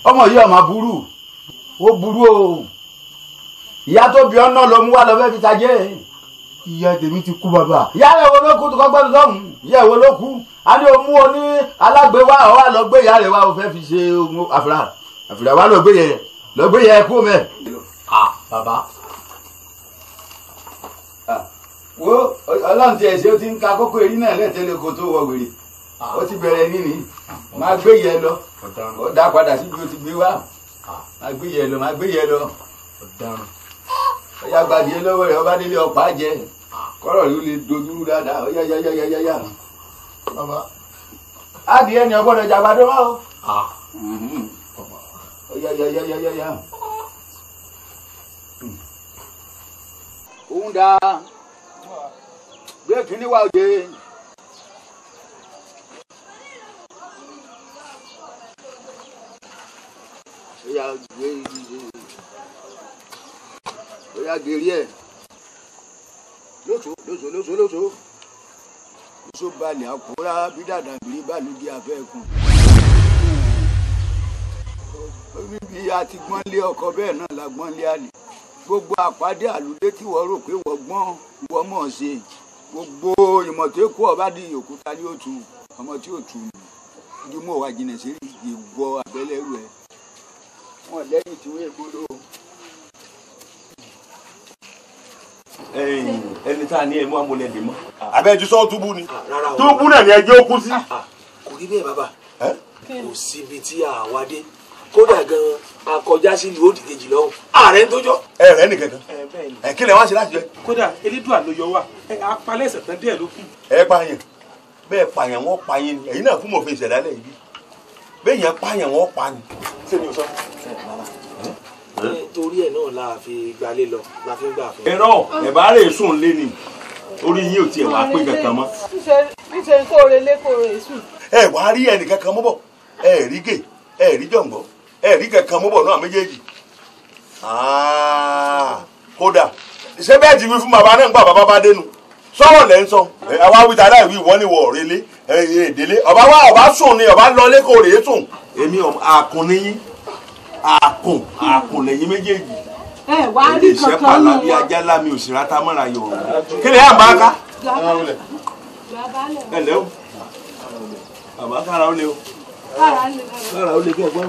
ọmọ yìí ọmọ burú ó burú o ìyá tó bí ọ́nà ló mú wá lọ́fẹ́ fi tajẹ́ ìyá tèmi ti kú bàbá. ìyá rẹ̀ wo ló kú tó kọ́ gbọ́dọ̀ sọ́hùn ìyá wo ló kú a ní òun mú o ní alágbèéwá ọ̀wá lọ gbé ìyá rẹ̀ wá o fẹ́ fi ṣe àfìrà àfìrà wa lọ gbé yẹ lọ gbé yẹ kú mẹ́. Ah, bàbá wo ọlọ́run ti ẹ̀sẹ̀ ó ti ń ka kókó eré náà lẹ́tẹ̀lẹ́ kó tó wọ wèrè ah. ó ti bẹ̀rẹ̀ níní máa gbé yẹ lọ ó dá padà síbi ó ti gbé wá ah. máa gbé yẹ lọ máa gbé yẹ lọ ọyá gbadìẹ lọ́wọ́ rẹ̀ ọba délé ọ̀pá jẹ ah. kọ́rọ̀ yóò lè dojú dáadáa ọyá yáyáyáyá adìẹ ni ọgbọ́dọ̀ jàgbádọ́ wá o ọyá yáyáyáyá. òun dáa. Jésù níwá òde. Oya gbé oya gèrí ẹ̀ lóso lóso lóso lóso lóso balẹ̀ àkúrá bí dàdà bìrì bá lóde afẹ́ kùn níbi àti gbọ́nlé ọkọ bẹ́ẹ̀ náà la gbọ́nlé àlè gbogbo àpàdé àlùdé tí wọ́n rò pé wọ́n gbọ́n wọ́n mọ̀ ṣe gbogbo ìmọ̀tẹ́ kú ọba di òkúta ní òtù ọmọ tí òtù ní mú ọwà jìnnà sí ìgbọ́ abẹ́lẹ́rù ẹ̀ wọ́n lẹ́yìn tí wọ́n ègbodò. ẹni tá a ní ẹmu amúlẹ̀ dè mọ́. abẹ́jú sọ túbú ni ah, túbú náà ni ẹjọ́ kú sí. Ah, ah. kò rí bẹ́ẹ̀ bàbá kò síbi tí a wá dé kódà gan akọjá sí ìlú òdìdè jì lọ́hùn ààrẹ ń tójọ́. ẹ rẹ nìkan kan ẹ kí lè wá ṣe láti jẹ. kódà elédùà ló yọ wá apalẹ ẹsẹ tán díẹ̀ ló kù. ẹ pààyàn bẹ́ẹ̀ pààyàn wọn pààyàn ni ẹ̀yin náà kú mòfin ìṣẹ̀lẹ̀ alẹ́ ibi bẹ́ẹ̀ yẹn pààyàn wọn pa ni. sẹni o sọ. torí ẹ náà la fi gbalé lọ la fi gbà fún. ẹ̀rọ ẹ̀bárẹ̀ sùn lé ni orí yín ò tiẹ̀ wá pé kankan mọ́. níṣẹ́ kóore lé kóore sùn. ẹ wàá rí ẹnì kankan mọ́ bọ̀ ẹ rí gè ẹ rí jọ̀ǹgbọ́ ẹ̀rí kankan mú bọ̀ náà méjèèjì ah, kódà ṣé bẹ́ẹ̀ ti wí fún bàbá náà ń gbà bàbá bá dénú sọ́wọ́ lẹ́ ń sọ àwa wí tàdá ìwí ìwọ́n ni wọ̀ rélé èdèlé ọba wa ọba sùn ni ọba lọ lẹ́kọ̀ọ́ rèé sùn. èmi àkùn níyín àkùn àkùn lẹ́yìn méjèèjì èdè iṣẹ́ pàlàbí ajálá mi òṣèré atámọ́ra yọ̀ọ̀rọ̀ kí ni àbá ká ẹ àbá kára ó lé o kára ó lé kí ẹ gbọ́n.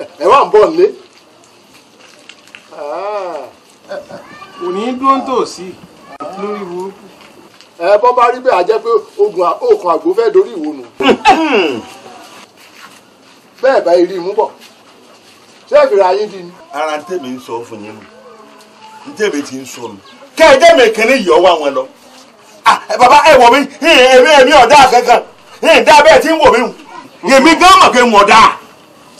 ẹ wà ń bọ̀ nílé. kò ní í dúró tòsí lórí burúkú. ẹ bọ́ bá rí bẹ́ẹ̀ á jẹ́ pé oògùn òògùn àgbo fẹ́ dorí ìwò nù. bẹ́ẹ̀ bá irí mú bọ̀ ṣé ìfìrà yín di ni. ara tèmi ń sọ fún yín nù tèmi ti ń sọ nù kẹ́ẹ̀dẹ́ mi kìíní yọ̀ wá wọn lọ. bàbá ẹ wọ̀ mi èmi ọ̀dà kankan dábẹ́ẹ̀ tí ń wọ̀ mi èmi gan mọ̀ pé ń dáa.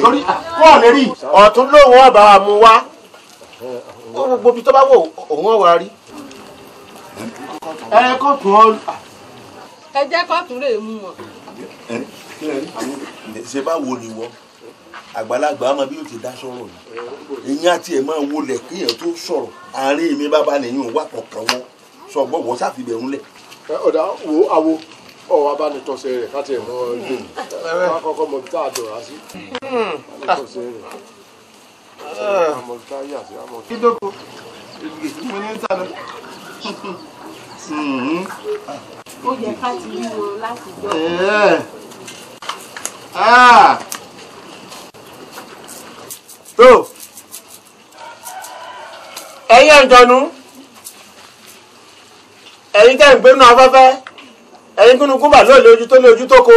torí ah, wọn lè rí ọ̀tún lóhùn ọ̀bà mu wá gbogbo ibi tó bá wò òun ọ̀wà rí. ẹ kóòtù ọ. ẹ jẹ́ kóòtù rè mú wọn. ṣe bá wo ni wọ́n àgbàlagbà ọmọ bí yóò ti dá sọ̀rọ̀ ni ìyẹn àti ẹ̀ máa wọlé kéèyàn tó sọ̀rọ̀ àárín mi bá bá nìyẹn wà kọ̀ọ̀kan wọn sọ gbọ́ wọ́n sáfìbẹ̀rún lẹ̀. ọ̀dà wo àwo ọ wa bá ní tọ́sẹ̀ rẹ̀ ká tiẹ̀ mọ ilé wa kọ́kọ́ mọ ibi tá a dọ̀rọ̀ sí wa hmm. ní tọ́sẹ̀ rẹ̀ àmọ́ ah. ibi tá a yà sí àmọ́. kídókò mo ní sàlọ. Hmm. ó yẹ ká ti rí o láti gbọ́. Eh. Ah. tó ẹ̀yin àjọ̀nú ẹ̀yin tẹ́ ń gbénu afẹ́fẹ́ ẹ̀yin kúnnú kúmbà lóò lójú tó lójú tó ko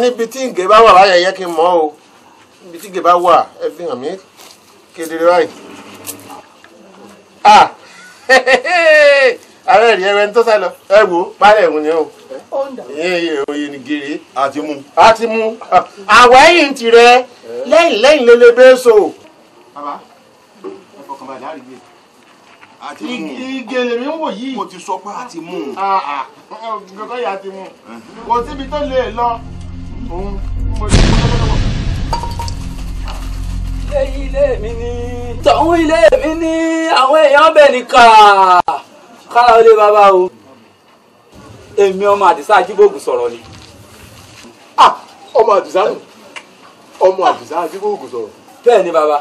níbi tí ìgè bá wà báyà yẹ kí n mọ̀ o níbi tí ìgè bá wà ẹ fi hàn mí kedere báyìí. <laughs> ààrẹ rí ẹrẹ ń tó sá lọ ẹ wò ó parẹ ẹ̀hún ni ó ìyẹn òye ni gèrè àti mú. àti mú àwọ̀ ẹ̀yìn tirẹ̀ lẹ́yìn lẹ́yìn lélẹ́bẹ̀ẹ́sọ. bàbá ẹ fọkàn balẹ̀ àrígbé àti mú un ìgèlè mi ń wò yìí mo ti sọ pé àti mú un. Ah, ah. nǹkan tó yà á ti mú un kò síbi tó lè lọ òun mo ti mú un. ilé ilé mi ni tọ̀hún ilé mi ni àwọn èèyàn bẹ̀ ní kàá kára ó lé bàbá o èmi ọmọ àdìsá ajíbòògùn sọ̀rọ̀ ah, ni. ọmọ àdìsá nù ọmọ àdìsá ajíbòògùn sọ̀rọ̀. bẹ́ẹ̀ ni bàbá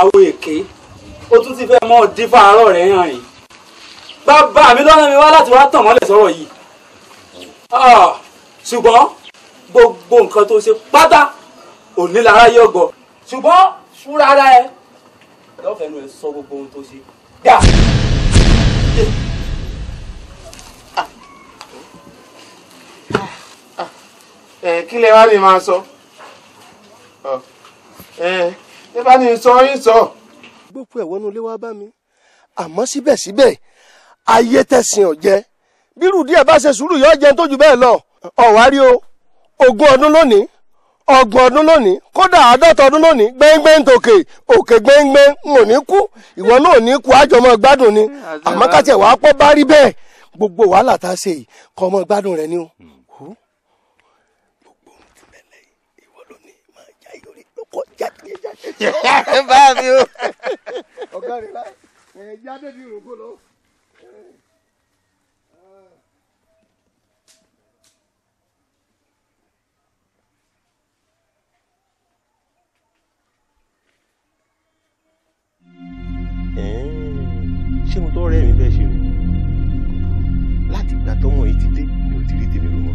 àwọn èké o tún ti fẹ́ mọ́ dín fáàárọ̀ rẹ̀ yàn rìn bàbá mi lọ́nà mi wá láti wá tàn mọ́lẹ̀ sọ̀rọ̀ yìí ah, ṣùgbọ́n gbogbo nǹkan tó ṣe pátá òní lára yóò gbọ́ ṣùgbọ́n fúnra ara ẹ lọ́fẹ̀ẹ́ nu ẹ sọ gbogbo ohun tó ṣe gbà. kí lè wá ní máa sọ ẹ bá ní sọ yín sọ gbókú ẹ̀ wọnú ilé wá bá mi àmọ́ síbẹ̀síbẹ̀ ayé tẹ̀sìn ọ̀jẹ́ bírù díẹ̀ bá ṣe sùúrù yọ jẹun tó ju bẹ́ẹ̀ lọ ọ̀wárí o ogún ọdún lónìí ọgbọ̀n ọdún lónìí kódà àádọ́ta ọdún lónìí gbẹ́ngbẹ́ng tòkè òkè gbẹ́ngbẹ́ng n ò ní kú ìwọ náà ò ní kú àjọmọ́ gbádùn ni àmọ́ kájẹ wàá pọ́ bá rí bẹ́ẹ̀ gbogbo wàhálà tá a ṣe yìí kọ́ ọmọ gbádùn rẹ ni o. Hmm. <laughs> bá mi o. ọ̀gá rẹ̀ la ẹ̀yà dẹ́bi òrògbò lọ. ṣé mo tọ́ ọ̀rẹ́ mi fẹ́ ṣe rè láti ìgbà tọ́mọ yìí ti dé mi ò ti rí tèmi rò mọ́.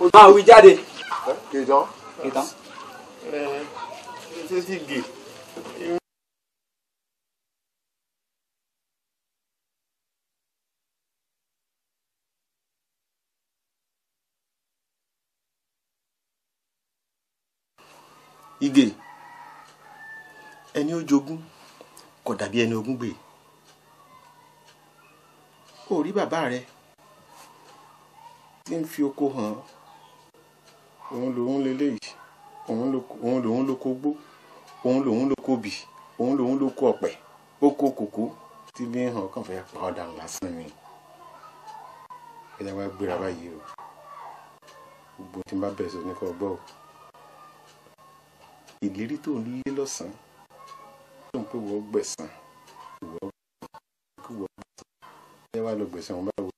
o máa wí jáde. kìtàn kìtàn. ẹ ẹ ṣé ti gè. igè ẹni ó jogún kò dàbí ẹni ogún gbè ó rí bàbá rẹ tí ń fi oko hàn òun lòun leléyìí òun lòun ló kó gbó òun lòun ló kó bì òun lòun ló kó ọ̀pẹ ó kó kòkó tí bí hàn kàn fẹ́ pa ọ̀dà lásán ni ẹ jẹ́ wá gbéra báyìí o gbogbo tí n bá bẹ̀rẹ̀ sọ ní kò gbọ́ o ìlérí tó ń lé lọ́sàn-án tó ń pè wọ́n gbẹ̀sán ìwọ́ gbẹ̀sán ẹ wá lọ gbẹ̀sán wọn báwo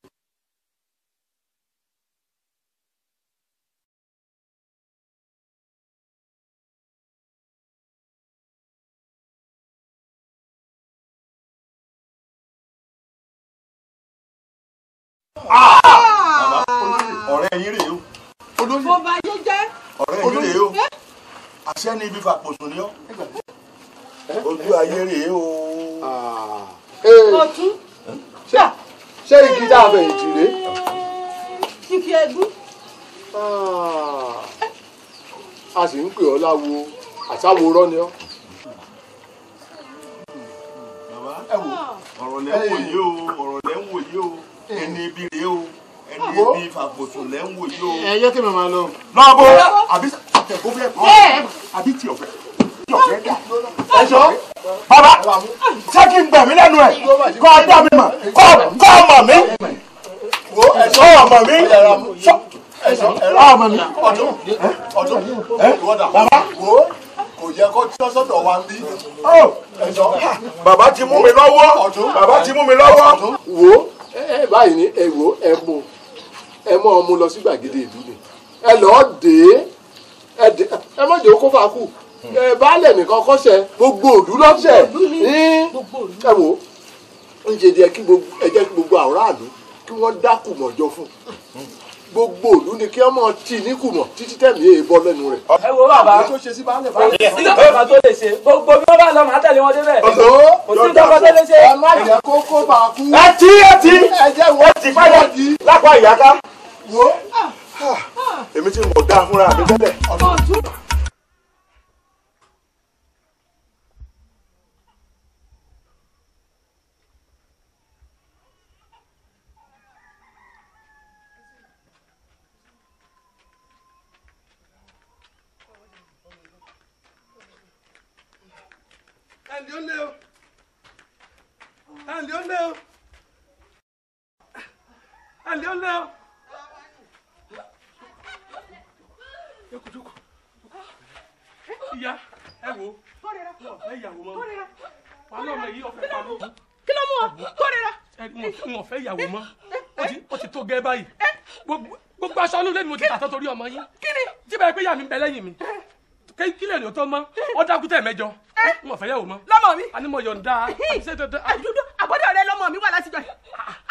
ọ̀rẹ́ yín rèé o. olóyè mo bá yé jẹ́. ọ̀rẹ́ yín rèé o. àṣẹ ni ibi fàpòsùn ni ọ́. ojú ayé rèé o. ọtún. ṣé igi tá a bẹ̀ ìjì rèé. kìkì ẹ̀gún. a sì ń pè ọ́ láwo àsáworọ́ ni ọ́. bàbá ẹ wò ọ̀rọ̀ lẹ́ yìí o ọ̀rọ̀ lẹ́ yìí o. Eh. ẹni ibi rèé o ẹni ibi ìfàgbòsò lẹ́ ń wò yìí o. ẹ yẹ kí mi máa lọ. lọ́bọ̀ àbí àtẹ̀kọ́ fẹ́ kọ́ eh. àbí tí ọ̀fẹ́ tí ọ̀fẹ́ dà. Eh. ẹ bàbá ṣé kí n gbà mí lẹ́nu ẹ̀ kọ́ ọ mi mà kọ́ ọ mà mí kọ́ ọ mà mí ọ mà ọdún kò yẹ kó tí ọsọdọ wa ń bí. Oh. bàbá ti mú mi lọ́wọ́ bàbá ti mú mi lọ́wọ́ wò ó. Eh, ẹ báyìí ní ẹ wò ẹ mú ẹ mọ ọmú lọ sí gbàgede ìlú ni ẹ lọ́ọ́ dé ẹ dé ẹ má jẹ́ kó fàákù ẹ hmm. eh, baálẹ̀ nìkan kọ́ṣẹ́ gbogbo òdú lọ́ṣẹ̀ ní ẹ wò ń ṣe díẹ̀ kí gbogbo ẹ jẹ́ kí gbogbo àwòrán àlú kí wọ́n dákù mọ́jọ fún un. Hmm gbogbo òlú ni kí ọmọ tí ní kùmọ̀ títí tẹ̀mí èè bọ́ lẹ́nu rẹ̀. ẹ wo bàbá ìlú bàbá tó lè ṣe gbogbo bí wọ́n bá lọ màá tẹ̀lé wọn débẹ̀. ọ̀dọ́ yọ̀dọ̀ tó lè ẹ má jẹ́ kó bá a kú. ẹ ti ẹ ti ẹ ti padà lápá ìyá ká. wo ah, ah. èmi ti mọ̀ dáa fúnra mi tẹ́lẹ̀. àǹdí ó lé o àǹdí ó lé o àǹdí ó lé o. jókòó jókòó ẹ yàwó mọ wà lọ́mọ yìí ọ̀fẹ́ pa mọ́. kí ló mú ọ kórira. ẹ n ò fẹ́ yàwó mọ́ ó ti tó gẹ́ báyìí gbogbo aṣọ ọlọ́run lẹ́nu mo ti tàtọ́ torí ọmọ yín. kí ni. tí bẹ́ẹ̀ pé yà mí bẹ lẹ́yìn mi kílẹ̀ ni o tó mọ́ ọ dákú tẹ̀ mẹ́jọ n ò fẹ́ yàwó mọ́. lọ́mọ mi. a ní mo yọ̀ǹda àbíṣe dandan. àdúdú àbọ̀dọ̀ rẹ lọ́mọ mi wà láti jọ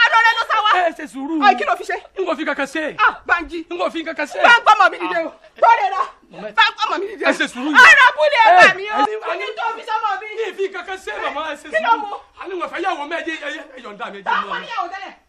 àdó rẹ ló sá wa. ẹ ṣe sùúrù. ọ kí ló fi ṣe. n kò fi kankan ṣe. ah Banji. n kò fi kankan ṣe. bá a gbọ́ mọ̀ mi dìde o ah. gbọ́dọ̀ rà bá a gbọ́ mọ̀ mi dìde o. ẹ ṣe sùúrù yìí. ọ̀rọ̀ búlẹ̀ ẹ bà mí o. ní tó fi sọ́mọ mi. ní ìfi kankan ṣe ṣe sùúrù.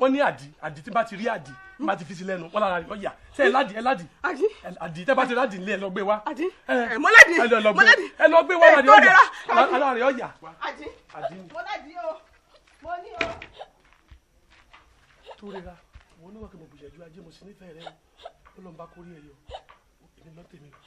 wọ́n ní àdì àdì tí bá ti rí àdì má ti fi si lẹ́nu wọ́n lára rẹ̀ ọ̀yà ṣe ẹ̀ ládì ẹ̀ ládì àdì tẹ́ bá ti ládì nílẹ̀ ẹ̀ lọ gbé wa ẹ̀ mọ́ládì mọ́ládì ẹ̀ lọ wa àdì ọ̀yà ara àdì mọ́ládì o mo ní o. tó wọn ní wọn kì í mọ gbìyànjú ajé mo sì nífẹ̀ẹ́ rẹ ó kórìí ẹ̀ yọ èmi lọ́tẹ̀mí o.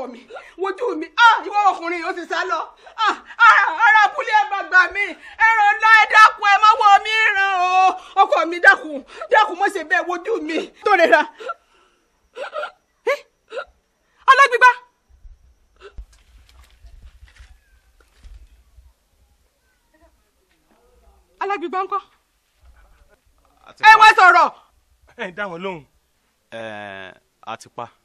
ọkọ mi wojú mi ah ìwọ ọkùnrin yóò ti sá lọ ah, ah ara abúlé ẹ gbàgbà mi ẹ̀rọ ńlá ẹ dákun ẹ má wọ mí ràn o ọkọ mi dákun dákun mo ṣe bẹ́ẹ̀ wojú mi tó lè ra ọlọ́gbígbá. Eh? alágbègbè ńkọ́. ẹ wá sọ̀rọ̀. ẹ dá wọn lóhùn. ẹ a ti pa.